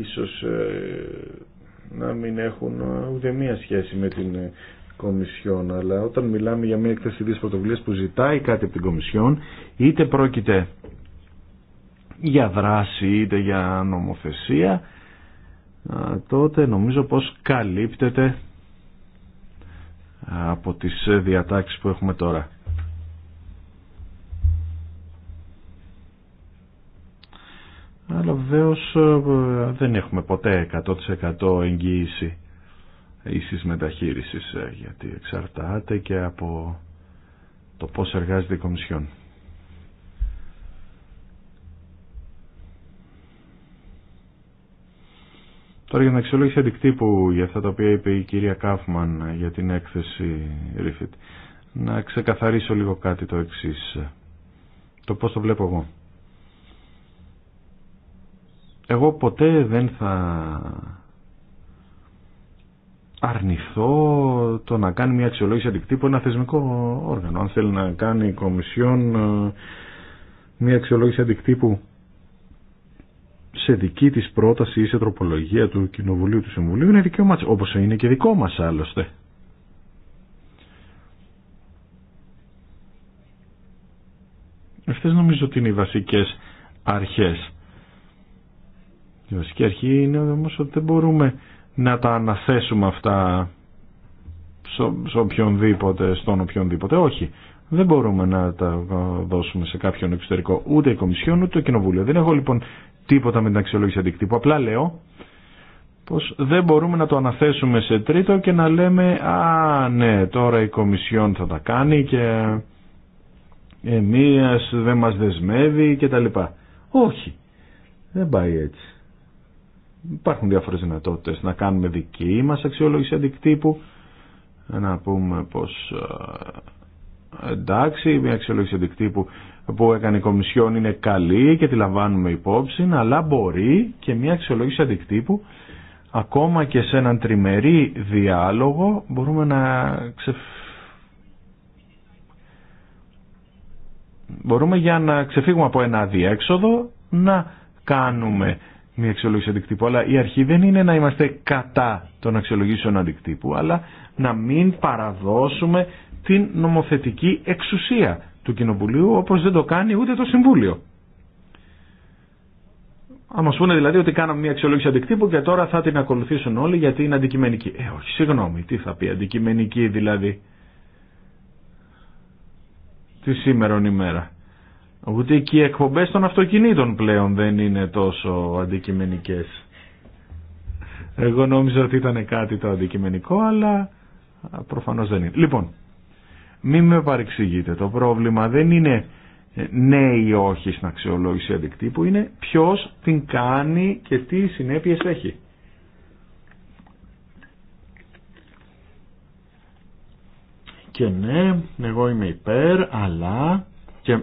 Ίσως ε, να μην έχουν ούτε μία σχέση με την Κομισιόν, αλλά όταν μιλάμε για μια εκθέση δύο που ζητάει κάτι από την Κομισιόν, είτε πρόκειται για δράση είτε για νομοθεσία, τότε νομίζω πως καλύπτεται από τις διατάξεις που έχουμε τώρα. Αλλά βεβαίω ε, δεν έχουμε ποτέ 100% εγγύηση ίσης μεταχείρισης ε, γιατί εξαρτάται και από το πώς εργάζεται η Κομισιόν. Τώρα για την αξιολόγηση αντικτύπου για αυτά τα οποία είπε η κυρία Κάφμαν για την έκθεση Ρίφιτ. Να ξεκαθαρίσω λίγο κάτι το εξή. Το πώς το βλέπω εγώ. Εγώ ποτέ δεν θα αρνηθώ το να κάνει μια αξιολόγηση αντικτύπου ένα θεσμικό όργανο. Αν θέλει να κάνει η Κομισιόν ε, μια αξιολόγηση αντικτύπου σε δική της πρόταση ή σε τροπολογία του Κοινοβουλίου του Συμβουλίου είναι δικαίωμα της, όπως είναι και δικό μας άλλωστε. Αυτές νομίζω ότι είναι οι βασικές αρχές. Η βασική αρχή είναι όμως ότι δεν μπορούμε να τα αναθέσουμε αυτά σε οποιονδήποτε, στον οποιονδήποτε. Όχι. Δεν μπορούμε να τα δώσουμε σε κάποιον εξωτερικό, ούτε η Κομισιόν, ούτε το Κοινοβούλιο. Δεν έχω λοιπόν τίποτα με την αξιολόγηση αντικτύπου. Απλά λέω πως δεν μπορούμε να το αναθέσουμε σε τρίτο και να λέμε «Α, ναι, τώρα η Κομισιόν θα τα κάνει και εμείς δεν μας δεσμεύει» κτλ. Όχι, δεν πάει έτσι. Υπάρχουν διάφορες δυνατότητες να κάνουμε δική μας αξιολόγηση αντικτύπου, να πούμε πως εντάξει, μια αξιολόγηση αντικτύπου που έκανε η Κομισιόν είναι καλή και τη λαμβάνουμε υπόψη, αλλά μπορεί και μια αξιολόγηση αντικτύπου ακόμα και σε έναν τριμερή διάλογο μπορούμε να μπορούμε για να ξεφύγουμε από ένα αδιέξοδο να κάνουμε μια αξιολόγηση αντικτύπου. Αλλά η αρχή δεν είναι να είμαστε κατά των αξιολογήσεων αντικτύπου, αλλά να μην παραδώσουμε την νομοθετική εξουσία του Κοινοβουλίου όπως δεν το κάνει ούτε το Συμβούλιο. Αν μας πούνε δηλαδή ότι κάναμε μια αξιολόγηση αντικτύπου και τώρα θα την ακολουθήσουν όλοι γιατί είναι αντικειμενική. Ε, όχι, συγγνώμη, τι θα πει αντικειμενική δηλαδή τη σήμερον ημέρα. Ούτε και οι εκπομπέ των αυτοκινήτων πλέον δεν είναι τόσο αντικειμενικές. Εγώ νόμιζα ότι ήταν κάτι το αντικειμενικό, αλλά προφανώς δεν είναι. Λοιπόν, μην με παρεξηγείτε, το πρόβλημα δεν είναι ε, ναι ή όχι στην αξιολόγηση αντικτύπου, είναι ποιος την κάνει και τι συνέπειες έχει. Και ναι, εγώ είμαι υπέρ, αλλά και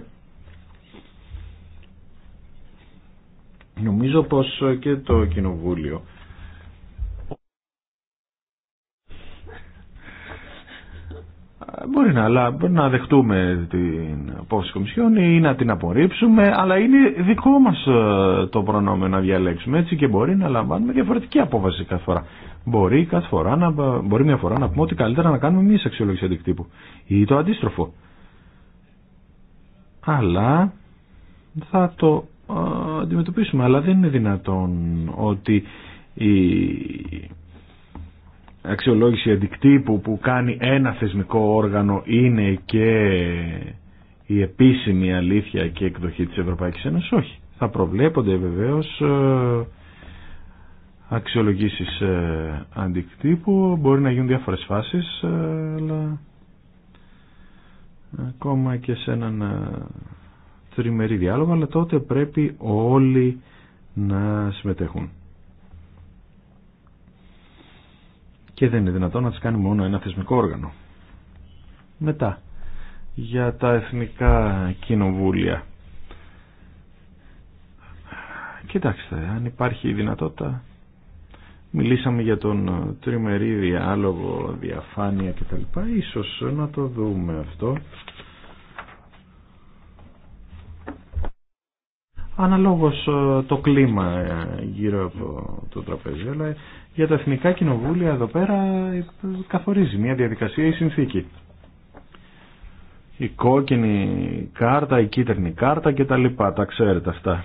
νομίζω πως και το Κοινοβούλιο Μπορεί να, αλλά να δεχτούμε την απόφαση Κομισιόν ή να την απορρίψουμε, αλλά είναι δικό μας ε, το προνόμιο να διαλέξουμε έτσι και μπορεί να λαμβάνουμε διαφορετική απόφαση κάθε φορά. Μπορεί, κάθε φορά να, ε, μπορεί μια φορά να πούμε ότι καλύτερα να κάνουμε μία αξιολόγηση αντικτύπου ή το αντίστροφο. Αλλά θα το ε, αντιμετωπίσουμε, αλλά δεν είναι δυνατόν ότι η αξιολόγηση αντικτύπου που κάνει ένα θεσμικό όργανο είναι και η επίσημη αλήθεια και εκδοχή της Ευρωπαϊκής Ένωσης. Όχι. Θα προβλέπονται βεβαίως ε, αξιολογήσεις αντικτύπου. Ε, μπορεί να γίνουν διάφορες φάσεις, ε, αλλά ακόμα και σε έναν τριμερή διάλογο, αλλά τότε πρέπει όλοι να συμμετέχουν. και δεν είναι δυνατόν να τις κάνει μόνο ένα θεσμικό όργανο. Μετά, για τα εθνικά κοινοβούλια. Κοιτάξτε, αν υπάρχει η δυνατότητα, μιλήσαμε για τον τριμερή διάλογο, διαφάνεια κτλ. Ίσως να το δούμε αυτό αναλόγως ε, το κλίμα ε, γύρω από το τραπέζι, για τα εθνικά κοινοβούλια εδώ πέρα ε, καθορίζει μια διαδικασία ή συνθήκη. Η κόκκινη κάρτα, η κίτρινη κάρτα και τα λοιπά, τα ξέρετε αυτά.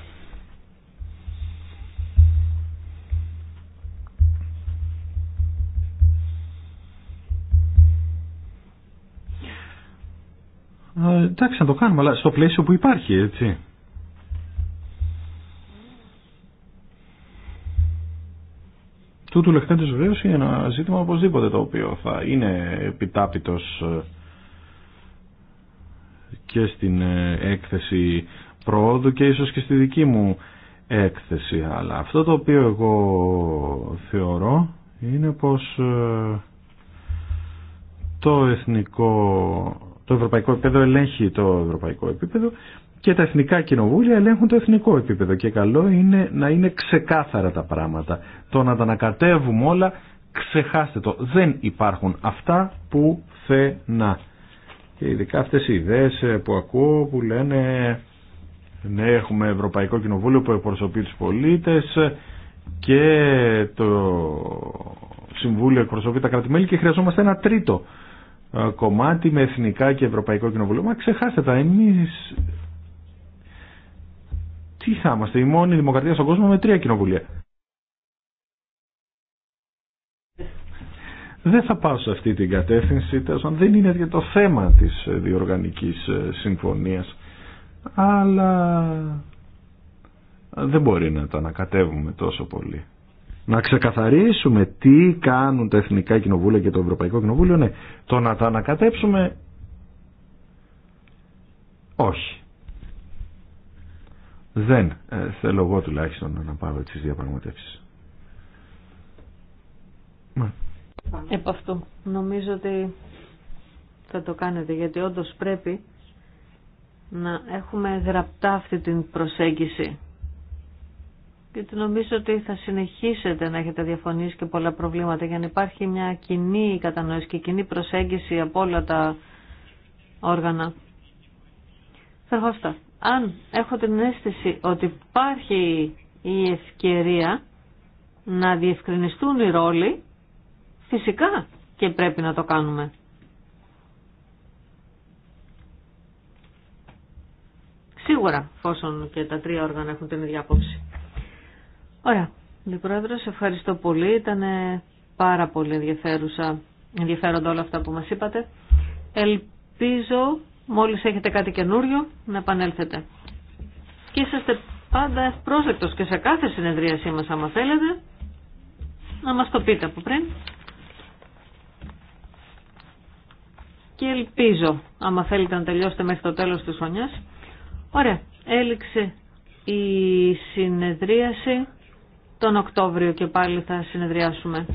εντάξει να το κάνουμε, αλλά στο πλαίσιο που υπάρχει, έτσι. Τούτου λεχθέντος βεβαίως είναι ένα ζήτημα οπωσδήποτε το οποίο θα είναι επιτάπητος ε, και στην ε, έκθεση προόδου και ίσως και στη δική μου έκθεση. Αλλά αυτό το οποίο εγώ θεωρώ είναι πως ε, το εθνικό, το ευρωπαϊκό επίπεδο ελέγχει το ευρωπαϊκό επίπεδο και τα εθνικά κοινοβούλια ελέγχουν το εθνικό επίπεδο και καλό είναι να είναι ξεκάθαρα τα πράγματα. Το να τα ανακατεύουμε όλα, ξεχάστε το. Δεν υπάρχουν αυτά που θένα. Και ειδικά αυτές οι ιδέες ε, που ακούω που λένε ναι έχουμε Ευρωπαϊκό Κοινοβούλιο που εκπροσωπεί τους πολίτες και το Συμβούλιο εκπροσωπεί τα κρατημέλη και χρειαζόμαστε ένα τρίτο ε, κομμάτι με εθνικά και ευρωπαϊκό κοινοβούλιο. Μα ξεχάστε τα, εμείς τι θα είμαστε, η μόνη δημοκρατία στον κόσμο με τρία κοινοβουλία. Δεν θα πάω σε αυτή την κατεύθυνση, δεν είναι για το θέμα της διοργανικής ε, συμφωνίας, αλλά δεν μπορεί να τα ανακατεύουμε τόσο πολύ. Να ξεκαθαρίσουμε τι κάνουν τα Εθνικά Κοινοβούλια και το Ευρωπαϊκό Κοινοβούλιο, ναι. Το να τα ανακατέψουμε, όχι. Δεν ε, θέλω εγώ τουλάχιστον να πάρω τι διαπραγματεύσει. Επ' αυτού. Νομίζω ότι θα το κάνετε γιατί όντω πρέπει να έχουμε γραπτά αυτή την προσέγγιση. Γιατί νομίζω ότι θα συνεχίσετε να έχετε διαφωνήσει και πολλά προβλήματα για να υπάρχει μια κοινή κατανόηση και κοινή προσέγγιση από όλα τα όργανα. Θα έχω αυτά αν έχω την αίσθηση ότι υπάρχει η ευκαιρία να διευκρινιστούν οι ρόλοι, φυσικά και πρέπει να το κάνουμε. Σίγουρα, φόσον και τα τρία όργανα έχουν την ίδια απόψη. Ωραία. Λοιπόν, Πρόεδρο, ευχαριστώ πολύ. Ήταν πάρα πολύ ενδιαφέροντα όλα αυτά που μας είπατε. Ελπίζω Μόλις έχετε κάτι καινούριο, να επανέλθετε. Και είστε πάντα ευπρόσδεκτος και σε κάθε συνεδρίασή μας, άμα θέλετε, να μας το πείτε από πριν. Και ελπίζω, άμα θέλετε να τελειώσετε μέχρι το τέλος της χρονιάς. Ωραία, έληξε η συνεδρίαση τον Οκτώβριο και πάλι θα συνεδριάσουμε.